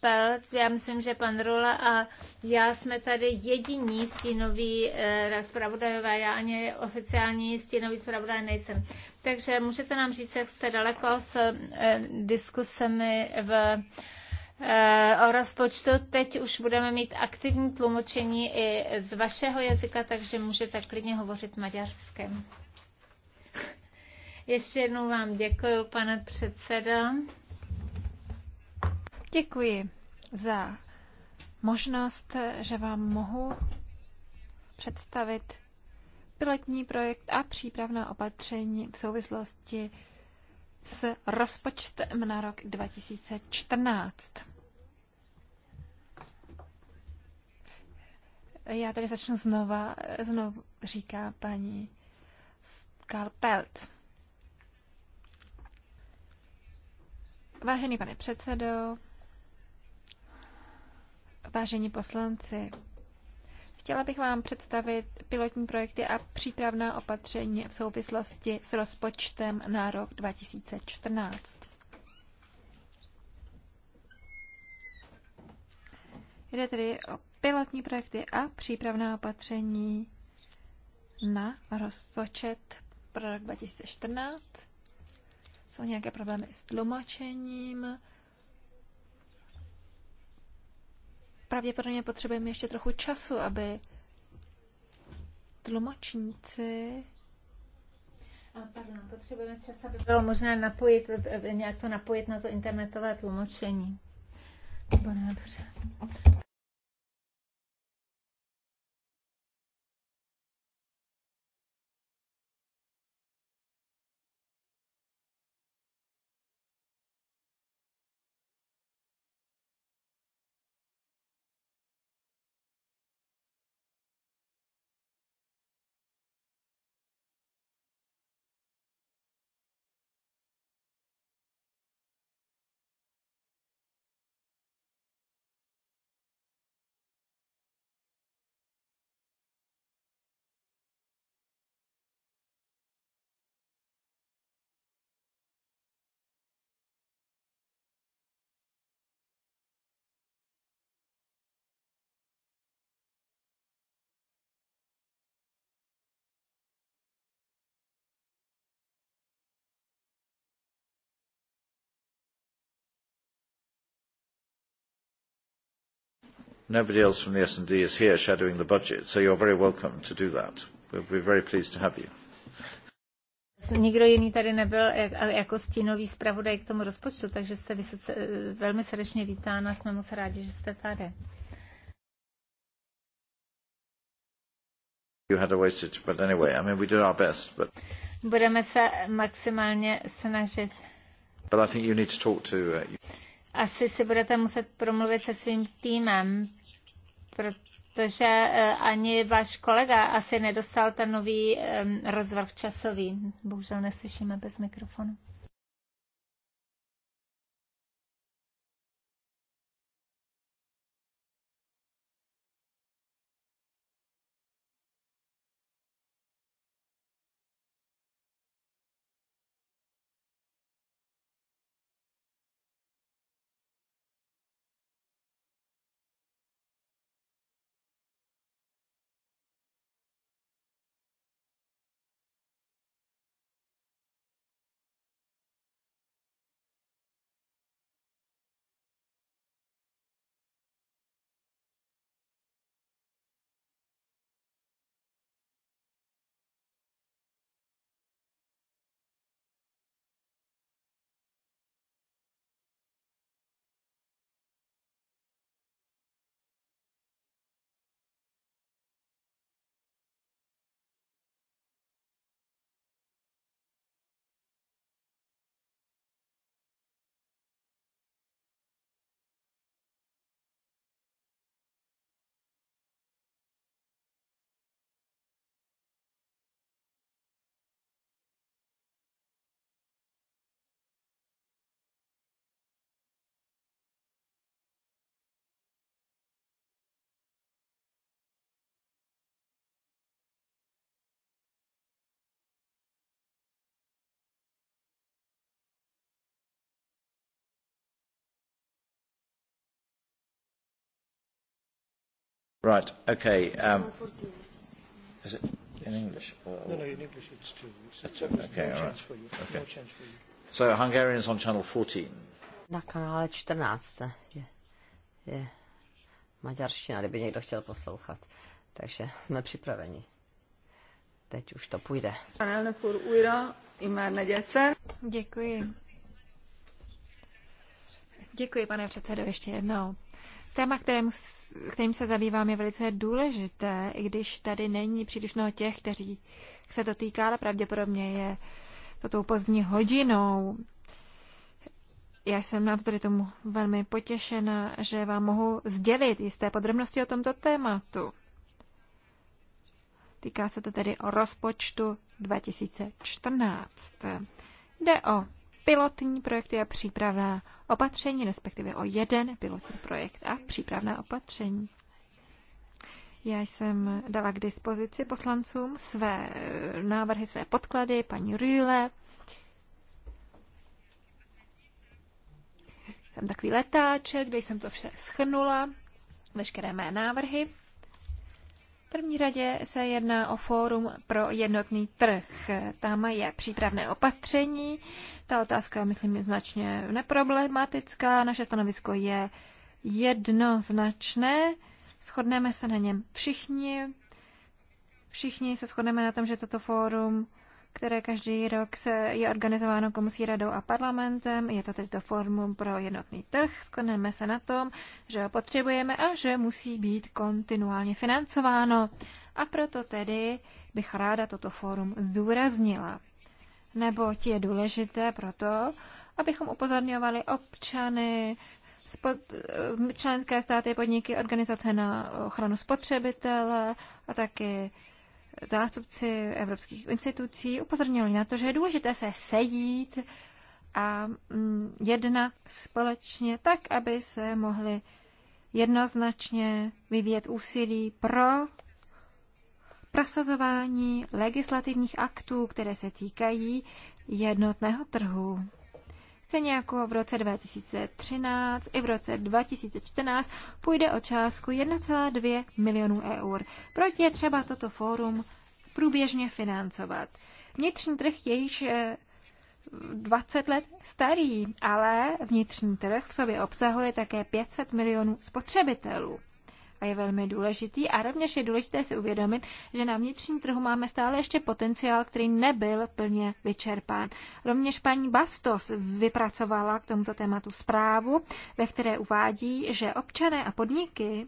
D: Pelc, já myslím, že pan Rula a já jsme tady jediní stínoví eh, zpravodajové, já ani oficiální stínový zpravodaj nejsem. Takže můžete nám říct, jak jste daleko s eh, diskusemi v o rozpočtu. Teď už budeme mít aktivní tlumočení i z vašeho jazyka, takže můžete klidně hovořit maďarském. Ještě jednou vám děkuji, pane předsedo. Děkuji za
C: možnost, že vám mohu představit pilotní projekt a přípravná opatření v souvislosti s rozpočtem na rok 2014. Já tady začnu znova, znovu říká paní Skalpelt. Vážený pane předsedo, Vážení poslanci, chtěla bych vám představit pilotní projekty a přípravná opatření v souvislosti s rozpočtem na rok 2014. Jde tedy o pilotní projekty a přípravná opatření na rozpočet pro rok 2014. Jsou nějaké problémy s tlumočením, Pravděpodobně potřebujeme ještě trochu času,
D: aby tlumočníci Pardon, potřebujeme čas, aby bylo možné napojit, e, e, nějak to napojit na to internetové tlumočení. dobře.
A: Nobody else from the S&D is here shadowing the budget, so you're very welcome to do that. We'll be very pleased to have you.
D: Nikdo jiný tady nebyl jako stínový zpravodaj k tomu rozpočtu, takže jste vysoce, eh, velmi srdečně vítána, jsme moc rádi, že jste tady.
A: You had a wastage, but anyway, I mean, we did our best, but...
D: Budeme se maximálně snažit.
A: But I think you need to talk to... Uh, you
D: asi si budete muset promluvit se svým týmem, protože eh, ani váš kolega asi nedostal ten nový rozvrh časový. Bohužel neslyšíme bez mikrofonu.
A: Right, okay. Um, is it in English? Or? No, no, in English it's two. It's, it's okay, no all right. For you. Okay. No change for you. So Hungarians on channel 14.
B: Na kanále 14 je, je maďarština, kdyby někdo chtěl poslouchat. Takže jsme připraveni. Teď už to půjde.
C: Děkuji. Děkuji, pane předsedo, ještě jednou. Téma, kterému, kterým se zabývám, je velice důležité, i když tady není příliš mnoho těch, kteří se to týká, ale pravděpodobně je to tou pozdní hodinou. Já jsem navzdory tomu velmi potěšena, že vám mohu sdělit jisté podrobnosti o tomto tématu. Týká se to tedy o rozpočtu 2014. Jde o pilotní projekty a přípravná opatření, respektive o jeden pilotní projekt a přípravná opatření. Já jsem dala k dispozici poslancům své návrhy, své podklady, paní Rühle. Tam takový letáček, kde jsem to vše schrnula, veškeré mé návrhy. V první řadě se jedná o fórum pro jednotný trh. Tam je přípravné opatření. Ta otázka je, myslím, značně neproblematická. Naše stanovisko je jednoznačné. Shodneme se na něm všichni. Všichni se shodneme na tom, že toto fórum které každý rok se je organizováno komisí radou a parlamentem. Je to tedy to formum pro jednotný trh. Skoneme se na tom, že ho potřebujeme a že musí být kontinuálně financováno. A proto tedy bych ráda toto fórum zdůraznila. Neboť je důležité proto, abychom upozorňovali občany, spod, eh, členské státy, podniky, organizace na ochranu spotřebitele a taky zástupci evropských institucí upozornili na to, že je důležité se sejít a mm, jednat společně tak, aby se mohli jednoznačně vyvíjet úsilí pro prosazování legislativních aktů, které se týkají jednotného trhu. Stejně jako v roce 2013 i v roce 2014 půjde o částku 1,2 milionů eur. Proč je třeba toto fórum průběžně financovat? Vnitřní trh je již 20 eh, let starý, ale vnitřní trh v sobě obsahuje také 500 milionů spotřebitelů a je velmi důležitý. A rovněž je důležité si uvědomit, že na vnitřním trhu máme stále ještě potenciál, který nebyl plně vyčerpán. Rovněž paní Bastos vypracovala k tomuto tématu zprávu, ve které uvádí, že občané a podniky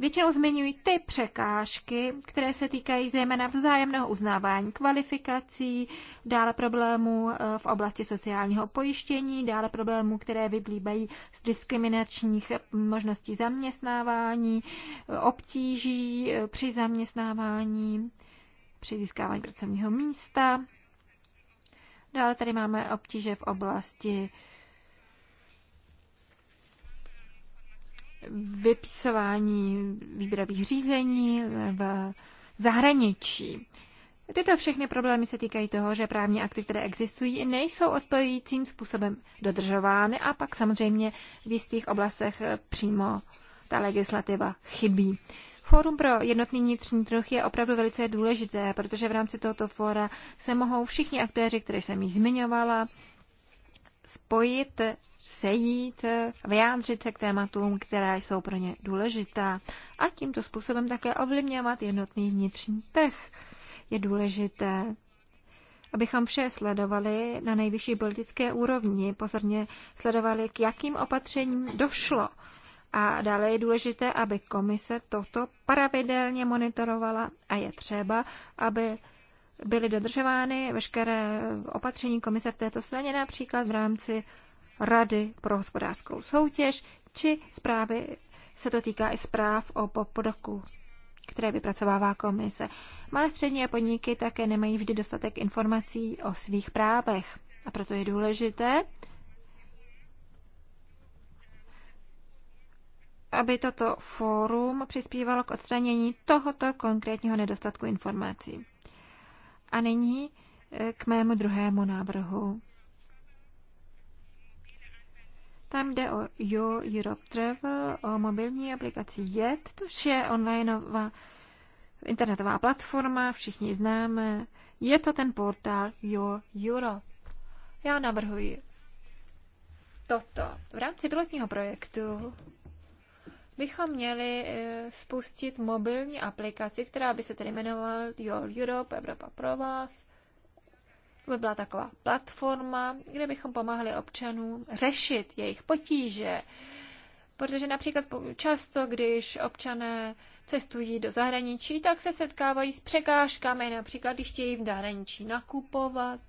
C: Většinou zmiňují ty překážky, které se týkají zejména vzájemného uznávání kvalifikací, dále problémů eh, v oblasti sociálního pojištění, dále problémů, které vyplývají z diskriminačních eh, možností zaměstnávání, eh, obtíží při zaměstnávání, při získávání pracovního místa. Dále tady máme obtíže v oblasti vypisování výběrových řízení v zahraničí. Tyto všechny problémy se týkají toho, že právní akty, které existují, nejsou odpovídajícím způsobem dodržovány a pak samozřejmě v jistých oblastech přímo ta legislativa chybí. Fórum pro jednotný vnitřní trh je opravdu velice důležité, protože v rámci tohoto fóra se mohou všichni aktéři, které jsem již zmiňovala, spojit sejít, eh, vyjádřit se k tématům, která jsou pro ně důležitá a tímto způsobem také ovlivňovat jednotný vnitřní trh. Je důležité, abychom vše sledovali na nejvyšší politické úrovni, pozorně sledovali, k jakým opatřením došlo. A dále je důležité, aby komise toto pravidelně monitorovala a je třeba, aby byly dodržovány veškeré opatření komise v této straně, například v rámci Rady pro hospodářskou soutěž, či zprávy se to týká i zpráv o podoku, které vypracovává komise. Malé střední podniky také nemají vždy dostatek informací o svých právech. A proto je důležité, aby toto fórum přispívalo k odstranění tohoto konkrétního nedostatku informací. A nyní eh, k mému druhému návrhu. Tam jde o Your Europe Travel, o mobilní aplikaci JET, to je onlineová internetová platforma, všichni známe. Je to ten portál Your Europe. Já navrhuji toto. V rámci pilotního projektu bychom měli e, spustit mobilní aplikaci, která by se tedy jmenovala Your Europe, Evropa pro vás by byla taková platforma, kde bychom pomáhali občanům řešit jejich potíže. Protože například často, když občané cestují do zahraničí, tak se setkávají s překážkami, například když chtějí v zahraničí nakupovat,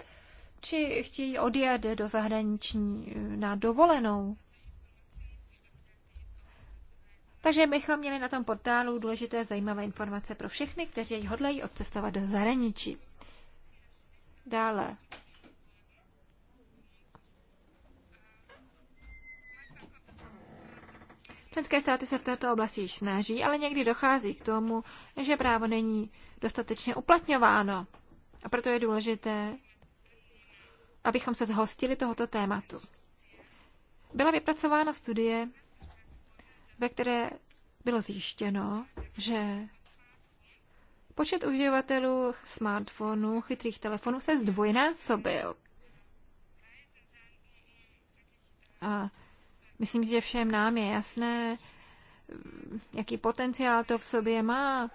C: či chtějí odjet do zahraničí eh, na dovolenou. Takže bychom měli na tom portálu důležité zajímavé informace pro všechny, kteří hodlají odcestovat do zahraničí. Dále. Členské státy se v této oblasti již snaží, ale někdy dochází k tomu, že právo není dostatečně uplatňováno. A proto je důležité, abychom se zhostili tohoto tématu. Byla vypracována studie, ve které bylo zjištěno, že Počet uživatelů smartphonů, chytrých telefonů se zdvojnásobil. A myslím si, že všem nám je jasné, jaký potenciál to v sobě má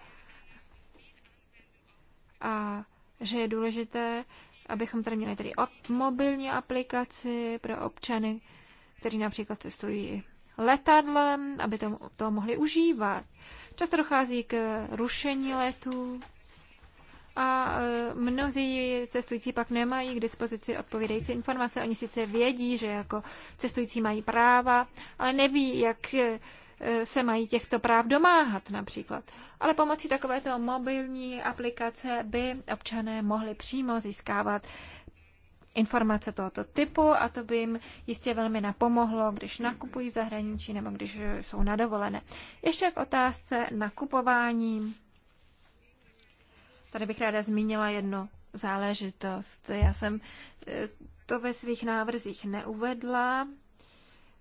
C: a že je důležité, abychom tady měli tady mobilní aplikaci pro občany, kteří například cestují letadlem, aby to, to mohli užívat. Často dochází k rušení letů a e, mnozí cestující pak nemají k dispozici odpovídající informace. Oni sice vědí, že jako cestující mají práva, ale neví, jak se e, mají těchto práv domáhat například. Ale pomocí takovéto mobilní aplikace by občané mohli přímo získávat informace tohoto typu a to by jim jistě velmi napomohlo, když nakupují v zahraničí nebo když jsou nadovolené. Ještě k otázce nakupování. Tady bych ráda zmínila jednu záležitost. Já jsem eh, to ve svých návrzích neuvedla,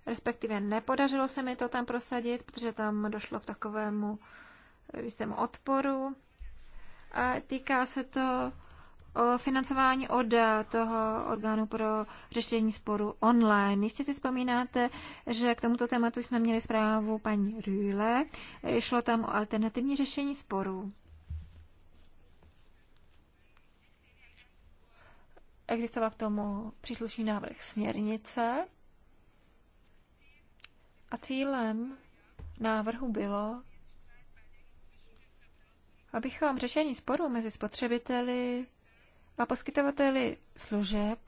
C: respektive nepodařilo se mi to tam prosadit, protože tam došlo k takovému eh, jsem odporu. A týká se to o financování od toho orgánu pro řešení sporu online. Jistě si vzpomínáte, že k tomuto tématu jsme měli zprávu paní Rühle. Šlo tam o alternativní řešení sporu. Existoval k tomu příslušný návrh směrnice a cílem návrhu bylo, abychom řešení sporu mezi spotřebiteli a poskytovateli služeb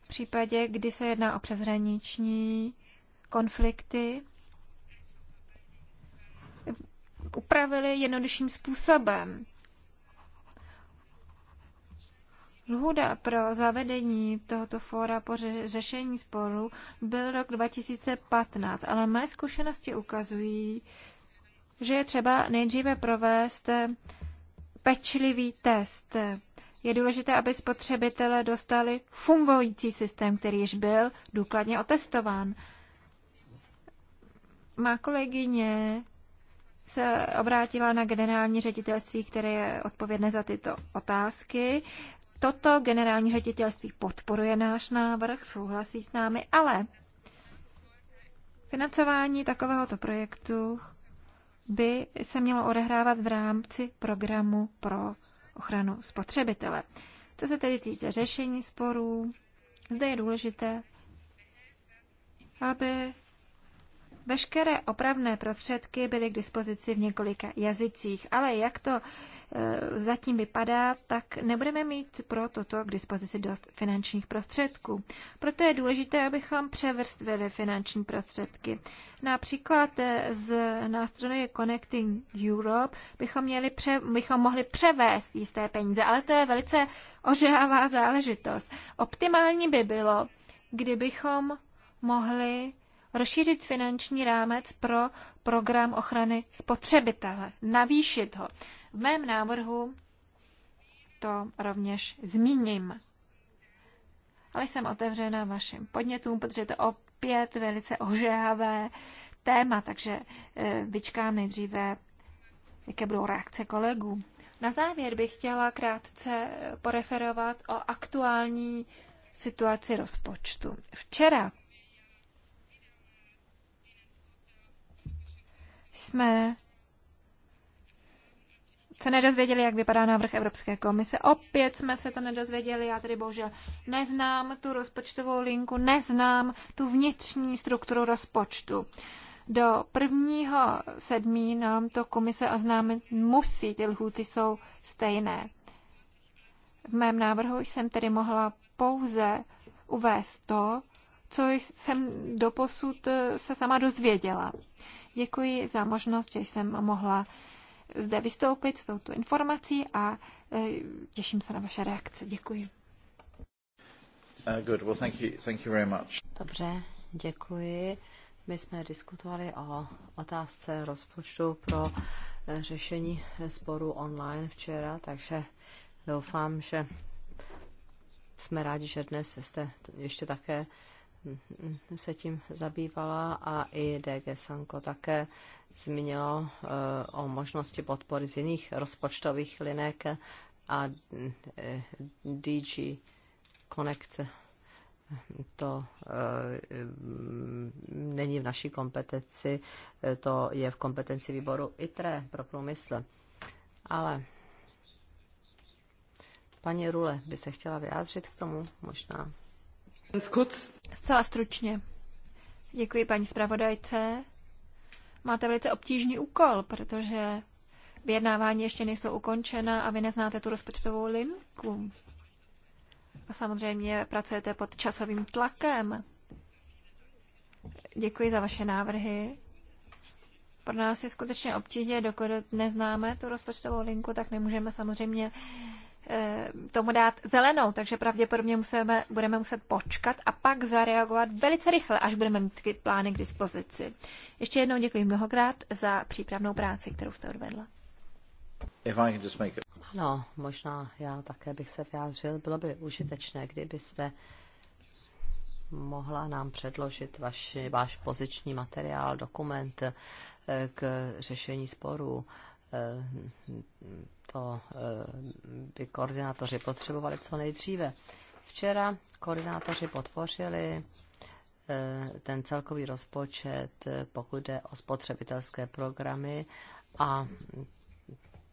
C: v případě, kdy se jedná o přeshraniční konflikty, upravili jednodušším způsobem. Lhuda pro zavedení tohoto fóra po řešení sporů byl rok 2015, ale mé zkušenosti ukazují, že je třeba nejdříve provést pečlivý test je důležité, aby spotřebitelé dostali fungující systém, který již byl důkladně otestován. Má kolegyně se obrátila na generální ředitelství, které je odpovědné za tyto otázky. Toto generální ředitelství podporuje náš návrh, souhlasí s námi, ale financování takovéhoto projektu by se mělo odehrávat v rámci programu pro ochranu spotřebitele. Co se tedy týče řešení sporů, zde je důležité, aby veškeré opravné prostředky byly k dispozici v několika jazycích, ale jak to Eh, zatím vypadá, tak nebudeme mít pro toto k dispozici dost finančních prostředků. Proto je důležité, abychom převrstvili finanční prostředky. Například eh, z nástroje Connecting Europe bychom, měli pře- bychom mohli převést jisté peníze, ale to je velice ožehavá záležitost. Optimální by bylo, kdybychom mohli rozšířit finanční rámec pro program ochrany spotřebitele, navýšit ho. V mém návrhu to rovněž zmíním. Ale jsem otevřena vašim podnětům, protože to opět velice ožehavé téma, takže eh, vyčkám nejdříve, jaké budou reakce kolegů. Na závěr bych chtěla krátce poreferovat o aktuální situaci rozpočtu. Včera jsme se nedozvěděli, jak vypadá návrh Evropské komise. Opět jsme se to nedozvěděli, já tedy bohužel neznám tu rozpočtovou linku, neznám tu vnitřní strukturu rozpočtu. Do prvního sedmí nám to komise oznámit musí, ty lhůty jsou stejné. V mém návrhu jsem tedy mohla pouze uvést to, co jsem doposud se sama dozvěděla. Děkuji za možnost, že jsem mohla zde vystoupit s touto informací a e, těším se na vaše reakce. Děkuji.
A: Uh,
B: Dobře, děkuji. My jsme diskutovali o otázce rozpočtu pro e, řešení sporu online včera, takže doufám, že jsme rádi, že dnes jste ještě také se tím zabývala a i DG Sanko také zmínilo eh, o možnosti podpory z jiných rozpočtových linek a eh, DG Connect eh, to není v naší kompetenci, to je v kompetenci výboru ITRE pro průmysl. Ale paní Rule by se chtěla vyjádřit k tomu možná.
C: Zcela stručně. Děkuji paní zpravodajce. Máte velice obtížný úkol, protože vyjednávání ještě nejsou ukončena a vy neznáte tu rozpočtovou linku. A samozřejmě pracujete pod časovým tlakem. Děkuji za vaše návrhy. Pro nás je skutečně obtížně, dokud neznáme tu rozpočtovou linku, tak nemůžeme samozřejmě Eh, tomu dát zelenou, takže pravděpodobně musíme, budeme muset počkat a pak zareagovat velice rychle, až budeme mít ty plány k dispozici. Ještě jednou děkuji mnohokrát za přípravnou práci, kterou jste odvedla.
B: Ano, možná já také bych se vyjádřil. Bylo by užitečné, kdybyste mohla nám předložit vaši, váš poziční materiál, dokument eh, k řešení sporů to eh, by koordinátoři potřebovali co nejdříve. Včera koordinátoři podpořili eh, ten celkový rozpočet, eh, pokud jde o spotřebitelské programy a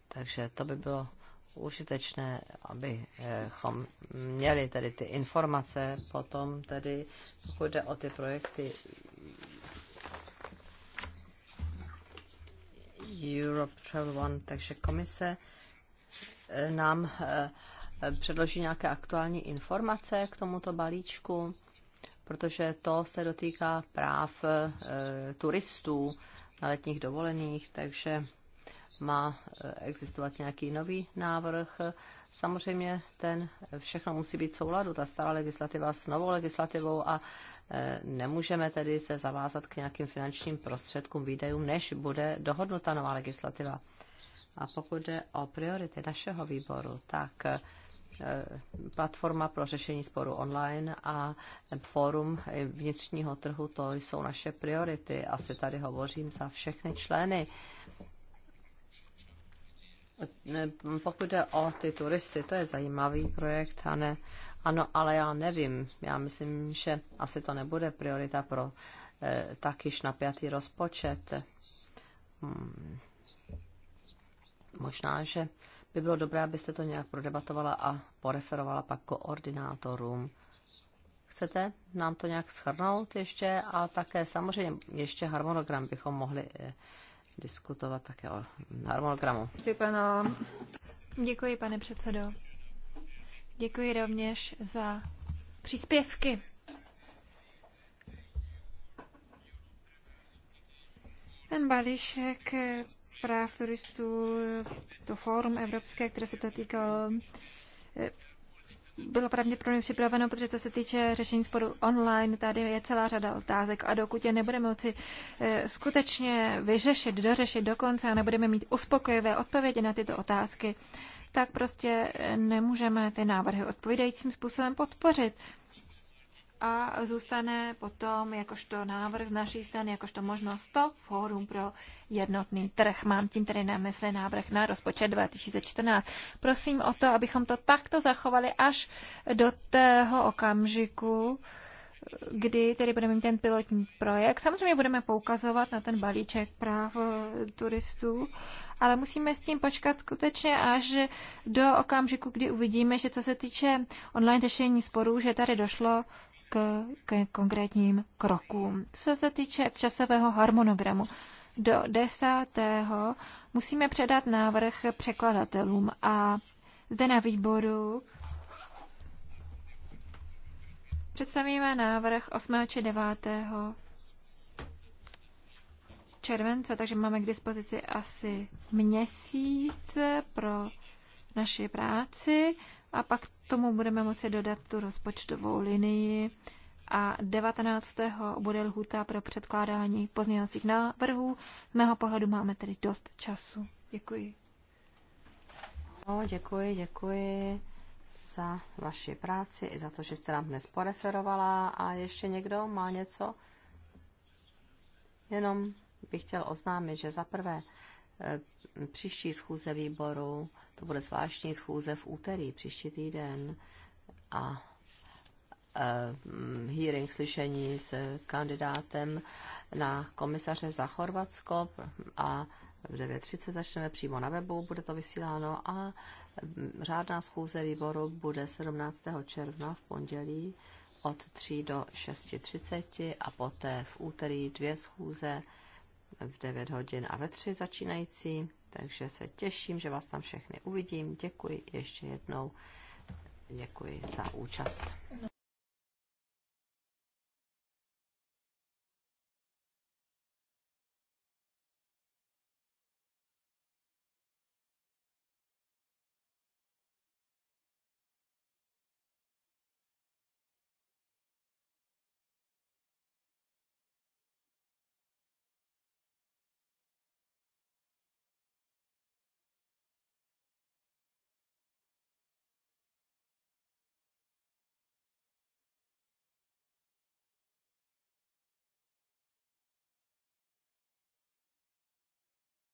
B: takže to by bylo užitečné, abychom měli tedy ty informace potom tedy, pokud jde o ty projekty Europe Travel One, takže komise eh, nám eh, předloží nějaké aktuální informace k tomuto balíčku, protože to se dotýká práv eh, turistů na letních dovolených, takže má existovat nějaký nový návrh. Samozřejmě ten všechno musí být souladu, ta stará legislativa s novou legislativou a Eh, nemůžeme tedy se zavázat k nějakým finančním prostředkům, výdajům, než bude dohodnuta nová legislativa. A pokud jde o priority našeho výboru, tak eh, platforma pro řešení sporu online a fórum vnitřního trhu, to jsou naše priority. Asi tady hovořím za všechny členy. Eh, pokud jde o ty turisty, to je zajímavý projekt, a ne, ano, ale já nevím. Já myslím, že asi to nebude priorita pro eh, tak již napjatý rozpočet. Hmm. Možná, že by bylo dobré, abyste to nějak prodebatovala a poreferovala pak koordinátorům. Chcete nám to nějak schrnout ještě a také samozřejmě ještě harmonogram bychom mohli eh, diskutovat také o harmonogramu.
C: Děkuji, pane předsedo. Děkuji rovněž za příspěvky. Ten balíšek práv turistů, to fórum evropské, které se to týkalo, bylo pravděpodobně připraveno, protože co se týče řešení sporu online, tady je celá řada otázek a dokud je nebudeme moci eh, skutečně vyřešit, dořešit dokonce a nebudeme mít uspokojivé odpovědi na tyto otázky, tak prostě eh, nemůžeme ty návrhy odpovídajícím způsobem podpořit. A zůstane potom jakožto návrh z naší strany, jakožto možnost to fórum pro jednotný trh. Mám tím tedy na mysli návrh na rozpočet 2014. Prosím o to, abychom to takto zachovali až do tého okamžiku, kdy tedy budeme mít ten pilotní projekt. Samozřejmě budeme poukazovat na ten balíček práv eh, turistů, ale musíme s tím počkat skutečně až do okamžiku, kdy uvidíme, že co se týče online řešení sporů, že tady došlo k, k konkrétním krokům. Co se týče časového harmonogramu, do 10. musíme předat návrh překladatelům a zde na výboru Představíme návrh 8. či 9. července, takže máme k dispozici asi měsíc pro naši práci a pak tomu budeme moci dodat tu rozpočtovou linii a 19. bude lhuta pro předkládání pozměňovacích návrhů. Z mého pohledu máme tedy dost času. Děkuji.
B: No, děkuji, děkuji za vaši práci i za to, že jste nám dnes poreferovala. A ještě někdo má něco? Jenom bych chtěl oznámit, že za prvé e, příští schůze výboru, to bude zvláštní schůze v úterý, příští týden a e, mm, hearing slyšení s kandidátem na komisaře za Chorvatsko a v 9.30 začneme přímo na webu, bude to vysíláno a Řádná schůze výboru bude 17. června v pondělí od 3 do 6.30 a poté v úterý dvě schůze v 9 hodin a ve 3 začínající. Takže se těším, že vás tam všechny uvidím. Děkuji ještě jednou. Děkuji za účast.